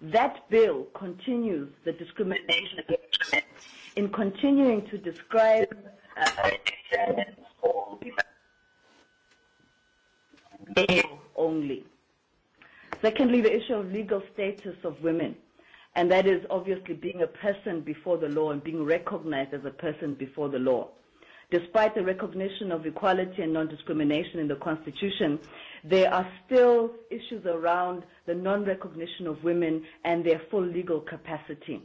That bill continues the discrimination in continuing to describe uh, only. Secondly, the issue of legal status of women, and that is obviously being a person before the law and being recognized as a person before the law. Despite the recognition of equality and non-discrimination in the Constitution, There are still issues around the non-recognition of women and their full legal capacity.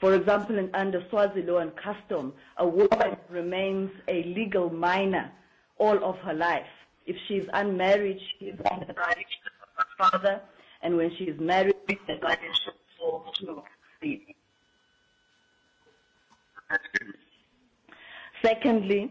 For example, in, under Swazi law and custom, a woman remains a legal minor all of her life. If she is unmarried, she is under the guardianship of her father, and when she is married, the guardianship falls to the Secondly,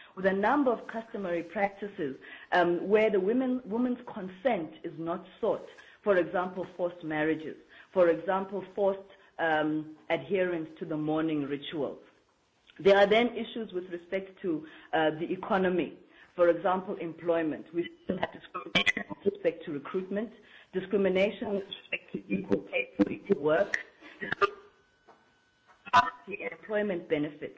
with a number of customary practices um, where the women, woman's consent is not sought. For example, forced marriages. For example, forced um, adherence to the morning rituals. There are then issues with respect to uh, the economy. For example, employment. We still have discrimination with respect to recruitment, discrimination with respect to equal pay for equal work, and employment benefits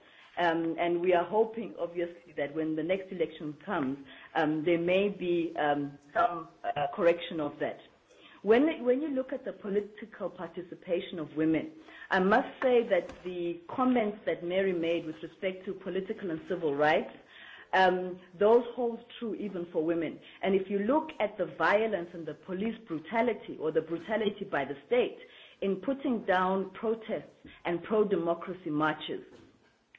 Um, and we are hoping, obviously, that when the next election comes, um, there may be um, some uh, correction of that. When, when you look at the political participation of women, I must say that the comments that Mary made with respect to political and civil rights, um, those hold true even for women. And if you look at the violence and the police brutality or the brutality by the state in putting down protests and pro-democracy marches,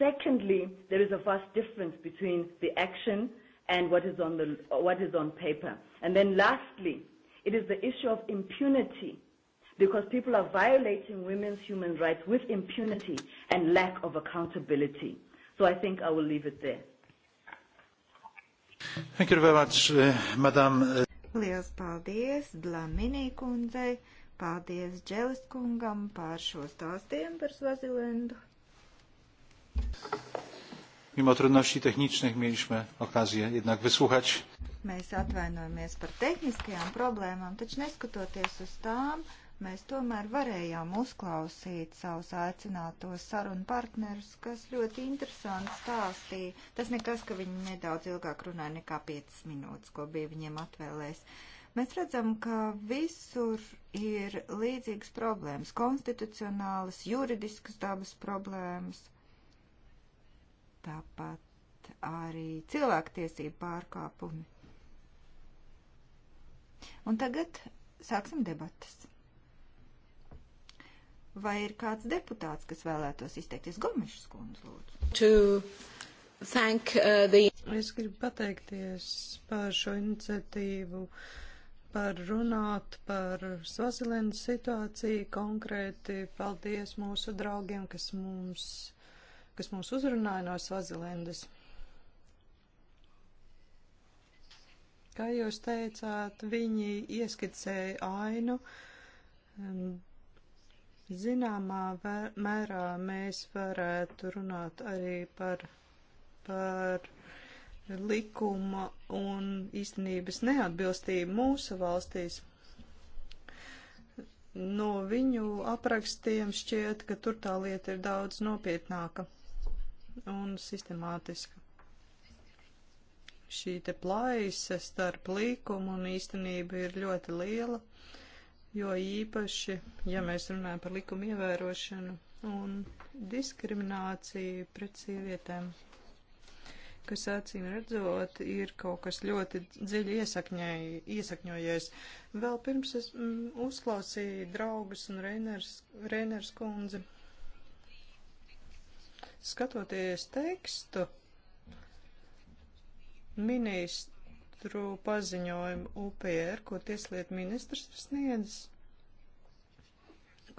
Secondly, there is a vast difference between the action and what is on the what is on paper. And then lastly, it is the issue of impunity because people are violating women's human rights with impunity and lack of accountability. So I think I will leave it there. Thank you very much, uh, Madam. Uh, Lielas paldies Dlamini kundzei, paldies Dželis kungam par šo stāstījumu par Svazilendu. Mimo trudności tehnicznych mieliśmy okazję jednak wysłuchać. Mēs atvainojamies par tehniskajām problēmām, taču neskatoties uz tām, mēs tomēr varējām uzklausīt savus aicinātos sarunu partnerus, kas ļoti interesanti stāstīja. Tas nekas, ka viņi nedaudz ilgāk runāja nekā 5 minūtes, ko bija viņiem atvēlējis. Mēs redzam, ka visur ir līdzīgas problēmas - konstitucionālas, juridiskas dabas problēmas tāpat arī cilvēktiesību pārkāpumi. Un tagad sāksim debatas. Vai ir kāds deputāts, kas vēlētos izteikties Gomešas kundz, lūdzu? Thank, uh, the... Es gribu pateikties par šo iniciatīvu, par runāt par Svazilendas situāciju konkrēti. Paldies mūsu draugiem, kas mums kas mūs uzrunāja no Svazilendas. Kā jūs teicāt, viņi ieskicēja ainu. Zināmā mērā mēs varētu runāt arī par, par likuma un īstenības neatbilstību mūsu valstīs no viņu aprakstiem šķiet, ka tur tā lieta ir daudz nopietnāka un sistemātiska. Šī te plaisa starp līkumu un īstenību ir ļoti liela, jo īpaši, ja mēs runājam par likumu ievērošanu un diskrimināciju pret sievietēm, kas acīm redzot ir kaut kas ļoti dziļi iesakņojies. Vēl pirms es mm, uzklausīju draugus un Reiners, Reiners kundzi Skatoties tekstu, ministru paziņojumu UPR, ko tieslietu ministrs sniedz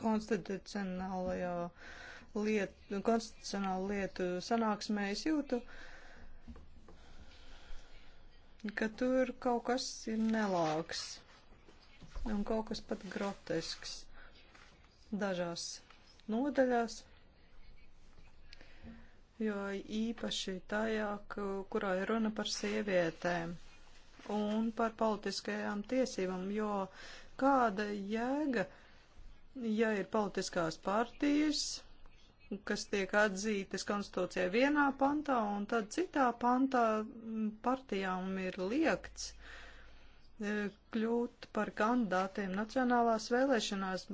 konstitucionālajā lietu, konstitucionālu lietu sanāksmē, es jūtu, ka tur kaut kas ir nelāks un kaut kas pat grotesks dažās nodaļās jo īpaši tajā, kurā ir runa par sievietēm un par politiskajām tiesībām, jo kāda jēga, ja ir politiskās partijas, kas tiek atzītas konstitūcijā vienā pantā, un tad citā pantā partijām ir liekts e, kļūt par kandidātiem nacionālās vēlēšanās,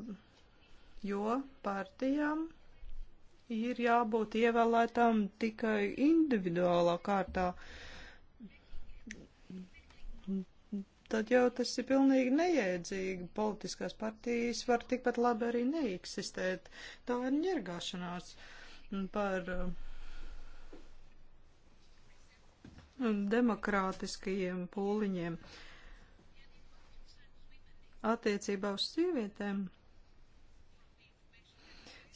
jo partijām ir jābūt ievēlētām tikai individuālā kārtā. Tad jau tas ir pilnīgi nejēdzīgi. Politiskās partijas var tikpat labi arī neeksistēt. Tā ir ņergāšanās par um, demokrātiskajiem pūliņiem attiecībā uz sievietēm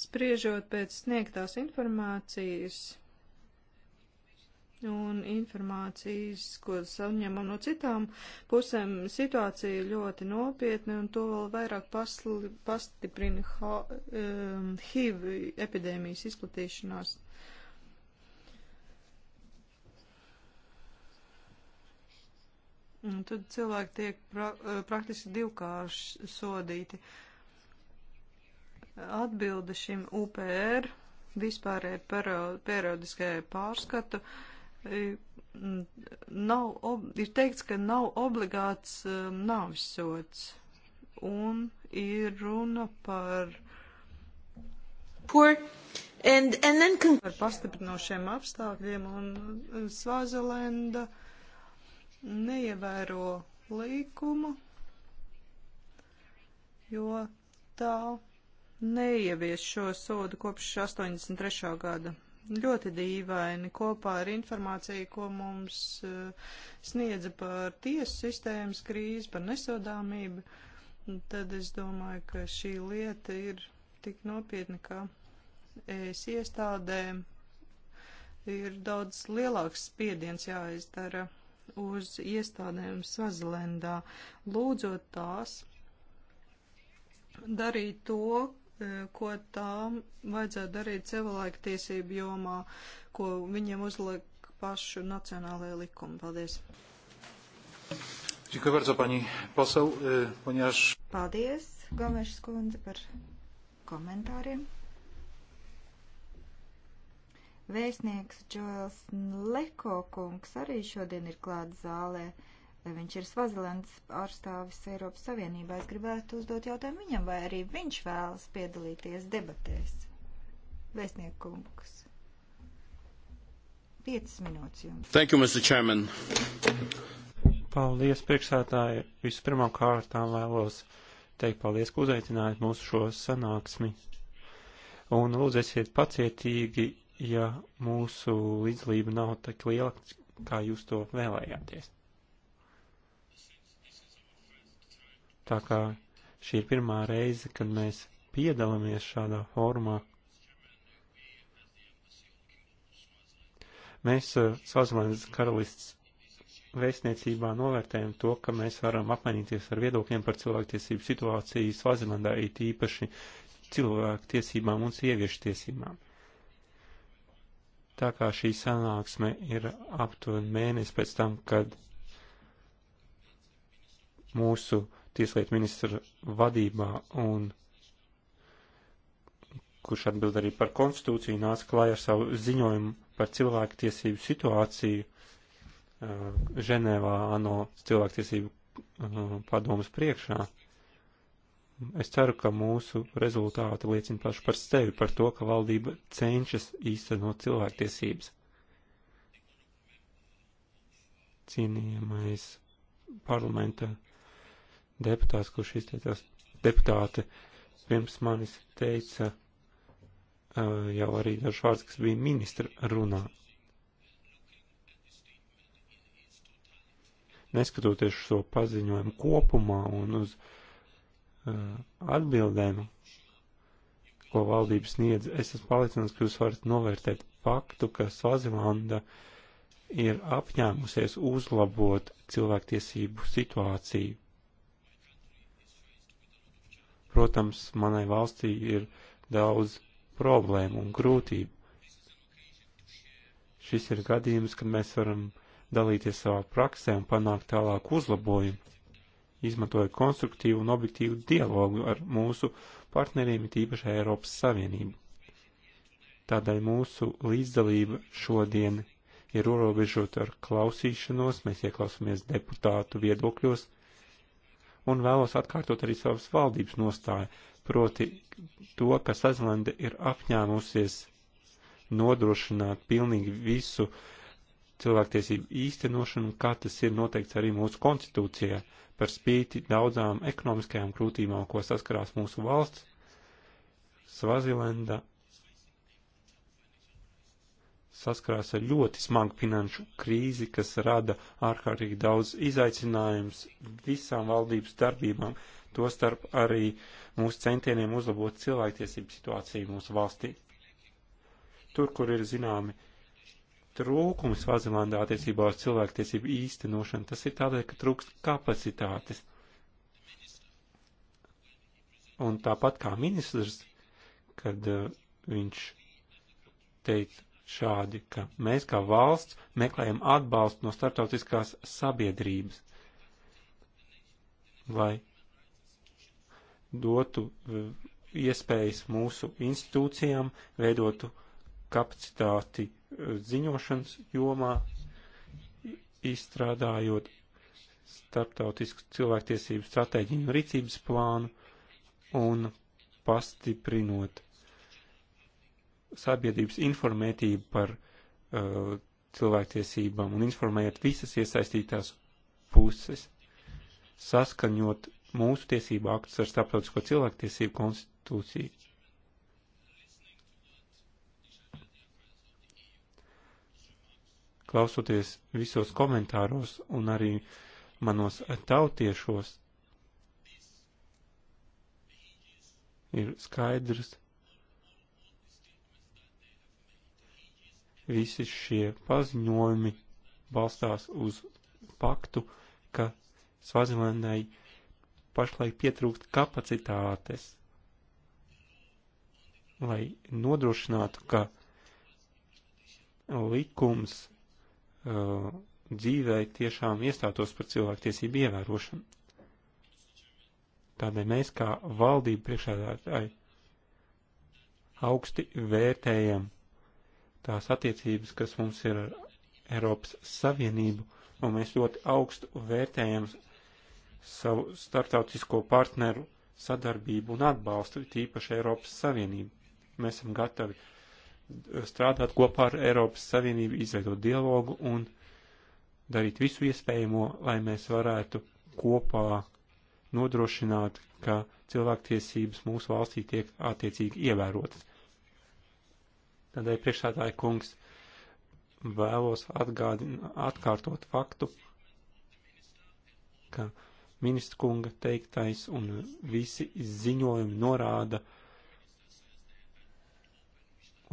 Spriežot pēc sniegtās informācijas un informācijas, ko saņemam no citām pusēm, situācija ļoti nopietna un to vēl vairāk pasli, pastiprina ha, um, HIV epidēmijas izplatīšanās. Un tad cilvēki tiek pra, uh, praktiski divkārši sodīti. Uh, Atbilde šim UPR vispārēji periodiskajai pārskatu nav, ob, ir teikts, ka nav obligāts um, nāvisots un ir runa par. Poor. And, and then... Par pastiprinošiem apstākļiem un uh, Svazilenda neievēro līkumu, jo tā neievies šo sodu kopš 83. gada. Ļoti dīvaini kopā ar informāciju, ko mums uh, sniedza par tiesu sistēmas krīzi, par nesodāmību, tad es domāju, ka šī lieta ir tik nopietna, ka es iestādēm ir daudz lielāks spiediens jāizdara uz iestādēm Svazilendā, lūdzot tās darīt to, Eh, ko tām vajadzētu darīt cilvēku tiesību jomā, ko viņiem uzliek pašu nacionālajie likumi. Paldies! Dziękuję bardzo pani poseł, e, ponieważ... Paldies, Gomeša skundze, par komentāriem. Vēstnieks Džoels Leko kungs arī šodien ir klāt zālē. Uh, Viņš ir Svazilandes pārstāvis Eiropas Savienībā. Es gribētu uzdot jautājumu viņam, vai arī viņš vēlas piedalīties debatēs. Vēstniekungs. 5 minūtes jums. Thank you, Mr. Chairman. Paldies, priekšsētāji. Vispirmām kārtām vēlos teikt paldies, ka uzaicinājāt mūsu šo sanāksmi. Un lūdzu, esiet pacietīgi, ja mūsu līdzlība nav tik liela, kā jūs to vēlējāties. Tā kā šī ir pirmā reize, kad mēs piedalāmies šādā formā. Mēs eh, Svazilandes karalists vēstniecībā novērtējam to, ka mēs varam apmainīties ar viedokļiem par cilvēktiesību situāciju Svazilandā, it īpaši cilvēku tiesībām un sieviešu tiesībām. Tā kā šī sanāksme ir aptuveni mēnesis pēc tam, kad mūsu uh, tieslietu ministra vadībā un kurš atbild arī par konstitūciju, nāca klāja ar savu ziņojumu par cilvēktiesību situāciju uh, Ženēvā ANO cilvēktiesību uh, padomas priekšā. Es ceru, ka mūsu rezultāti liecina paši par sevi, par to, ka valdība cenšas īstenot cilvēktiesības. Cienījamais parlamenta deputāts, kurš izteicās deputāte pirms manis teica uh, jau arī dažs vārds, kas bija ministra runā. Neskatoties uz šo paziņojumu kopumā un uz uh, atbildēm, ko valdības sniedz, es esmu palicināts, ka jūs varat novērtēt faktu, ka Svazilanda ir apņēmusies uzlabot cilvēktiesību situāciju Protams, manai valstī ir daudz problēmu un grūtību. Šis ir gadījums, kad mēs varam dalīties savā praksē un panākt tālāku uzlabojumu, izmantojot konstruktīvu un objektīvu dialogu ar mūsu partneriem, tīpaši Eiropas Savienību. Tādēļ mūsu līdzdalība šodien ir ierobežota ar klausīšanos, mēs ieklausāmies deputātu viedokļos, un vēlos atkārtot arī savas valdības nostāju, proti to, ka Sazlande ir apņēmusies nodrošināt pilnīgi visu cilvēktiesību īstenošanu, kā tas ir noteikts arī mūsu konstitūcijā, par spīti daudzām ekonomiskajām krūtīmām, ko saskarās mūsu valsts. Svazilenda saskarās ar ļoti smagu finanšu krīzi, kas rada ārkārtīgi daudz izaicinājums visām valdības darbībām, tostarp arī mūsu centieniem uzlabot cilvēktiesību situāciju mūsu valstī. Tur, kur ir zināmi trūkumi Svazilandā attiecībā uz cilvēktiesību īstenošanu, tas ir tādēļ, ka trūkst kapacitātes. Un tāpat kā ministrs, kad uh, viņš teica, šādi, ka mēs kā valsts meklējam atbalstu no startautiskās sabiedrības, lai dotu iespējas mūsu institūcijām, veidotu kapacitāti e, ziņošanas jomā, izstrādājot starptautisku cilvēktiesību stratēģiju un rīcības plānu un pastiprinot sabiedrības informētību par uh, cilvēktiesībām un informējot visas iesaistītās puses, saskaņot mūsu tiesību aktus ar starptautisko cilvēktiesību konstitūciju. Klausoties visos komentāros un arī manos tautiešos, ir skaidrs, visi šie paziņojumi balstās uz faktu, ka Svazilēnai pašlaik pietrūkst kapacitātes, lai nodrošinātu, ka likums uh, dzīvē tiešām iestātos par cilvēktiesību ievērošanu. Tādēļ mēs kā valdība priekšādātāji augsti vērtējam tās attiecības, kas mums ir ar Eiropas Savienību, un mēs ļoti augstu vērtējam savu startautisko partneru sadarbību un atbalstu, tīpaši Eiropas Savienību. Mēs esam gatavi strādāt kopā ar Eiropas Savienību, izveidot dialogu un darīt visu iespējamo, lai mēs varētu kopā nodrošināt, ka cilvēktiesības mūsu valstī tiek attiecīgi ievērotas. Tādēļ priekšsētāja kungs vēlos atgādin, atkārtot faktu, ka ministra kunga teiktais un visi ziņojumi norāda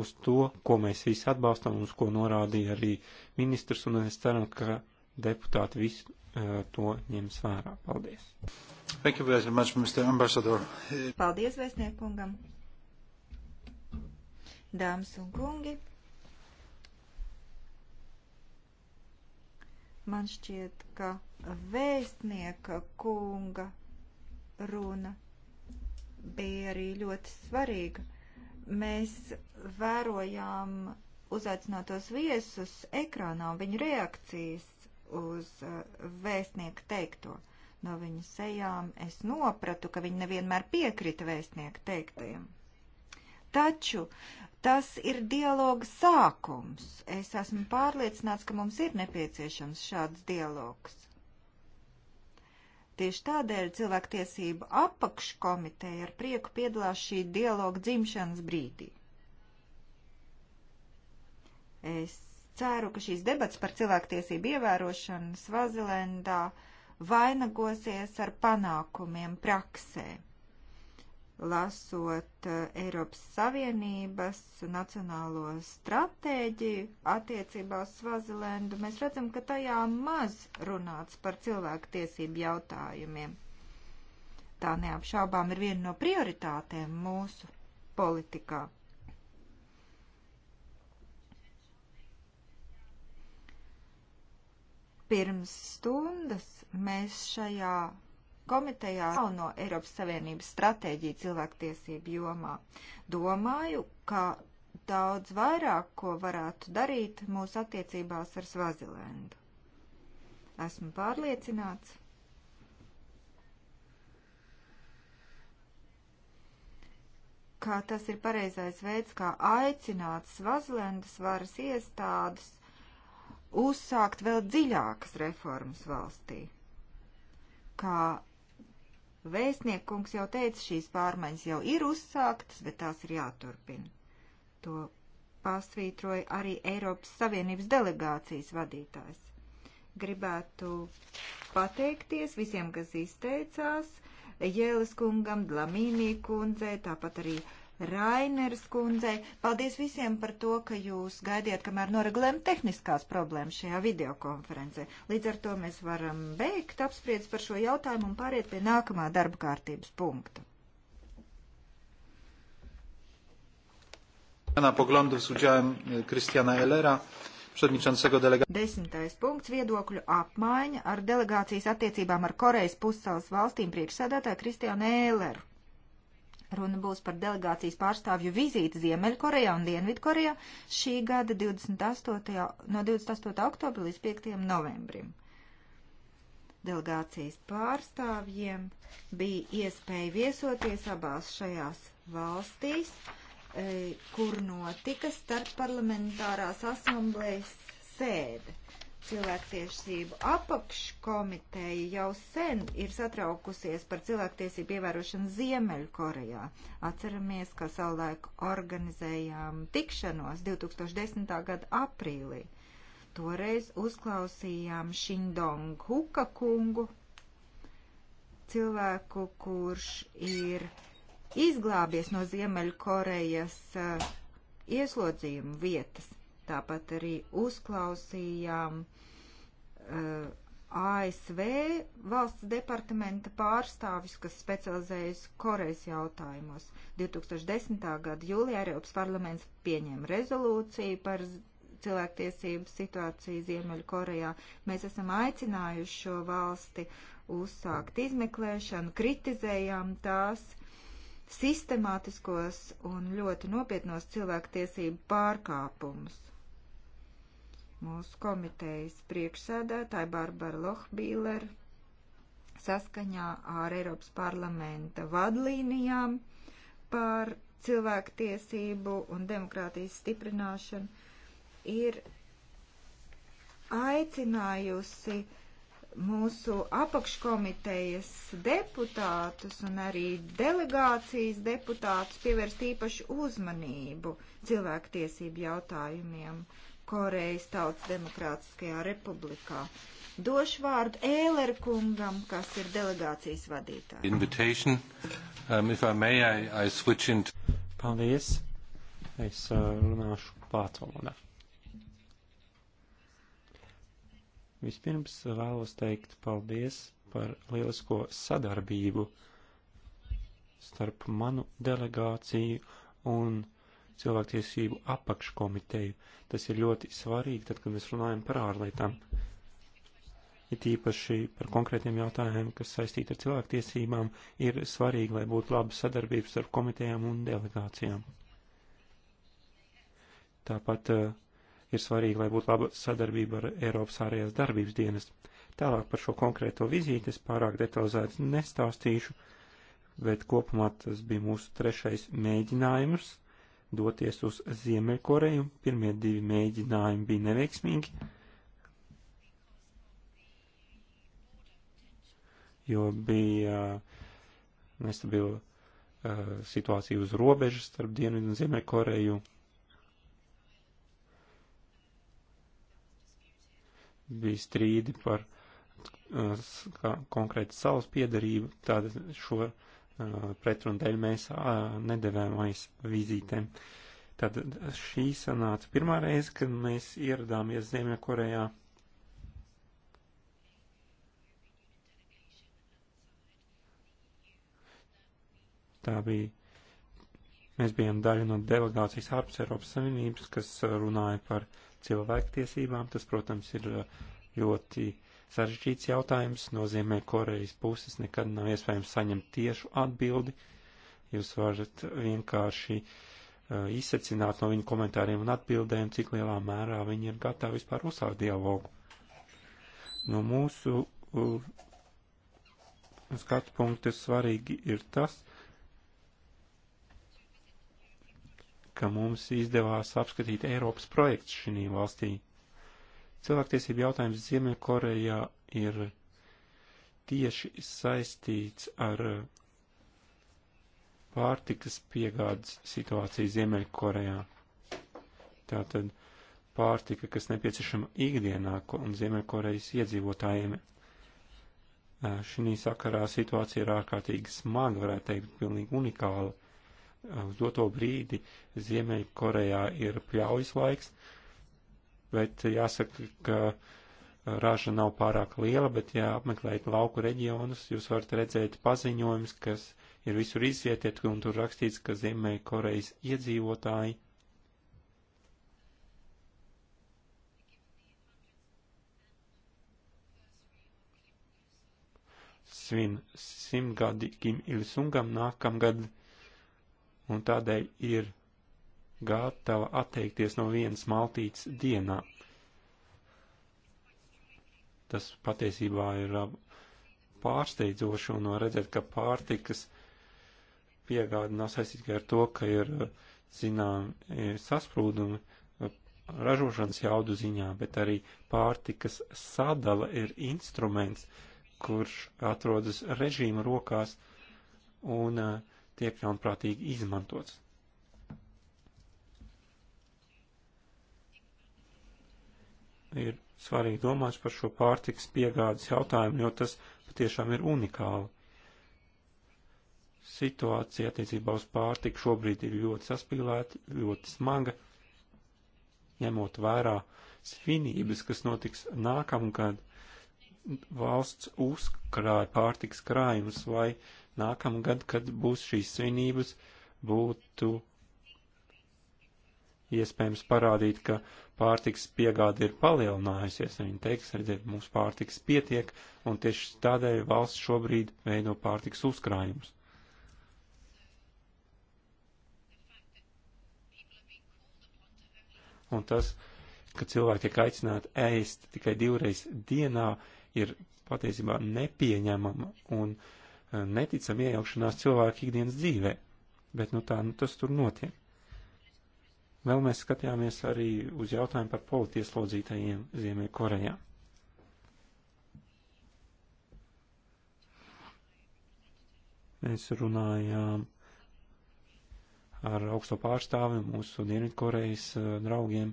uz to, ko mēs visi atbalstam un uz ko norādīja arī ministrs, un es ceru, ka deputāti visu uh, eh, to ņems vērā. Paldies! Much, Paldies, vēstniekungam! dāmas un kungi. Man šķiet, ka vēstnieka kunga runa bija arī ļoti svarīga. Mēs vērojām uzaicinātos viesus ekrānā un viņu reakcijas uz uh, vēstnieku teikto. No viņa sejām es nopratu, ka viņi nevienmēr piekrita vēstnieku teiktajam. Taču Tas ir dialoga sākums. Es esmu pārliecināts, ka mums ir nepieciešams šāds dialogs. Tieši tādēļ cilvēktiesību apakškomiteja ar prieku piedalās šī dialoga dzimšanas brīdī. Es ceru, ka šīs debats par cilvēktiesību ievērošanu Svazilendā vainagosies ar panākumiem praksēm lasot eh, Eiropas Savienības nacionālo stratēģiju attiecībā uz Svazilendu, mēs redzam, ka tajā maz runāts par cilvēku tiesību jautājumiem. Tā neapšaubām ir viena no prioritātēm mūsu politikā. Pirms stundas mēs šajā komitejā jauno Eiropas Savienības stratēģiju cilvēktiesību jomā. Domāju, ka daudz vairāk, ko varētu darīt mūsu attiecībās ar Svazilendu. Esmu pārliecināts. ka tas ir pareizais veids, kā aicināt Svazlendas varas iestādes uzsākt vēl dziļākas reformas valstī, kā Vēstniekungs jau teica, šīs pārmaiņas jau ir uzsāktas, bet tās ir jāturpina. To pasvītroja arī Eiropas Savienības delegācijas vadītājs. Gribētu pateikties visiem, kas izteicās, Jēles kungam, Dlamīnī kundzei, tāpat arī uh, Raineras kundzei. Paldies visiem par to, ka jūs gaidiet, kamēr noregulējam tehniskās problēmas šajā videokonferencē. Līdz ar to mēs varam beigt apspriedz par šo jautājumu un pāriet pie nākamā darba kārtības punkta. Poglądów z udziałem Krystiana e, Elera przewodniczącego delegacji. Desmitais punkts viedokļu apmaiņa ar delegācijas attiecībām ar Korejas pussalas valstīm priekšsēdētāju Kristiānu Ēleru. Runa būs par delegācijas pārstāvju vizīti Ziemeļkorejā un Dienvidkorejā šī gada 28, no 28. oktobra līdz 5. novembrim. Delegācijas pārstāvjiem bija iespēja viesoties abās šajās valstīs, e, kur notika starpparlamentārās asamblējas sēde. Cilvēktiesību apakškomiteja jau sen ir satraukusies par cilvēktiesību ievērošanu Ziemeļkorejā. Atceramies, ka savulaik organizējām tikšanos 2010. gada aprīlī. Toreiz uzklausījām Šindong Huka kungu, cilvēku, kurš ir izglābies no Ziemeļkorejas uh, ieslodzījuma vietas. Tāpat arī uzklausījām uh, eh, ASV valsts departamenta pārstāvis, kas specializējas Korejas jautājumos. 2010. gada jūlijā Eiropas parlaments pieņēma rezolūciju par cilvēktiesību situāciju Ziemeļkorejā. Mēs esam aicinājuši šo valsti uzsākt izmeklēšanu, kritizējām tās sistemātiskos un ļoti nopietnos cilvēktiesību pārkāpumus mūsu komitejas priekšsēdētāja Barbara Lohbīler saskaņā ar Eiropas parlamenta vadlīnijām par cilvēktiesību un demokrātijas stiprināšanu ir aicinājusi mūsu apakškomitejas deputātus un arī delegācijas deputātus pievērst īpašu uzmanību cilvēktiesību jautājumiem. Uh, Korejas Tautas Demokrātiskajā republikā. Došu vārdu Ēlera kungam, kas ir delegācijas vadītājs. Invitation. Um, if I may, I, I switch into... Paldies. Es uh, runāšu pārtvalodā. Vispirms vēlos teikt paldies par lielisko sadarbību starp manu delegāciju un cilvēktiesību apakškomiteju. Tas ir ļoti svarīgi, tad, kad mēs runājam par ārlietām. It īpaši par konkrētiem jautājumiem, kas saistīti ar cilvēktiesībām, ir svarīgi, lai būtu laba sadarbības ar komitejām un delegācijām. Tāpat uh, ir svarīgi, lai būtu laba sadarbība ar Eiropas ārējās darbības dienas. Tālāk par šo konkrēto vizīti es pārāk detalizēti nestāstīšu, bet kopumā tas bija mūsu trešais mēģinājums doties uz Ziemeļkoreju. Pirmie divi mēģinājumi bija neveiksmīgi, jo bija uh, nestabila uh, situācija uz robežas starp Dienvidu un Ziemeļkoreju. Bija strīdi par uh, konkrēti savas piedarību, tāda šo uh, Eh, pretrunu dēļ mēs eh, nedevām aiz vizītēm. Tad šī sanāca pirmā reize, kad mēs ieradāmies Ziemeļkorejā. Tā bija. Mēs bijām daļa no delegācijas ārpus Eiropas Savienības, kas runāja par cilvēktiesībām. Tas, protams, ir eh, ļoti uh, sarežģīts jautājums, nozīmē Korejas puses nekad nav iespējams saņemt tiešu atbildi. Jūs varat vienkārši uh, izsecināt no viņu komentāriem un atbildēm, cik lielā mērā viņi ir gatavi vispār uzsākt dialogu. No mūsu uh, skatu punkta svarīgi ir tas, ka mums izdevās apskatīt Eiropas projekts šī valstī. Cilvēktiesība jautājums Ziemeļkorejā ir tieši saistīts ar eh, pārtikas piegādes situāciju Ziemeļkorejā. Tātad pārtika, kas nepieciešama ikdienā un Ziemeļkorejas iedzīvotājiem. Eh, šī sakarā situācija ir ārkārtīgi smaga, varētu teikt, pilnīgi unikāla. Eh, uz doto brīdi Ziemeļkorejā ir pļaujas laiks, bet jāsaka, ka raža nav pārāk liela, bet ja apmeklējat lauku reģionus, jūs varat redzēt paziņojums, kas ir visur izvietiet, un tur rakstīts, ka Ziemē Korejas iedzīvotāji svin simtgadi Kim Il-sungam nākamgad, un tādēļ ir gatava atteikties no vienas maltītes dienā. Tas patiesībā ir pārsteidzoši un var redzēt, ka pārtikas piegāde nav saistīta tikai ar to, ka ir, zinām, sasprūdumi ražošanas jaudu ziņā, bet arī pārtikas sadala ir instruments, kurš atrodas režīma rokās un tiek ļaunprātīgi izmantots. ir svarīgi domāt par šo pārtiks piegādes jautājumu, jo tas patiešām ir unikāli. Situācija attiecībā uz pārtiku šobrīd ir ļoti saspīlēta, ļoti smaga, ņemot vērā svinības, kas notiks nākamgad. Valsts uzkrāja pārtiks krājumus, lai nākamgad, kad būs šīs svinības, būtu iespējams parādīt, ka pārtiks piegāde ir palielinājusies. Viņi teiks, redziet, mums pārtiks pietiek, un tieši tādēļ valsts šobrīd veido pārtiks uzkrājumus. Un tas, ka cilvēki tiek aicināti ēst tikai divreiz dienā, ir patiesībā nepieņemama un eh, neticama iejaukšanās cilvēku ikdienas dzīvē. Bet nu tā, nu tas tur notiek. Vēl mēs skatījāmies arī uz jautājumu par politieslodzītajiem Ziemeļkorejā. Mēs runājām ar augsto pārstāvi mūsu Dienvidkorejas eh, draugiem.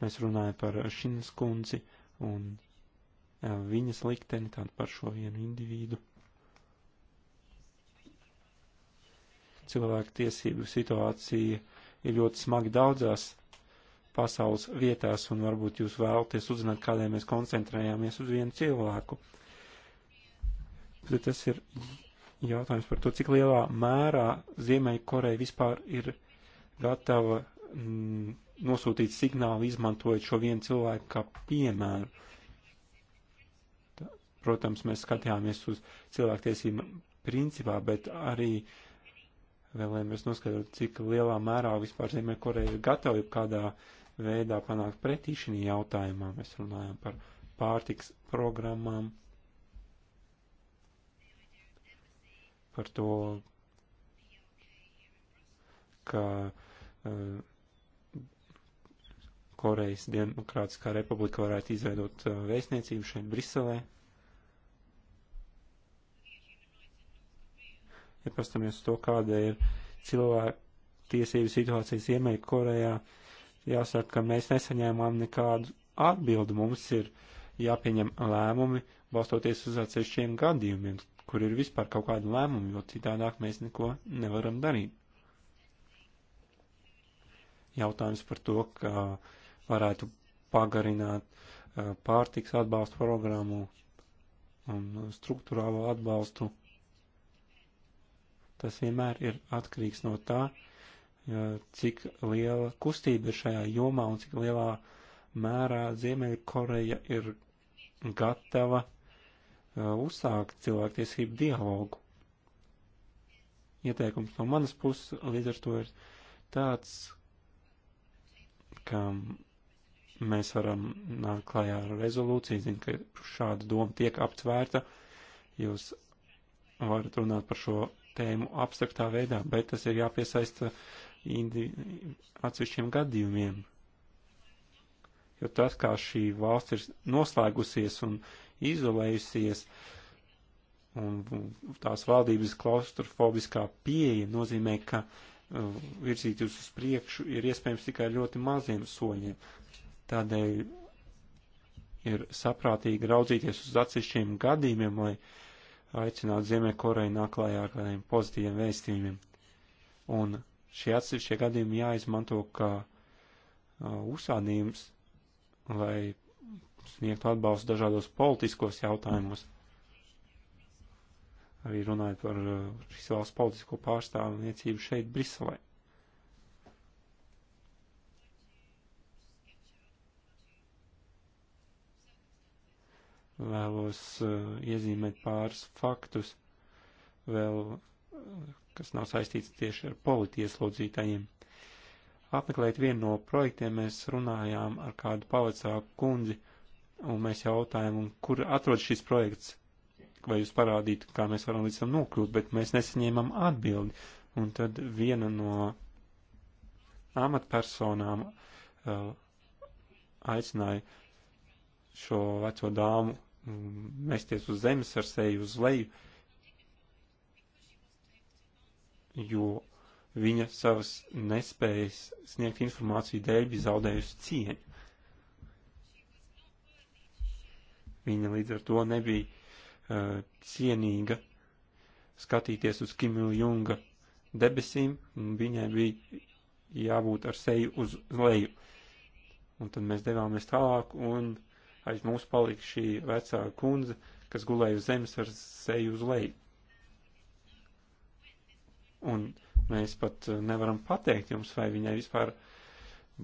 Mēs runājam par Šinas kundzi un eh, viņas likteni, tātad par šo vienu individu. cilvēku tiesību situācija ir ļoti smagi daudzās pasaules vietās, un varbūt jūs vēlaties uzzināt, kādēļ mēs koncentrējāmies uz vienu cilvēku. Bet tas ir jautājums par to, cik lielā mērā Ziemeļkoreja vispār ir gatava m, mm, nosūtīt signālu, izmantojot šo vienu cilvēku kā piemēru. Tā, protams, mēs skatījāmies uz cilvēktiesību principā, bet arī uh, vēlējamies noskaidrot, cik lielā mērā vispār Ziemeļkoreja ir gatava kādā veidā panākt pretī šī jautājumā. Mēs runājam par pārtiks programmām, par to, ka uh, Korejas Demokrātiskā republika varētu izveidot uh, vēstniecību šeit Briselē. ja pastamies to, kāda ir cilvēku tiesību situācijas Ziemeļa Korejā, jāsaka, ka mēs nesaņēmām nekādu atbildi. Mums ir jāpieņem lēmumi, balstoties uz atsevišķiem gadījumiem, kur ir vispār kaut kādi lēmumi, jo citādāk mēs neko nevaram darīt. Jautājums par to, ka varētu pagarināt pārtiks atbalstu programmu un struktūrālo atbalstu Tas vienmēr ir atkarīgs no tā, cik liela kustība ir šajā jomā un cik lielā mērā Ziemeļkoreja ir gatava uzsākt cilvēktiesību dialogu. Ieteikums no manas puses līdz ar to ir tāds, ka mēs varam nākt klajā ar rezolūciju, zinu, ka šāda doma tiek aptvērta. Jūs varat runāt par šo tēmu abstraktā veidā, bet tas ir jāpiesaista indi, atsevišķiem gadījumiem. Jo tas, kā šī valsts ir noslēgusies un izolējusies, un tās valdības klaustrofobiskā pieeja nozīmē, ka uh, virzīties uz priekšu ir iespējams tikai ļoti maziem soļiem. Tādēļ ir saprātīgi raudzīties uz atsevišķiem gadījumiem, lai aicināt Ziemeļkoreju nāklājā ar kādiem pozitīviem vēstījumiem. Un šie atsevišķie gadījumi jāizmanto kā uzsādījums, lai sniegtu atbalstu dažādos politiskos jautājumos. Arī runājot par šīs valsts politisko pārstāvniecību šeit, Briselē. vēlos uh, iezīmēt pāris faktus, vēl, kas nav saistīts tieši ar politieslodzītajiem. Apmeklēt vienu no projektiem mēs runājām ar kādu pavacāku kundzi, un mēs jautājām, kur atrod šis projekts, vai jūs parādītu, kā mēs varam līdz tam nokļūt, bet mēs nesaņēmām atbildi. Un tad viena no amatpersonām uh, aicināja šo veco dāmu mēsties uz zemes ar seju uz leju, jo viņa savas nespējas sniegt informāciju dēļ bija zaudējusi cieņu. Viņa līdz ar to nebija uh, cienīga skatīties uz Kim Junga debesīm, un viņai bija jābūt ar seju uz leju. Un tad mēs devāmies tālāk un uh, aiz mūs palika šī vecā kundze, kas gulēja uz zemes ar seju uz leju. Un mēs pat eh, nevaram pateikt jums, vai viņai vispār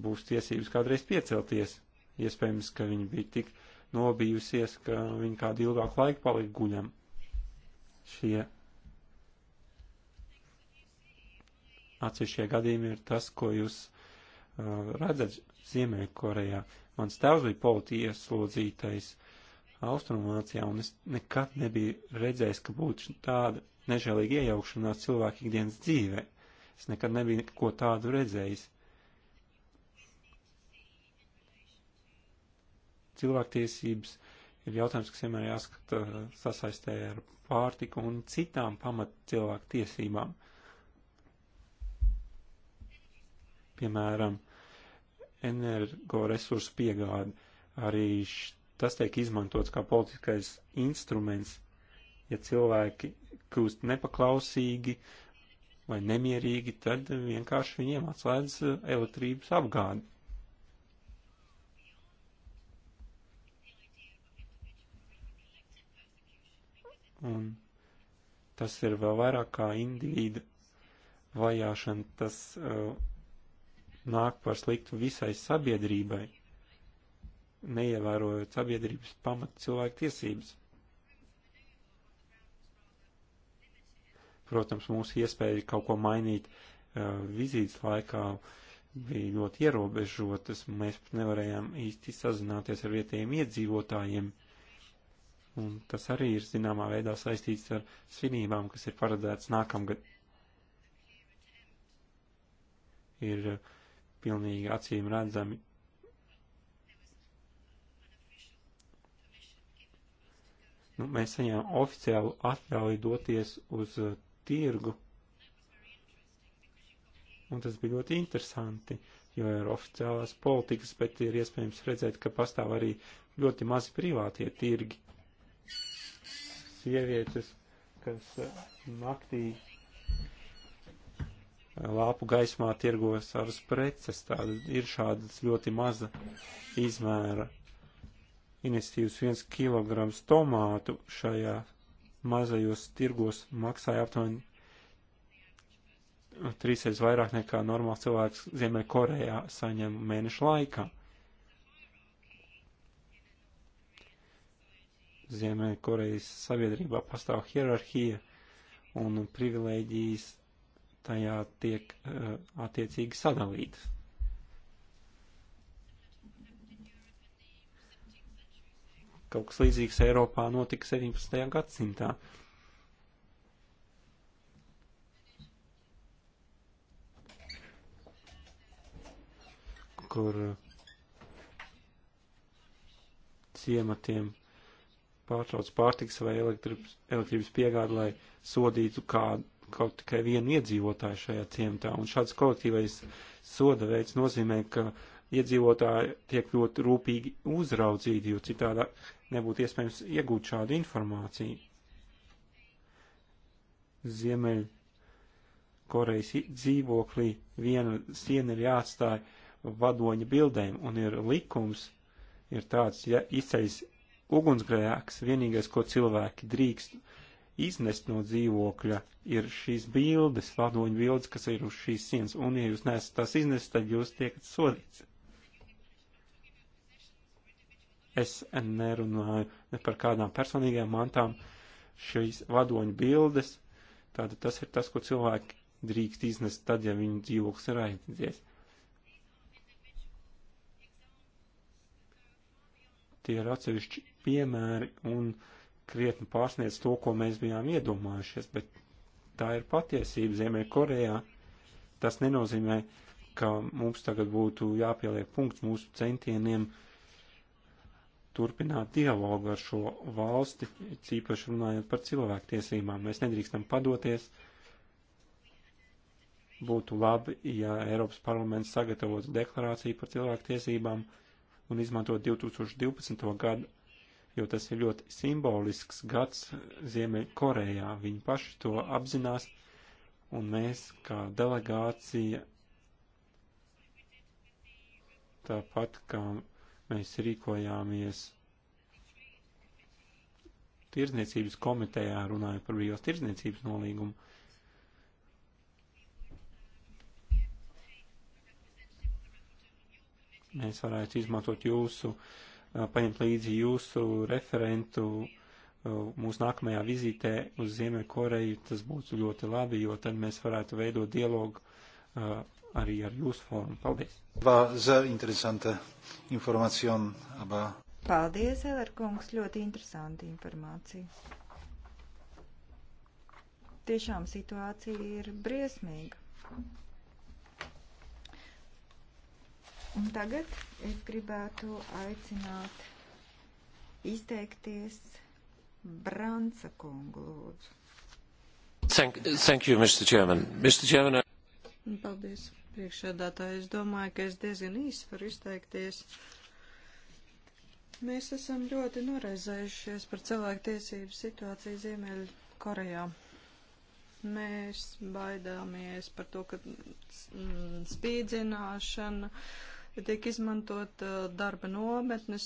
būs tiesības kādreiz piecelties. Iespējams, ka viņa bija tik nobijusies, ka viņa kādu ilgāku laiku palika guļam. Šie atsevišķie gadījumi ir tas, ko jūs uh, redzat Ziemeļkorejā. Mans tēvs bija policijas slodzītais Austrumvācijā, un es nekad nebiju redzējis, ka būtu tāda nežēlīga iejaukšanās cilvēku ikdienas dzīvē. Es nekad nebiju neko tādu redzējis. Cilvēktiesības ir jautājums, kas vienmēr jāskata sasaistē ar pārtiku un citām pamat cilvēku tiesībām. Piemēram, energoresursu piegādi. Arī š, tas tiek izmantots kā politiskais instruments, ja cilvēki kļūst nepaklausīgi vai nemierīgi, tad vienkārši viņiem atslēdz eh, elektrības apgādi. Un tas ir vēl vairāk kā individa vajāšana, tas uh, nāk par sliktu visai sabiedrībai, neievērojot sabiedrības pamat cilvēku tiesības. Protams, mūsu iespēja kaut ko mainīt uh, vizītes laikā bija ļoti ierobežotas, mēs nevarējām īsti sazināties ar vietējiem iedzīvotājiem. Un tas arī ir zināmā veidā saistīts ar svinībām, kas ir paredzētas nākamgad. Ir uh, pilnīgi acīm redzami. Nu, mēs saņēmām oficiālu atļauju doties uz uh, tirgu, un tas bija ļoti interesanti, jo ir oficiālās politikas, bet ir iespējams redzēt, ka pastāv arī ļoti mazi privātie tirgi. Sievietes, kas uh, naktī lāpu gaismā tirgojas ar preces. Tāda ir šādas ļoti maza izmēra investīvs viens kilograms tomātu šajā mazajos tirgos maksāja aptuveni trīsreiz vairāk nekā normāls cilvēks Ziemeļkorejā saņem mēnešu laikā. Ziemeļkorejas sabiedrībā pastāv hierarhija un privilēģijas tajā tiek uh, attiecīgi sadalītas. Kaut kas līdzīgs Eiropā notika 17. gadsimtā. kur eh, ciematiem pārtrauc pārtiks vai elektrības piegādi, lai sodītu kādu kaut tikai vienu iedzīvotāju šajā ciematā, un šāds kolektīvais soda veids nozīmē, ka iedzīvotāji tiek ļoti rūpīgi uzraudzīti, jo citādi nebūtu iespējams iegūt šādu informāciju. Ziemeļ Korejas dzīvoklī viena siena ir jāatstāja vadoņa bildēm, un ir likums, ir tāds, ja izceļas ugunsgrēks, vienīgais, ko cilvēki drīkst iznest no dzīvokļa, ir šīs bildes, vadoņu bildes, kas ir uz šīs sienas, un ja jūs nesat tās iznest, tad jūs tiekat sodīts. Es nerunāju ne par kādām personīgām mantām šīs vadoņu bildes, tātad tas ir tas, ko cilvēki drīkst iznest tad, ja viņu dzīvoklis ir aizdzies. Tie ir atsevišķi piemēri un uh, krietni pārsniedz to, ko mēs bijām iedomājušies, bet tā ir patiesība Ziemē Korejā. Tas nenozīmē, ka mums tagad būtu jāpieliek punkts mūsu centieniem turpināt dialogu ar šo valsti, cīpaši runājot par cilvēktiesībām. Mēs nedrīkstam padoties. Būtu labi, ja Eiropas parlaments sagatavotu deklarāciju par cilvēktiesībām un izmantot 2012. gadu jo tas ir ļoti simbolisks gads Ziemeļkorejā. Viņi paši to apzinās, un mēs kā delegācija, tāpat kā mēs rīkojāmies tirdzniecības komitejā, runājot par brīvās tirdzniecības nolīgumu, mēs varētu izmantot jūsu uh, paņemt līdzi jūsu referentu mūsu nākamajā vizītē uz Ziemeļkoreju, tas būtu ļoti labi, jo tad mēs varētu veidot dialogu arī ar jūsu formu. Paldies! Paldies, Everkungs, ļoti interesanti informācija. Tiešām situācija ir briesmīga. Un tagad es gribētu aicināt izteikties Branca kungu lūdzu. Thank, thank you, Mr. Chairman. Mr. Chairman, I... Uh, Paldies, priekšsēdētāji. Es domāju, ka es diezgan īsi varu izteikties. Mēs esam ļoti noraizējušies par cilvēku tiesību situāciju Ziemeļa Korejā. Mēs baidāmies par to, ka mm, spīdzināšana. Uh, tiek izmantot uh, darba nometnes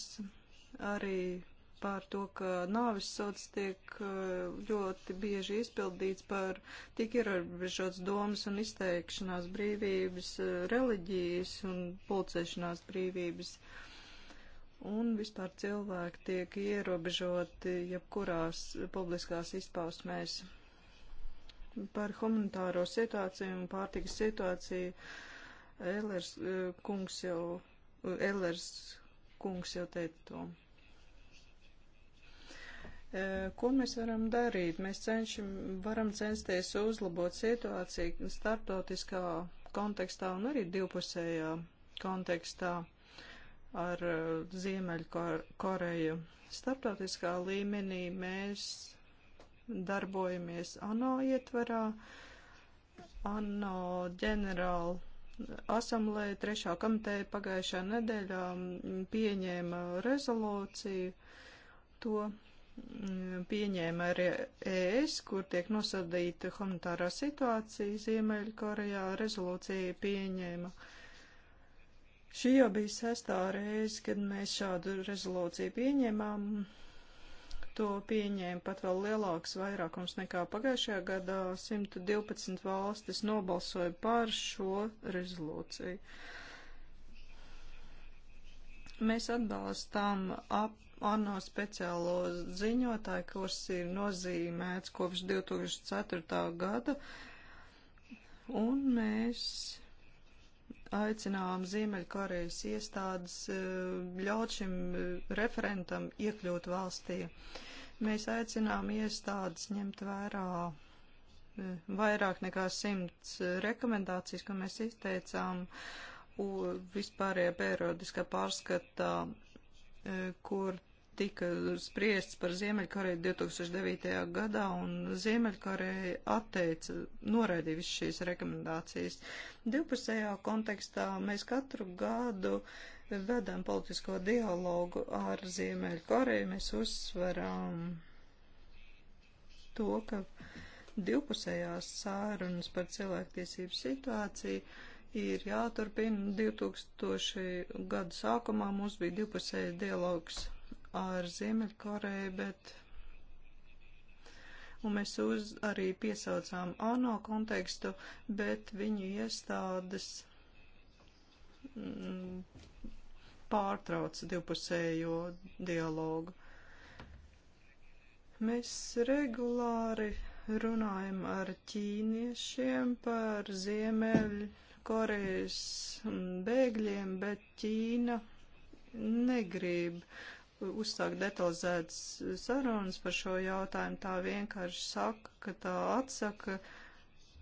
arī par to, ka nāvis sods tiek uh, ļoti bieži izpildīts par tik ierobežots domas un izteikšanās brīvības, uh, reliģijas un pulcēšanās brīvības. Un vispār cilvēki tiek ierobežoti jebkurās publiskās izpausmēs par humanitāro situāciju un pārtikas situāciju. Uh, Ellers eh, kungs jau, eh, Ellers kungs jau teica to. Eh, ko mēs varam darīt? Mēs cenšam, varam censties uzlabot situāciju starptautiskā kontekstā un arī divpusējā kontekstā ar Ziemeļkoreju. Starptautiskā līmenī mēs darbojamies ANO ietvarā, ANO ģenerāla asamblēja trešā komiteja pagājušā nedēļā mm, pieņēma rezolūciju. To mm, pieņēma arī ES, kur tiek nosadīta humanitārā situācija Ziemeļkorejā. Rezolūcija pieņēma. Šī jau bija sestā reize, kad mēs šādu rezolūciju pieņēmām. To pieņēma pat vēl lielāks vairākums nekā pagājušajā gadā. 112 valstis nobalsoja par šo rezolūciju. Mēs atbalstām ap ANO speciālo ziņotāju, kurš ir nozīmēts kopš 2004. gada, un mēs aicinām Ziemeļkorejas iestādes eh, ļaut šim eh, referentam iekļūt valstī. Mēs aicinām iestādes ņemt vērā eh, vairāk nekā simts rekomendācijas, ko mēs izteicām vispārējā periodiskā pārskatā, kur tika spriests par Ziemeļkoreju 2009. gadā, un Ziemeļkoreja atteica, noraidīja visas šīs rekomendācijas. Divpusējā kontekstā mēs katru gadu vedam politisko dialogu ar Ziemeļkoreju. Mēs uzsveram to, ka divpusējās sārunas par cilvēktiesību situāciju ir jāturpina. 2000 gadu sākumā mums bija divpusējais dialogs ar Ziemeļkoreju, bet un mēs uz, arī piesaucām ANO kontekstu, bet viņu iestādes mm, pārtrauca divpusējo dialogu. Mēs regulāri runājam ar ķīniešiem par Ziemeļu Korejas bēgļiem, bet Ķīna negrib uzsākt detalizētas sarunas par šo jautājumu. Tā vienkārši saka, ka tā atsaka.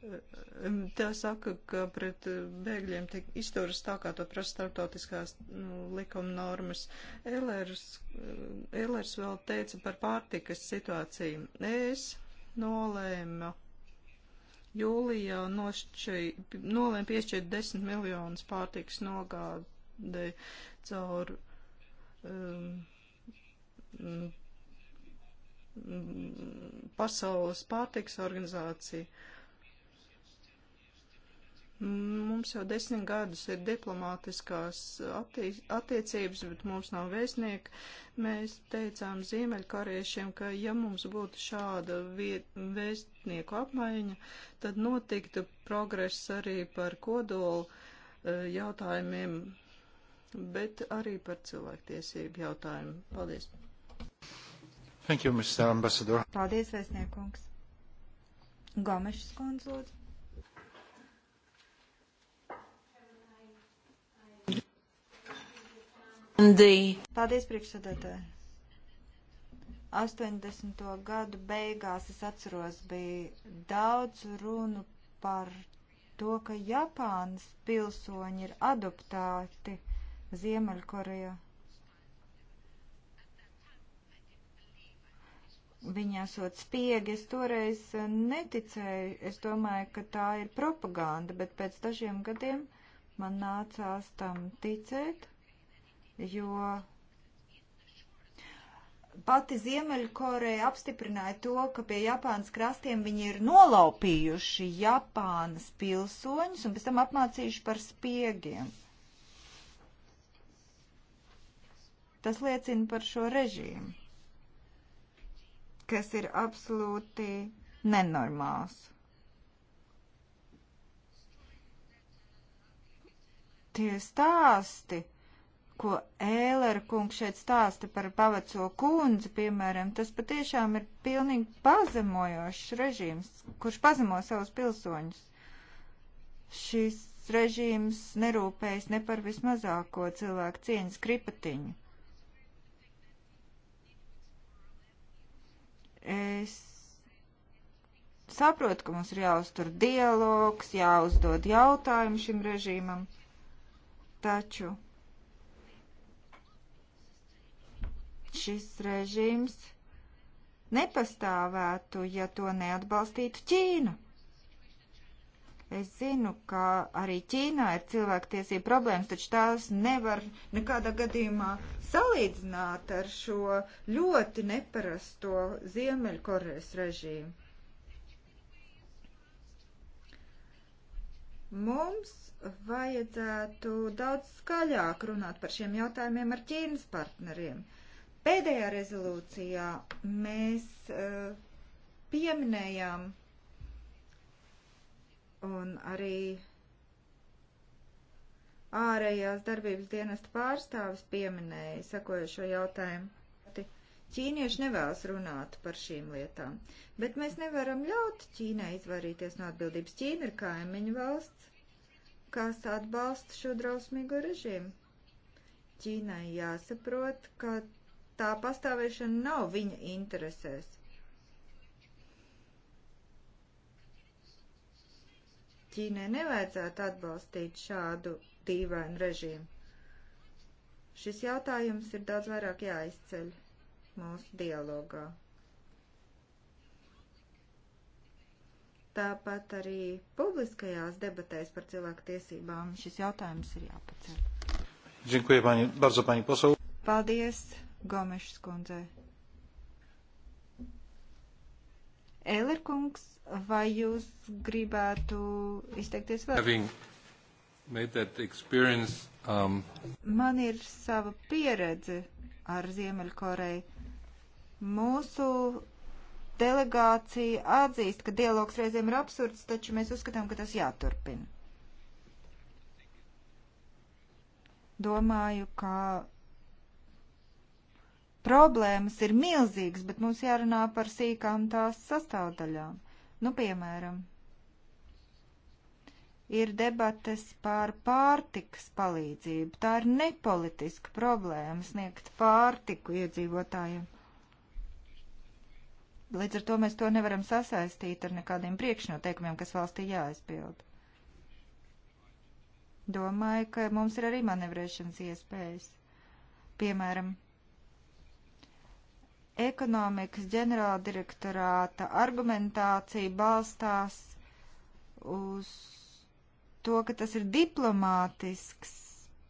Eh, tā saka, ka pret bēgļiem tiek izturas tā, kā to prasa starptautiskās nu, likuma normas. Ēlers, Ēlers eh, vēl teica par pārtikas situāciju. Es nolēmu jūlijā nošķi, nolēma piešķirt 10 miljonus pārtikas nogādē caur um, Pasaules pārtiks organizācija. Mums jau desmit gadus ir diplomātiskās attiecības, bet mums nav vēstnieka. Mēs teicām Ziemeļkoriešiem, ka ja mums būtu šāda vēstnieku apmaiņa, tad notiktu progress arī par kodolu eh, jautājumiem, bet arī par cilvēktiesību jautājumu. Paldies! Thank you, Mr. Ambassador. Paldies, vēstniekungs. Gomešas kundze, lūdzu. Paldies, priekšsēdētāji. 80. gadu beigās es atceros, bija daudz runu par to, ka Japānas pilsoņi ir adoptēti Ziemeļkorejā. viņa esot spiegi, es toreiz eh, neticēju, es domāju, ka tā ir propaganda, bet pēc dažiem gadiem man nācās tam ticēt, jo pati Ziemeļkoreja apstiprināja to, ka pie Japānas krastiem viņi ir nolaupījuši Japānas pilsoņus un pēc tam apmācījuši par spiegiem. Tas liecina par šo režīmu kas ir absolūti nenormāls. Tie stāsti, ko Ēlera kungs šeit stāsta par pavaco kundzi, piemēram, tas patiešām ir pilnīgi pazemojošs režīms, kurš pazemo savus pilsoņus. Šis režīms nerūpējas ne par vismazāko cilvēku cieņas kripatiņu. Es saprotu, ka mums ir jāuztur dialogs, jāuzdod jautājumu šim režīmam, taču šis režīms nepastāvētu, ja to neatbalstītu Ķīna. Es zinu, ka arī Ķīnā ir cilvēktiesība problēmas, taču tās nevar nekādā gadījumā salīdzināt ar šo ļoti neparasto Ziemeļkorejas režīmu. Mums vajadzētu daudz skaļāk runāt par šiem jautājumiem ar Ķīnas partneriem. Pēdējā rezolūcijā mēs uh, pieminējām un arī ārējās darbības dienesta pārstāvis pieminēja sekojošo jautājumu. Ķīnieši nevēlas runāt par šīm lietām, bet mēs nevaram ļaut Ķīnai izvairīties no atbildības. Ķīna ir kaimiņu valsts, kas atbalsta šo drausmīgo režīmu. Ķīnai jāsaprot, ka tā pastāvēšana nav viņa interesēs. Ķīnai nevajadzētu atbalstīt šādu dīvainu režīmu. Šis jautājums ir daudz vairāk jāizceļ mūsu dialogā. Tāpat arī publiskajās debatēs par cilvēku tiesībām šis jautājums ir jāpaceļ. Dziękuję pani, bardzo pani poseł. Paldies, Gomešs kundzei. Ēlerkungs, vai jūs gribētu izteikties vēl? Um... Man ir sava pieredze ar Ziemeļkoreju. Mūsu delegācija atzīst, ka dialogs reizēm ir absurds, taču mēs uzskatām, ka tas jāturpina. Domāju, ka Problēmas ir milzīgas, bet mums jārunā par sīkām tās sastāvdaļām. Nu, piemēram, ir debates par pārtikas palīdzību. Tā ir nepolitiska problēma sniegt pārtiku iedzīvotājiem. Līdz ar to mēs to nevaram sasaistīt ar nekādiem priekšnoteikumiem, kas valstī jāaizpild. Domāju, ka mums ir arī manevrēšanas iespējas. Piemēram, ekonomikas ģenerāldirektorāta argumentācija balstās uz to, ka tas ir diplomātisks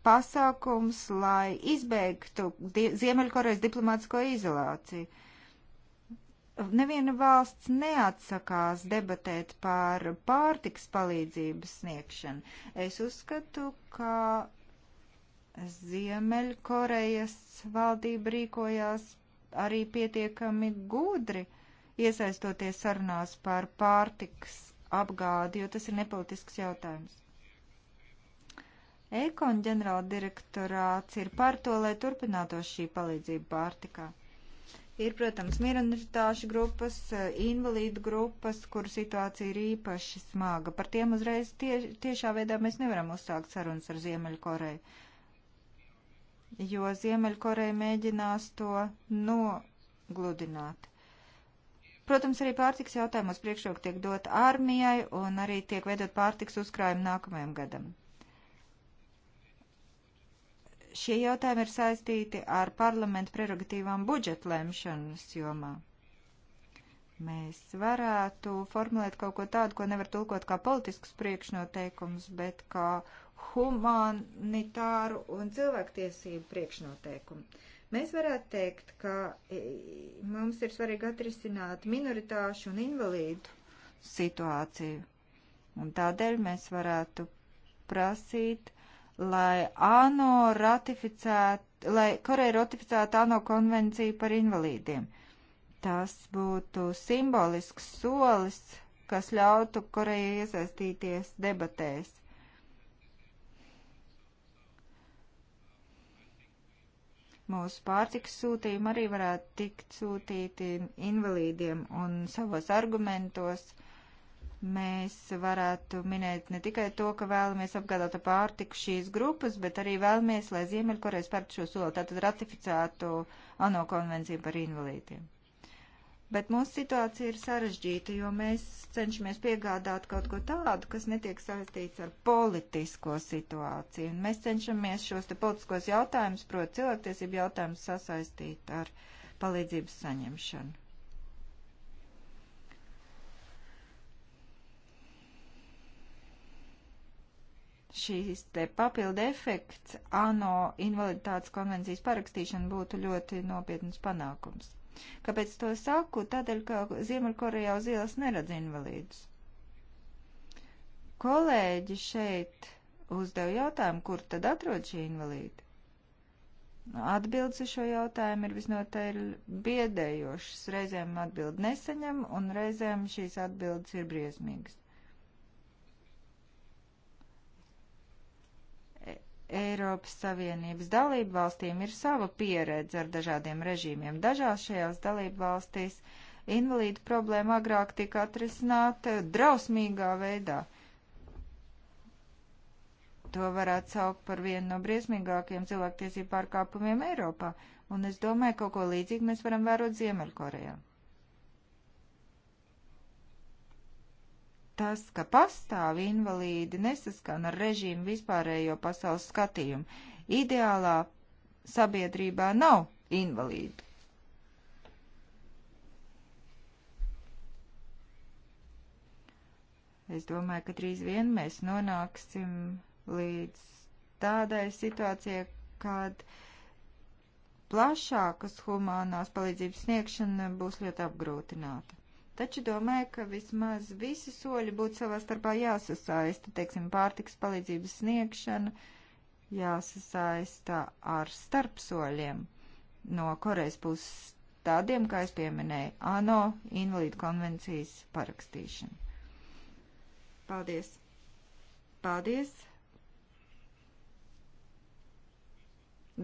pasākums, lai izbeigtu die, Ziemeļkorejas diplomātisko izolāciju. Neviena valsts neatsakās debatēt par pārtiks palīdzības sniegšanu. Es uzskatu, ka Ziemeļkorejas valdība rīkojās arī pietiekami gudri iesaistoties sarunās par pārtiks apgādi, jo tas ir nepolitisks jautājums. Ekon ģenerāla direktorāts ir par to, lai turpinātos šī palīdzība pārtikā. Ir, protams, miranitāšu grupas, invalīdu grupas, kuru situācija ir īpaši smaga. Par tiem uzreiz tie, tiešā veidā mēs nevaram uzsākt sarunas ar Ziemeļkoreju jo Ziemeļkoreja mēģinās to nogludināt. Protams, arī pārtiks jautājumos priekšroka tiek dot armijai un arī tiek veidot pārtiks uzkrājumu nākamajam gadam. Šie jautājumi ir saistīti ar parlamentu prerogatīvām budžeta lemšanas jomā. Mēs varētu formulēt kaut ko tādu, ko nevar tulkot kā politiskus priekšnoteikumus, bet kā uh, humanitāru un cilvēktiesību priekšnoteikumu. Mēs varētu teikt, ka e, mums ir svarīgi atrisināt minoritāšu un invalīdu situāciju. Un tādēļ mēs varētu prasīt, lai ANO ratificētu, lai Koreja ratificētu ANO konvenciju par invalīdiem. Tas būtu simbolisks solis, kas ļautu Korejai iesaistīties debatēs mūsu pārtikas sūtījumi arī varētu tikt sūtīti invalīdiem un savos argumentos. Mēs varētu minēt ne tikai to, ka vēlamies apgādāt pārtiku šīs grupas, bet arī vēlamies, lai Ziemeļkoreja spērtu šo soli, tātad ratificētu ANO konvenciju par invalīdiem. Bet mūsu situācija ir sarežģīta, jo mēs cenšamies piegādāt kaut ko tādu, kas netiek saistīts ar politisko situāciju. Un mēs cenšamies šos te politiskos jautājumus, proti cilvēktiesību jautājumus, sasaistīt ar palīdzības saņemšanu. šīs te papildu efekts ANO invaliditātes konvencijas parakstīšana būtu ļoti nopietnas panākums. Kāpēc to saku? Tādēļ, ka Ziemeļkorejā uz ielas neredz invalīdus. Kolēģi šeit uzdeva jautājumu, kur tad atrod šī invalīda. Nu, atbildes uz šo jautājumu ir visnotaļ biedējošas. Reizēm atbildi nesaņem, un reizēm šīs atbildes ir briesmīgas. Eiropas Savienības dalību valstīm ir sava pieredze ar dažādiem režīmiem. Dažās šajās dalību valstīs invalīdu problēma agrāk tika atrisināta drausmīgā veidā. To varētu saukt par vienu no briesmīgākajiem cilvēktiesību pārkāpumiem Eiropā, un es domāju, kaut ko līdzīgu mēs varam vērot Ziemeļkorejā. tas, ka pastāv invalīdi nesaskan ar režīmu vispārējo pasaules skatījumu. Ideālā sabiedrībā nav invalīdu. Es domāju, ka drīz vien mēs nonāksim līdz tādai situācijai, kad plašākas humānās palīdzības sniegšana būs ļoti apgrūtināta. Taču domāju, ka vismaz visi soļi būtu savā starpā jāsasaista, teiksim, pārtiks palīdzības sniegšana jāsasaista ar starpsoļiem no Korejas puses tādiem, kā es pieminēju, ANO invalīdu konvencijas parakstīšanu. Paldies! Paldies!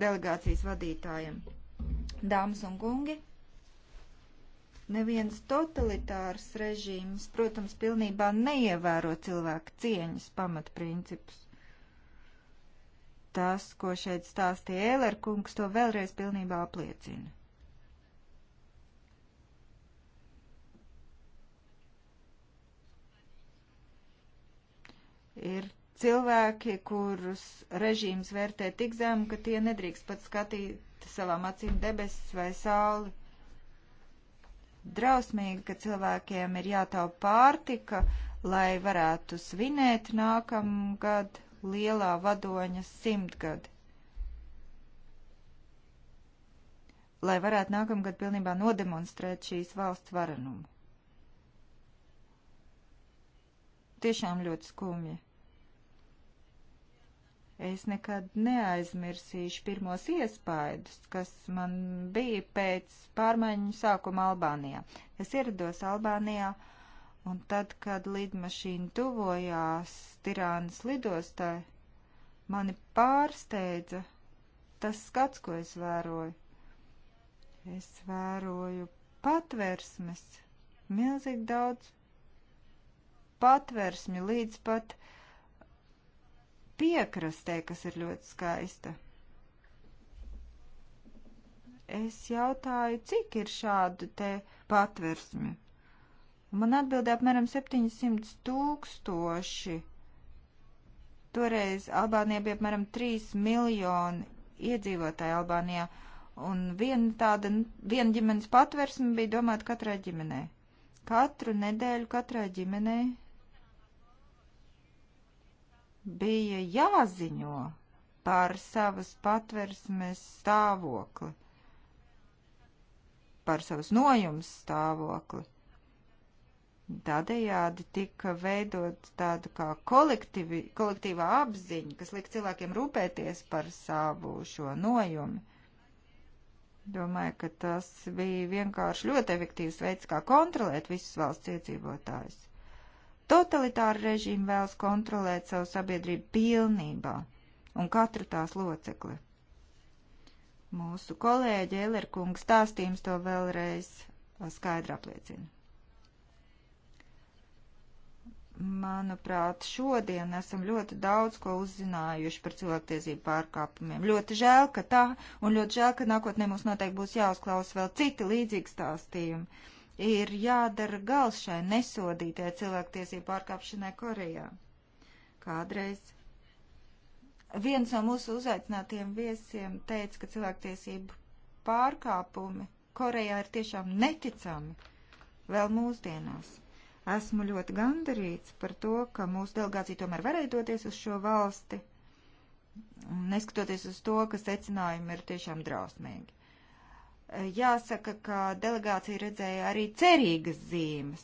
Delegācijas vadītājiem! Dāmas un kungi! Neviens totalitārs režīms, protams, pilnībā neievēro cilvēku cieņas pamatprincipus. Tas, ko šeit stāstīja Ēlerkungs, to vēlreiz pilnībā apliecina. Ir cilvēki, kurus režīms vērtē tik zemu, ka tie nedrīkst pat skatīt savām acīm debesis vai sauli drausmīgi, ka cilvēkiem ir jātaupa pārtika, lai varētu svinēt nākamgad lielā vadoņa simtgadi. Lai varētu nākamgad pilnībā nodemonstrēt šīs valsts varenumu. Tiešām ļoti skumji. Es nekad neaizmirsīšu pirmos iespaidus, kas man bija pēc pārmaiņu sākuma Albānijā. Es ierados Albānijā, un tad, kad lidmašīna tuvojās Tirānas lidostai, mani pārsteidza tas skats, ko es vēroju. Es vēroju patversmes, milzīgi daudz patversmi līdz pat piekrastē, kas ir ļoti skaista. Es jautāju, cik ir šādu te patversmi. Man atbildēja apmēram 700 tūkstoši. Toreiz Albānija bija apmēram 3 miljoni iedzīvotāji Albānijā, un viena tāda, viena ģimenes patversme bija domāta katrai ģimenei. Katru nedēļu katrai ģimenei bija jāziņo par savas patversmes stāvokli, par savas nojums stāvokli. Tādējādi tika veidot tādu kā kolektīvi, kolektīvā apziņa, kas liek cilvēkiem rūpēties par savu šo nojumu. Domāju, ka tas bija vienkārši ļoti efektīvs veids, kā kontrolēt visus valsts iedzīvotājus. Totalitāri režīmi vēlas kontrolēt savu sabiedrību pilnībā un katru tās locekli. Mūsu kolēģi Elerkungs stāstījums to vēlreiz skaidri apliecina. Manuprāt, šodien esam ļoti daudz ko uzzinājuši par cilvēktiesību pārkāpumiem. Ļoti žēl, ka tā, un ļoti žēl, ka nākotnē mums noteikti būs jāuzklausa vēl citi līdzīgi stāstījumi ir jādara gals šai nesodītē cilvēktiesību pārkāpšanai Korejā. Kādreiz viens no mūsu uzaicinātiem viesiem teica, ka cilvēktiesību pārkāpumi Korejā ir tiešām neticami vēl mūsdienās. Esmu ļoti gandarīts par to, ka mūsu delegācija tomēr varēja doties uz šo valsti, neskatoties uz to, ka secinājumi ir tiešām drausmīgi. Jāsaka, ka delegācija redzēja arī cerīgas zīmes,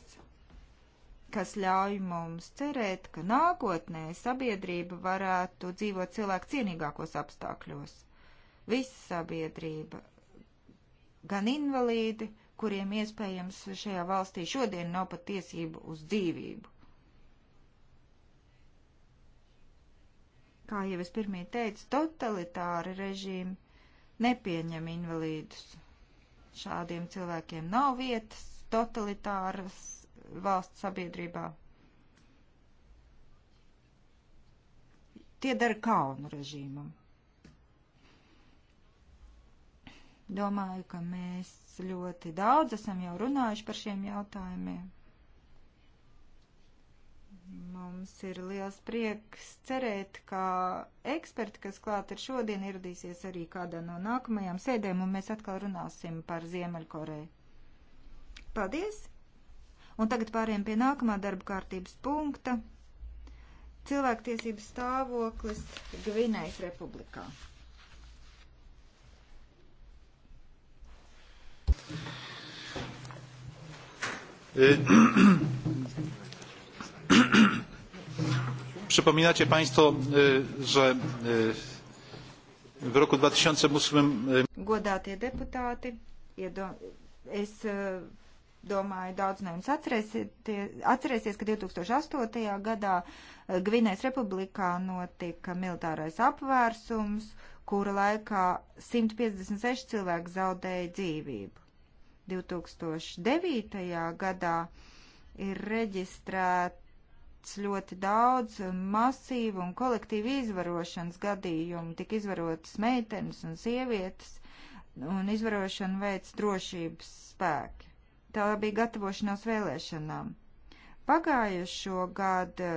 kas ļauj mums cerēt, ka nākotnē sabiedrība varētu dzīvot cilvēku cienīgākos apstākļos. Visa sabiedrība, gan invalīdi, kuriem iespējams šajā valstī šodien nav pat tiesību uz dzīvību. Kā jau es pirmie teicu, totalitāri režīmi nepieņem invalīdus. Šādiem cilvēkiem nav vietas totalitāras valsts sabiedrībā. Tie dara kaunu režīmam. Domāju, ka mēs ļoti daudz esam jau runājuši par šiem jautājumiem. Mums ir liels prieks cerēt, ka eksperti, kas klāt ir šodien, ieradīsies arī kādā no nākamajām sēdēm, un mēs atkal runāsim par Ziemeļkoreju. Paldies! Un tagad pāriem pie nākamā darba kārtības punkta - cilvēktiesības stāvoklis Gvinējas republikā. przypominacie państwo że w roku 2008 godātie deputāti iedo, es domāju daudz no jums atcerēsies ka 2008. gadā Gvinējas republikā notika militārais apvērsums kura laikā 156 cilvēki zaudēja dzīvību 2009. gadā ir reģistrēta izvērsts ļoti daudz masīvu un kolektīvu izvarošanas gadījumu. Tik izvarotas meitenes un sievietes, un izvarošanu veids drošības spēki. Tā bija gatavošanās vēlēšanām. Pagājušo gadu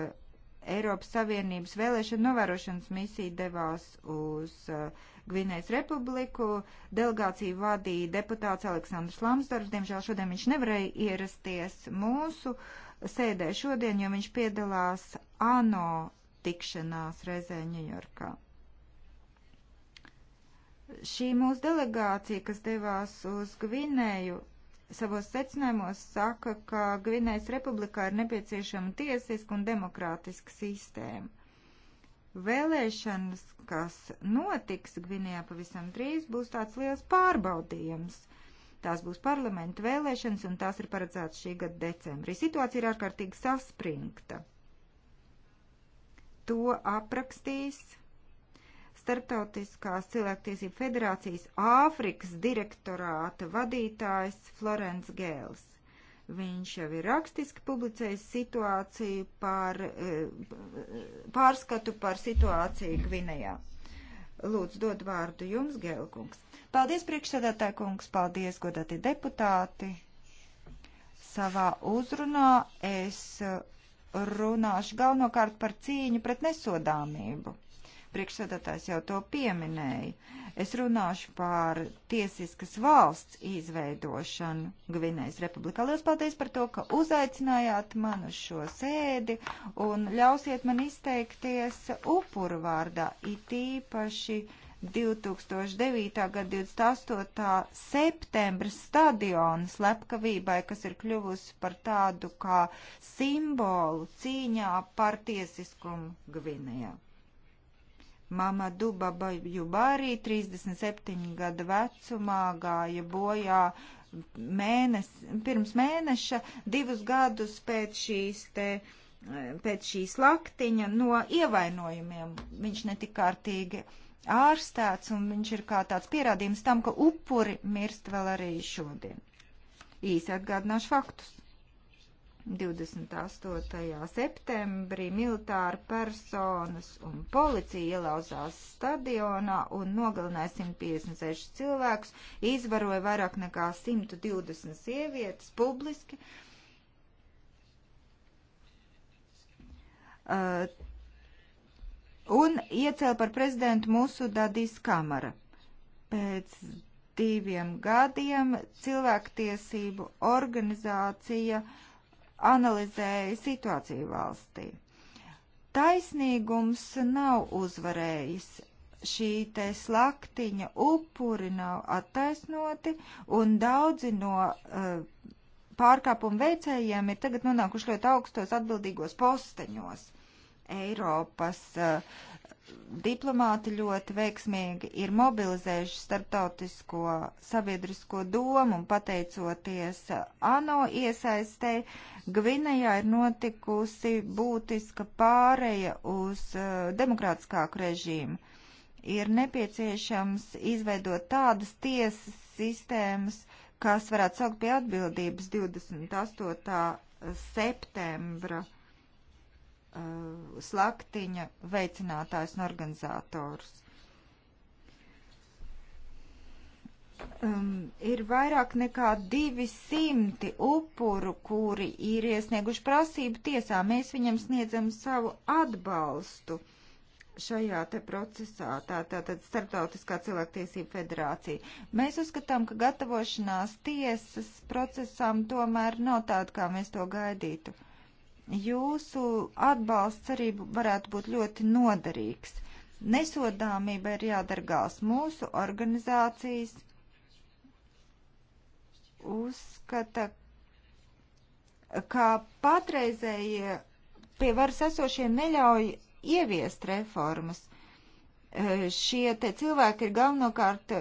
Eiropas Savienības vēlēšana novērošanas misija devās uz uh, Gvinējas republiku. Delegāciju vadīja deputāts Aleksandrs Lamsdorfs. Diemžēl šodien viņš nevarēja ierasties mūsu uh, sēdē šodien, jo viņš piedalās ANO tikšanās reizē Ņujorkā. Šī mūsu delegācija, kas devās uz Gvinēju, savos secinājumos saka, ka Gvinējas republikā ir nepieciešama tiesiska un demokrātiska sistēma. Vēlēšanas, kas notiks Gvinējā pavisam drīz, būs tāds liels pārbaudījums Tās būs parlamenta vēlēšanas, un tās ir paredzētas šī gada decembrī. Situācija ir ārkārtīgi saspringta. To aprakstīs Startautiskās cilvēktiesību federācijas Āfrikas direktorāta vadītājs Florence Gēls. Viņš jau ir rakstiski publicējis situāciju par, eh, pārskatu par situāciju Gvinējā. Lūdzu, dod vārdu jums, Gēlkungs. Paldies, priekšsēdētāji kungs, paldies, godāti deputāti. Savā uzrunā es runāšu galvenokārt par cīņu pret nesodāmību. Priekšsēdētājs jau to pieminēja. Es runāšu par tiesiskas valsts izveidošanu Gvinējas republikā. Lielas paldies par to, ka uzaicinājāt man uz šo sēdi un ļausiet man izteikties upuru vārdā, it īpaši 2009. gada 28. septembra stadiona slepkavībai, kas ir kļuvusi par tādu kā simbolu cīņā par tiesiskumu Gvinējā. Mamadu Babajubārī 37 gada vecumā gāja bojā mēnes, pirms mēneša, divus gadus pēc šīs te pēc šīs laktiņa no ievainojumiem. Viņš netika kārtīgi ārstēts, un viņš ir kā tāds pierādījums tam, ka upuri mirst vēl arī šodien. Īsi atgādināšu faktus. 28. septembrī militāri personas un policija ielauzās stadionā un nogalināja 156 cilvēkus, izvaroja vairāk nekā 120 sievietes publiski. Uh, un iecēla par prezidentu mūsu Dadīs Kamara. Pēc diviem gadiem cilvēktiesību organizācija uh, analizēja situāciju valstī. Taisnīgums nav uzvarējis. Šī te slaktiņa upuri nav attaisnoti, un daudzi no uh, pārkāpumu veicējiem ir tagad nonākuši ļoti augstos atbildīgos posteņos. Eiropas uh, diplomāti ļoti veiksmīgi ir mobilizējuši starptautisko sabiedrisko domu un pateicoties ANO iesaistē, Gvinējā ir notikusi būtiska pāreja uz uh, demokrātiskāku režīmu. Ir nepieciešams izveidot tādas tiesas sistēmas, kas varētu saukt pie atbildības 28. septembra uh, uh, slaktiņa veicinātājs un organizators. Um, ir vairāk nekā 200 upuru, kuri ir iesnieguši prasību tiesā. Mēs viņam sniedzam savu atbalstu šajā te procesā, tātad tā, Startautiskā cilvēktiesība federācija. Mēs uzskatām, ka gatavošanās tiesas procesam tomēr nav tāda, kā mēs to gaidītu. Jūsu atbalsts arī varētu būt ļoti noderīgs. Nesodāmība ir jādargās mūsu organizācijas. Uzskata, ka patreizējie pie varas esošie neļauj ieviest reformas. E, šie te cilvēki ir galvenokārt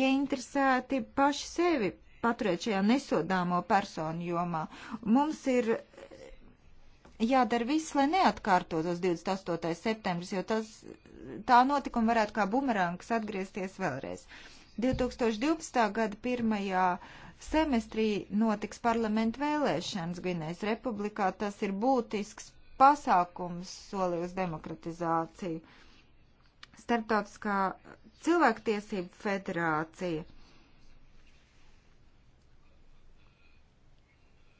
ieinteresēti paši sevi paturēt šajā nesodāmo personu jomā. Mums ir jādara viss, lai neatkārtotos 28. septembris, jo tas, tā notikuma varētu kā bumerāns atgriezties vēlreiz. 2012. gada pirmajā semestrī notiks parlamentu vēlēšanas Gvinējas republikā. Tas ir būtisks pasākums soli uz demokratizāciju. Startautiskā cilvēktiesība federācija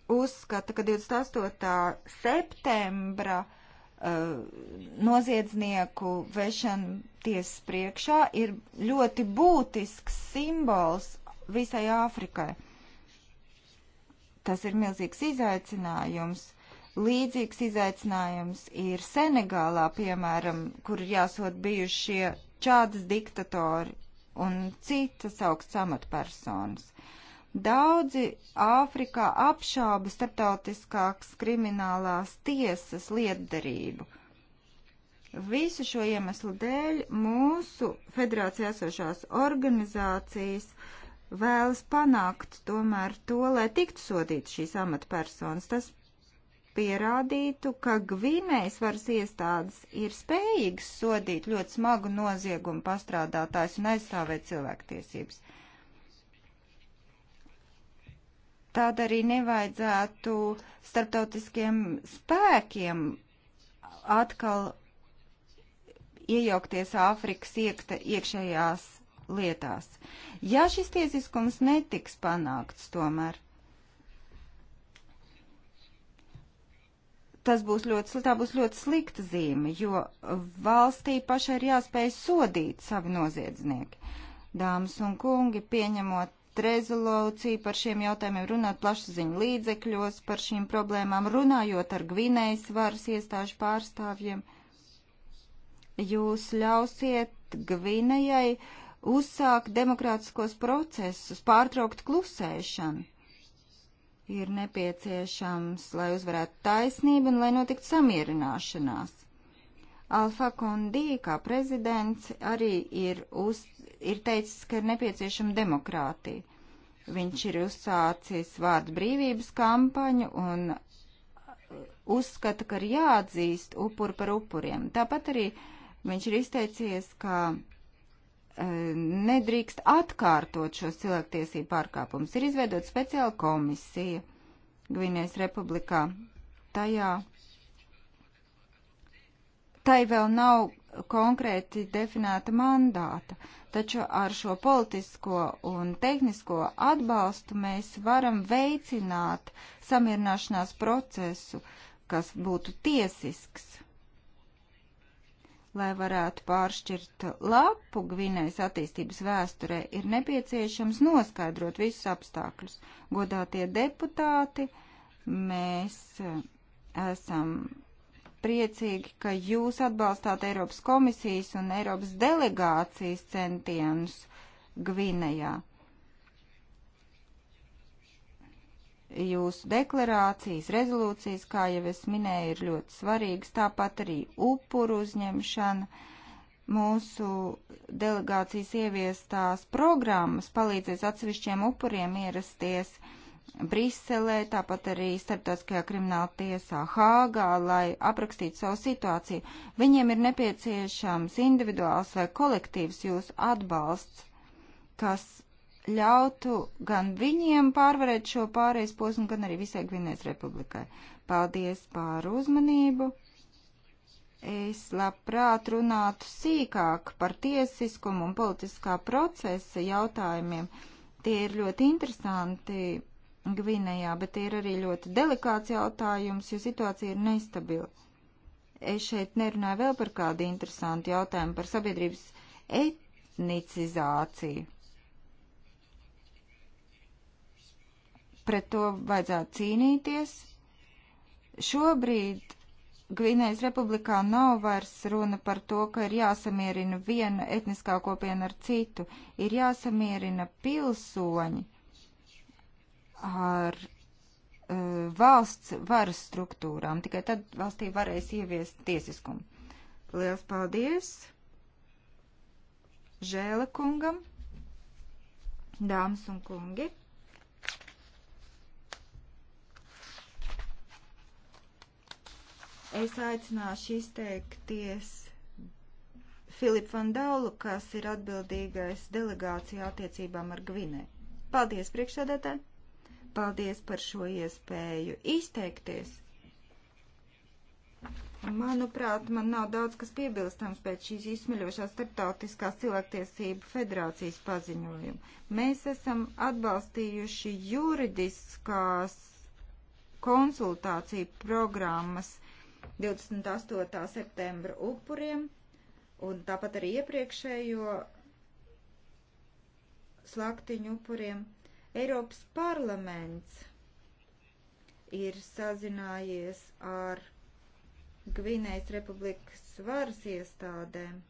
uzskata, ka 28. septembra uh, noziedznieku vešana tiesas priekšā ir ļoti būtisks simbols visai Āfrikai. Tas ir milzīgs izaicinājums. Līdzīgs izaicinājums ir Senegālā, piemēram, kur ir jāsot bijušie čādas diktatori un citas augsts amatpersonas. Uh, Daudzi Āfrikā apšauba starptautiskās kriminālās tiesas lietderību. Visu šo iemeslu dēļ mūsu federācijā esošās organizācijas vēlas panākt tomēr to, lai tiktu sodīt šīs amatpersonas. Tas pierādītu, ka Gvinējas varas iestādes ir spējīgas sodīt ļoti smagu noziegumu pastrādātājs un aizstāvēt cilvēktiesības. Tad arī nevajadzētu starptautiskiem spēkiem atkal iejaukties Āfrikas iekta, iekšējās lietās. Ja šis tiesiskums netiks panākts tomēr, tas būs ļoti, tā būs ļoti slikta zīme, jo valstī pašai ir jāspēj sodīt savi noziedznieki. Dāmas un kungi, pieņemot rezolūciju par šiem jautājumiem, runāt plašsaziņu līdzekļos par šīm problēmām, runājot ar Gvinējas varas iestāžu pārstāvjiem. Jūs ļausiet Gvinējai uzsākt demokrātiskos procesus, pārtraukt klusēšanu ir nepieciešams, lai uzvarētu taisnība un lai notiktu samierināšanās. Alfa Kondī, kā prezidents, arī ir, uz, ir teicis, ka ir nepieciešama demokrātija. Viņš ir uzsācis vārdu brīvības kampaņu un uh, uzskata, ka ir jāatzīst upuri par upuriem. Tāpat arī viņš ir izteicies, ka e, nedrīkst atkārtot šos cilvēktiesību pārkāpumus. Ir izveidota speciāla komisija Gvinējas republikā. Tajā tai vēl nav konkrēti definēta mandāta, taču ar šo politisko un tehnisko atbalstu mēs varam veicināt samierināšanās procesu, kas būtu tiesisks. Lai varētu pāršķirt lapu Gvinējas attīstības vēsturē, ir nepieciešams noskaidrot visus apstākļus. Godātie deputāti, mēs eh, esam priecīgi, ka jūs atbalstāt Eiropas komisijas un Eiropas delegācijas centienus Gvinējā. Jūsu deklarācijas, rezolūcijas, kā jau es minēju, ir ļoti svarīgas, tāpat arī upuru uzņemšana. Mūsu delegācijas ieviestās programmas palīdzēs atsevišķiem upuriem ierasties uh, Briselē, tāpat arī starptautiskajā krimināla tiesā Hāgā, lai aprakstītu savu situāciju. Viņiem ir nepieciešams individuāls vai kolektīvs jūsu atbalsts, kas ļautu gan viņiem pārvarēt šo pārejas posmu, gan arī visai Gvinējas republikai. Paldies par uzmanību! Es labprāt runātu sīkāk par tiesiskumu un politiskā procesa jautājumiem. Tie ir ļoti interesanti Gvinējā, bet ir arī ļoti delikāts jautājums, jo situācija ir nestabila. Es šeit nerunāju vēl par kādu interesantu jautājumu par sabiedrības etnicizāciju. Pret to vajadzētu cīnīties. Šobrīd Gvinējas republikā nav vairs runa par to, ka ir jāsamierina viena etniskā kopiena ar citu, ir jāsamierina pilsoņi ar uh, valsts varas struktūrām. Tikai tad valstī varēs ieviest tiesiskumu. Liels paldies Žēle kungam, dāmas un kungi. Es aicināšu izteikties Filipu Vandaulu, kas ir atbildīgais delegācijā attiecībām ar Gvinē. Paldies, priekšsēdētāji! Paldies par šo iespēju izteikties. Manuprāt, man nav daudz kas piebilstams pēc šīs izsmeļošās starptautiskās cilvēktiesību federācijas paziņojuma. Mēs esam atbalstījuši juridiskās konsultāciju programmas 28. septembra upuriem un tāpat arī iepriekšējo slaktiņu upuriem. Eiropas parlaments ir sazinājies ar Gvinējas republikas varas iestādēm.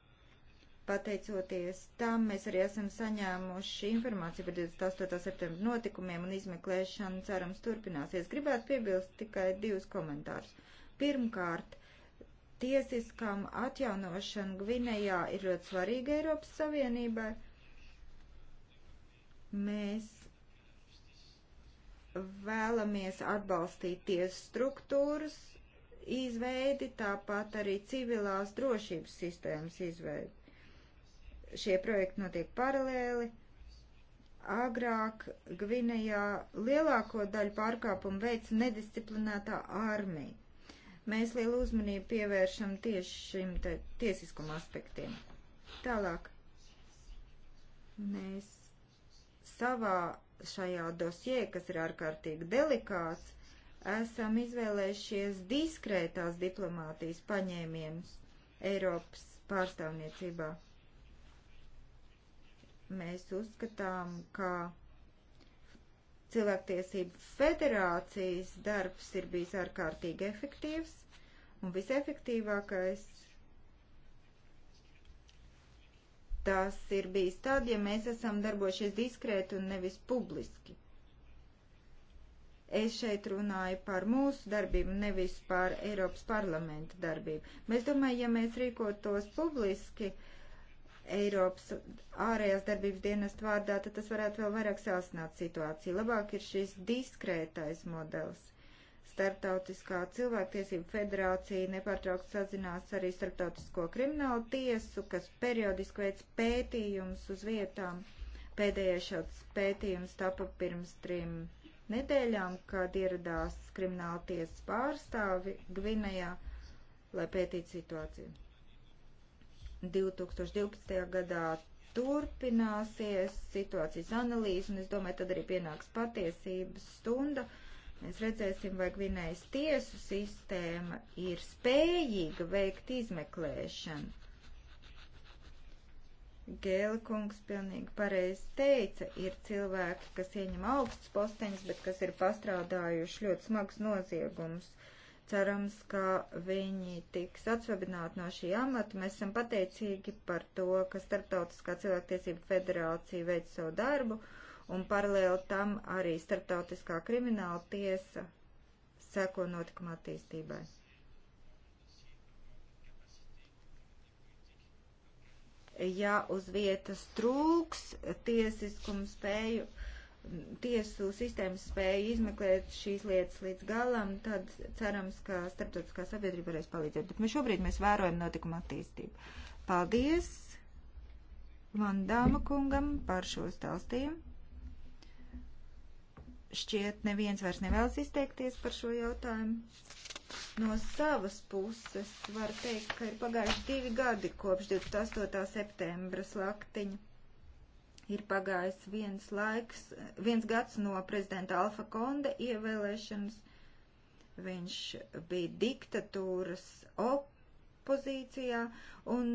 Pateicoties tam, mēs arī esam saņēmuši informāciju par 28. septembra notikumiem un izmeklēšana, cerams, turpināsies. Gribētu piebilst tikai divus komentārus. Pirmkārt, tiesiskām atjaunošana Gvinējā ir ļoti svarīga Eiropas Savienībai. Mēs vēlamies atbalstīt tiesu struktūras izveidi, tāpat arī civilās drošības sistēmas izveidi. Šie projekti notiek paralēli. Agrāk Gvinējā lielāko daļu pārkāpumu veica nedisciplinētā armija. Mēs lielu uzmanību pievēršam tieši šim tiesiskuma aspektiem. Tālāk. Mēs savā šajā dosjē, kas ir ārkārtīgi delikāts, esam izvēlējušies diskrētās diplomātijas paņēmienus Eiropas pārstāvniecībā. Mēs uzskatām, ka Cilvēktiesību federācijas darbs ir bijis ārkārtīgi efektīvs un visefektīvākais tas ir bijis tad, ja mēs esam darbojušies diskrēti un nevis publiski. Es šeit runāju par mūsu darbību, nevis par Eiropas parlamenta darbību. Bet es domāju, ja mēs rīkotos publiski Eiropas ārējās darbības dienestu vārdā, tad tas varētu vēl vairāk sāsināt situāciju. Labāk ir šis diskrētais modelis. Startautiskā cilvēktiesība federācija nepārtraukt sazinās arī Startautisko kriminālu tiesu, kas periodiski veic pētījumus uz vietām. Pēdējais šāds pētījums tapa pirms trim nedēļām, kad ieradās krimināla tiesas pārstāvi Gvinējā, lai pētītu situāciju. 2012. gadā turpināsies situācijas analīze, un es domāju, tad arī pienāks patiesības stunda. Uh, Mēs redzēsim, vai Gvinējas tiesu sistēma ir spējīga veikt izmeklēšanu. Gēla kungs pilnīgi pareizi teica, ir cilvēki, kas ieņem augstus posteņus, bet kas ir pastrādājuši ļoti smags noziegums. Cerams, ka viņi tiks atsvabināti no šī amata. Mēs esam pateicīgi par to, ka Startautiskā cilvēktiesība federācija veic savu darbu un paralēli tam arī starptautiskā krimināla tiesa seko notikuma attīstībai. Ja uz vietas trūks tiesiskumu spēju, tiesu sistēmas spēju izmeklēt šīs lietas līdz galam, tad cerams, ka starptautiskā sabiedrība varēs palīdzēt. Bet mēs šobrīd mēs vērojam notikuma attīstību. Paldies Vandāma kungam par šo stāstījumu. Šķiet, neviens vairs nevēlas izteikties par šo jautājumu. No savas puses var teikt, ka ir pagājuši divi gadi kopš 28. septembra slaktiņa. Ir pagājis viens laiks, viens gads no prezidenta Alfa Konda ievēlēšanas. Viņš bija diktatūras opozīcijā, un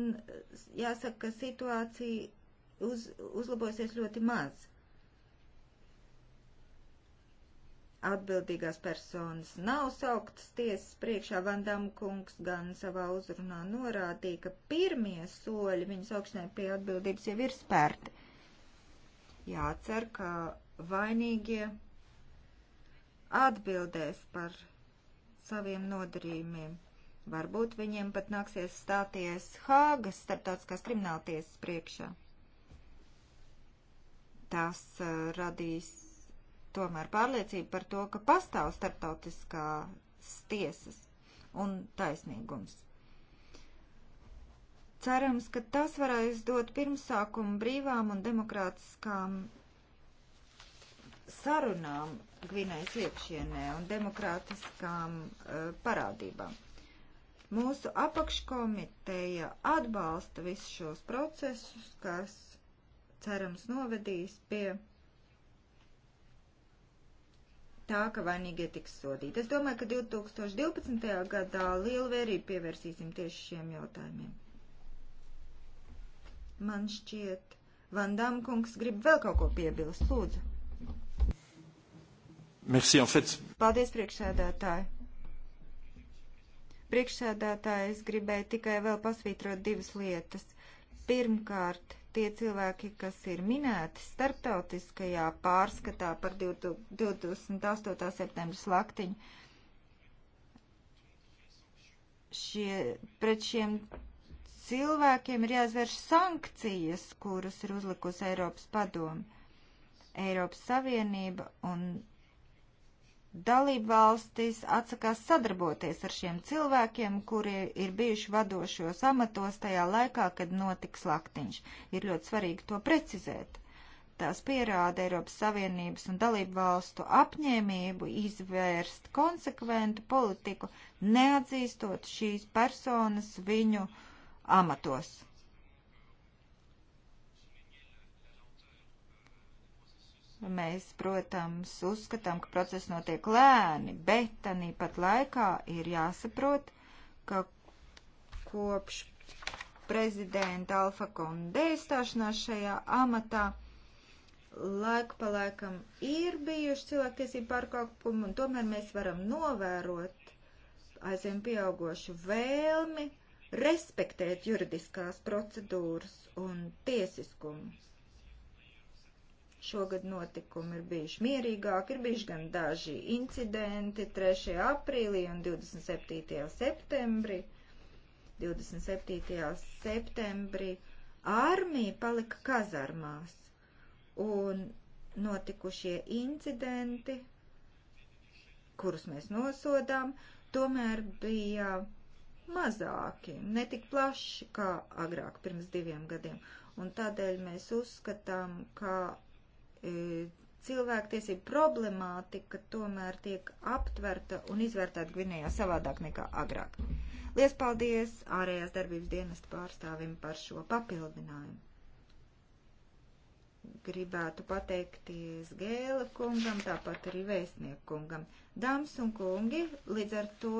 jāsaka, ka situācija uz, uzlabosies ļoti maz. atbildīgās personas nav sauktas tiesas priekšā. Vandam kungs gan savā uzrunā norādīja, ka pirmie soļi viņas augšanai pie atbildības jau ir spērti. Jācer, ka vainīgie atbildēs par saviem nodarījumiem. Varbūt viņiem pat nāksies stāties Hāgas starptautiskās krimināltiesas priekšā. Tas uh, radīs tomēr pārliecība par to, ka pastāv starptautiskās tiesas un taisnīgums. Cerams, ka tas varēs dot pirmsākumu brīvām un demokrātiskām sarunām Gvinējas iekšienē un demokrātiskām uh, parādībām. Mūsu apakškomiteja atbalsta visus šos procesus, kas cerams novedīs pie tā, ka vainīgie tiks sodīti. Es domāju, ka 2012. gadā lielu vērību pievērsīsim tieši šiem jautājumiem. Man šķiet, Vandām kungs grib vēl kaut ko piebilst. Lūdzu. Merci, en fait. Paldies, priekšsēdētāji. Priekšsēdētāji, es gribēju tikai vēl pasvītrot divas lietas. Pirmkārt, tie cilvēki, kas ir minēti starptautiskajā pārskatā par 28. septembra slaktiņu, šie, pret šiem cilvēkiem ir jāizvērš sankcijas, kuras ir uzlikusi Eiropas padomi. Eiropas Savienība un dalību valstis atsakās sadarboties ar šiem cilvēkiem, kuri ir bijuši vadošos amatos tajā laikā, kad notiks laktiņš. Ir ļoti svarīgi to precizēt tās pierāda Eiropas Savienības un dalību valstu apņēmību izvērst konsekventu politiku, neatzīstot šīs personas viņu amatos. Mēs, protams, uzskatām, ka process notiek lēni, bet tanī pat laikā ir jāsaprot, ka kopš prezidenta Alfa Kondē stāšanās šajā amatā laiku pa laikam ir bijuši cilvēktiesību pārkāpumi, un tomēr mēs varam novērot aizvien pieaugošu vēlmi respektēt juridiskās procedūras un tiesiskumu. Šogad notikumi ir bijuši mierīgāki, ir bijuši gan daži incidenti 3. aprīlī un 27. septembrī. 27. septembrī armija palika kazarmās, un notikušie incidenti, kurus mēs nosodām, tomēr bija mazāki, netik plaši kā agrāk pirms diviem gadiem. Un tādēļ mēs uzskatām, ka E, cilvēktiesība problemātika tomēr tiek aptverta un izvērtēta Gvinējā savādāk nekā agrāk. Lies paldies ārējās darbības dienesta pārstāvim par šo papildinājumu. Gribētu pateikties Gēla kungam, tāpat arī vēstnieku kungam. Dāmas un kungi, līdz ar to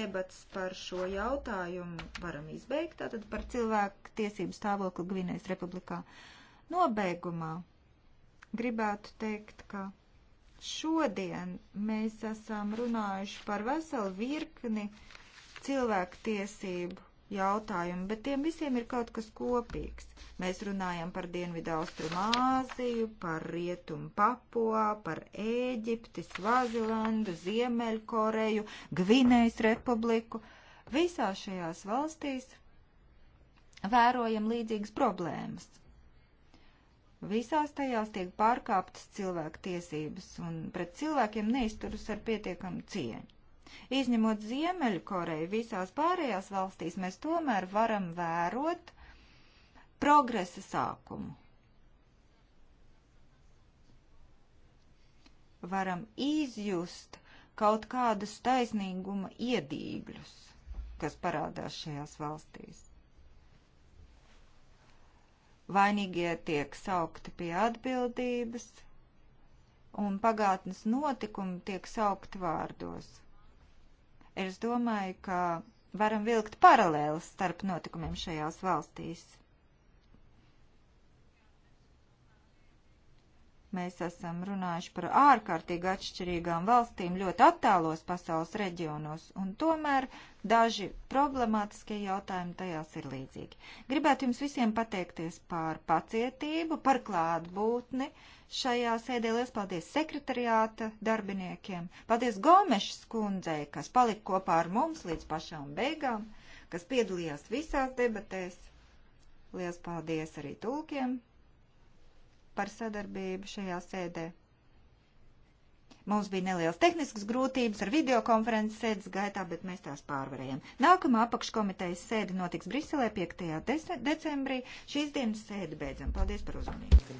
debats par šo jautājumu varam izbeigt, tātad par cilvēku tiesību stāvokli Gvinējas republikā. Nobeigumā Gribētu teikt, ka šodien mēs esam runājuši par veselu virkni cilvēku tiesību jautājumu, bet tiem visiem ir kaut kas kopīgs. Mēs runājam par Dienvidu Austrumu Āziju, par Rietumu Papuā, par Ēģipti, Svazilandu, Ziemeļkoreju, Gvinējas republiku. Visās šajās valstīs vērojam līdzīgas problēmas. Visās tajās tiek pārkāptas cilvēku tiesības un pret cilvēkiem neizturas ar pietiekamu cieņu. Izņemot Ziemeļu Koreju, visās pārējās valstīs mēs tomēr varam vērot progresa sākumu. Varam izjust kaut kādas taisnīguma iedībļus, kas parādās šajās valstīs vainīgie tiek saukti pie atbildības, un pagātnes notikumi tiek saukti vārdos. Es domāju, ka varam vilkt paralēlas starp notikumiem šajās valstīs. Mēs esam runājuši par ārkārtīgi atšķirīgām valstīm ļoti attālos pasaules reģionos, un tomēr daži problemātiskie jautājumi tajās ir līdzīgi. Gribētu jums visiem pateikties par pacietību, par klātbūtni šajā sēdē. Lielas paldies sekretariāta darbiniekiem, paldies Gomešas kundzei, kas palika kopā ar mums līdz pašām beigām, kas piedalījās visās debatēs. Lielas paldies arī tulkiem! par sadarbību šajā sēdē. Mums bija nelielas tehniskas grūtības ar videokonferences sēdes gaitā, bet mēs tās pārvarējām. Nākamā apakškomitejas sēde notiks Briselē 5. decembrī. Šīs dienas sēdi beidzam. Paldies par uzmanību.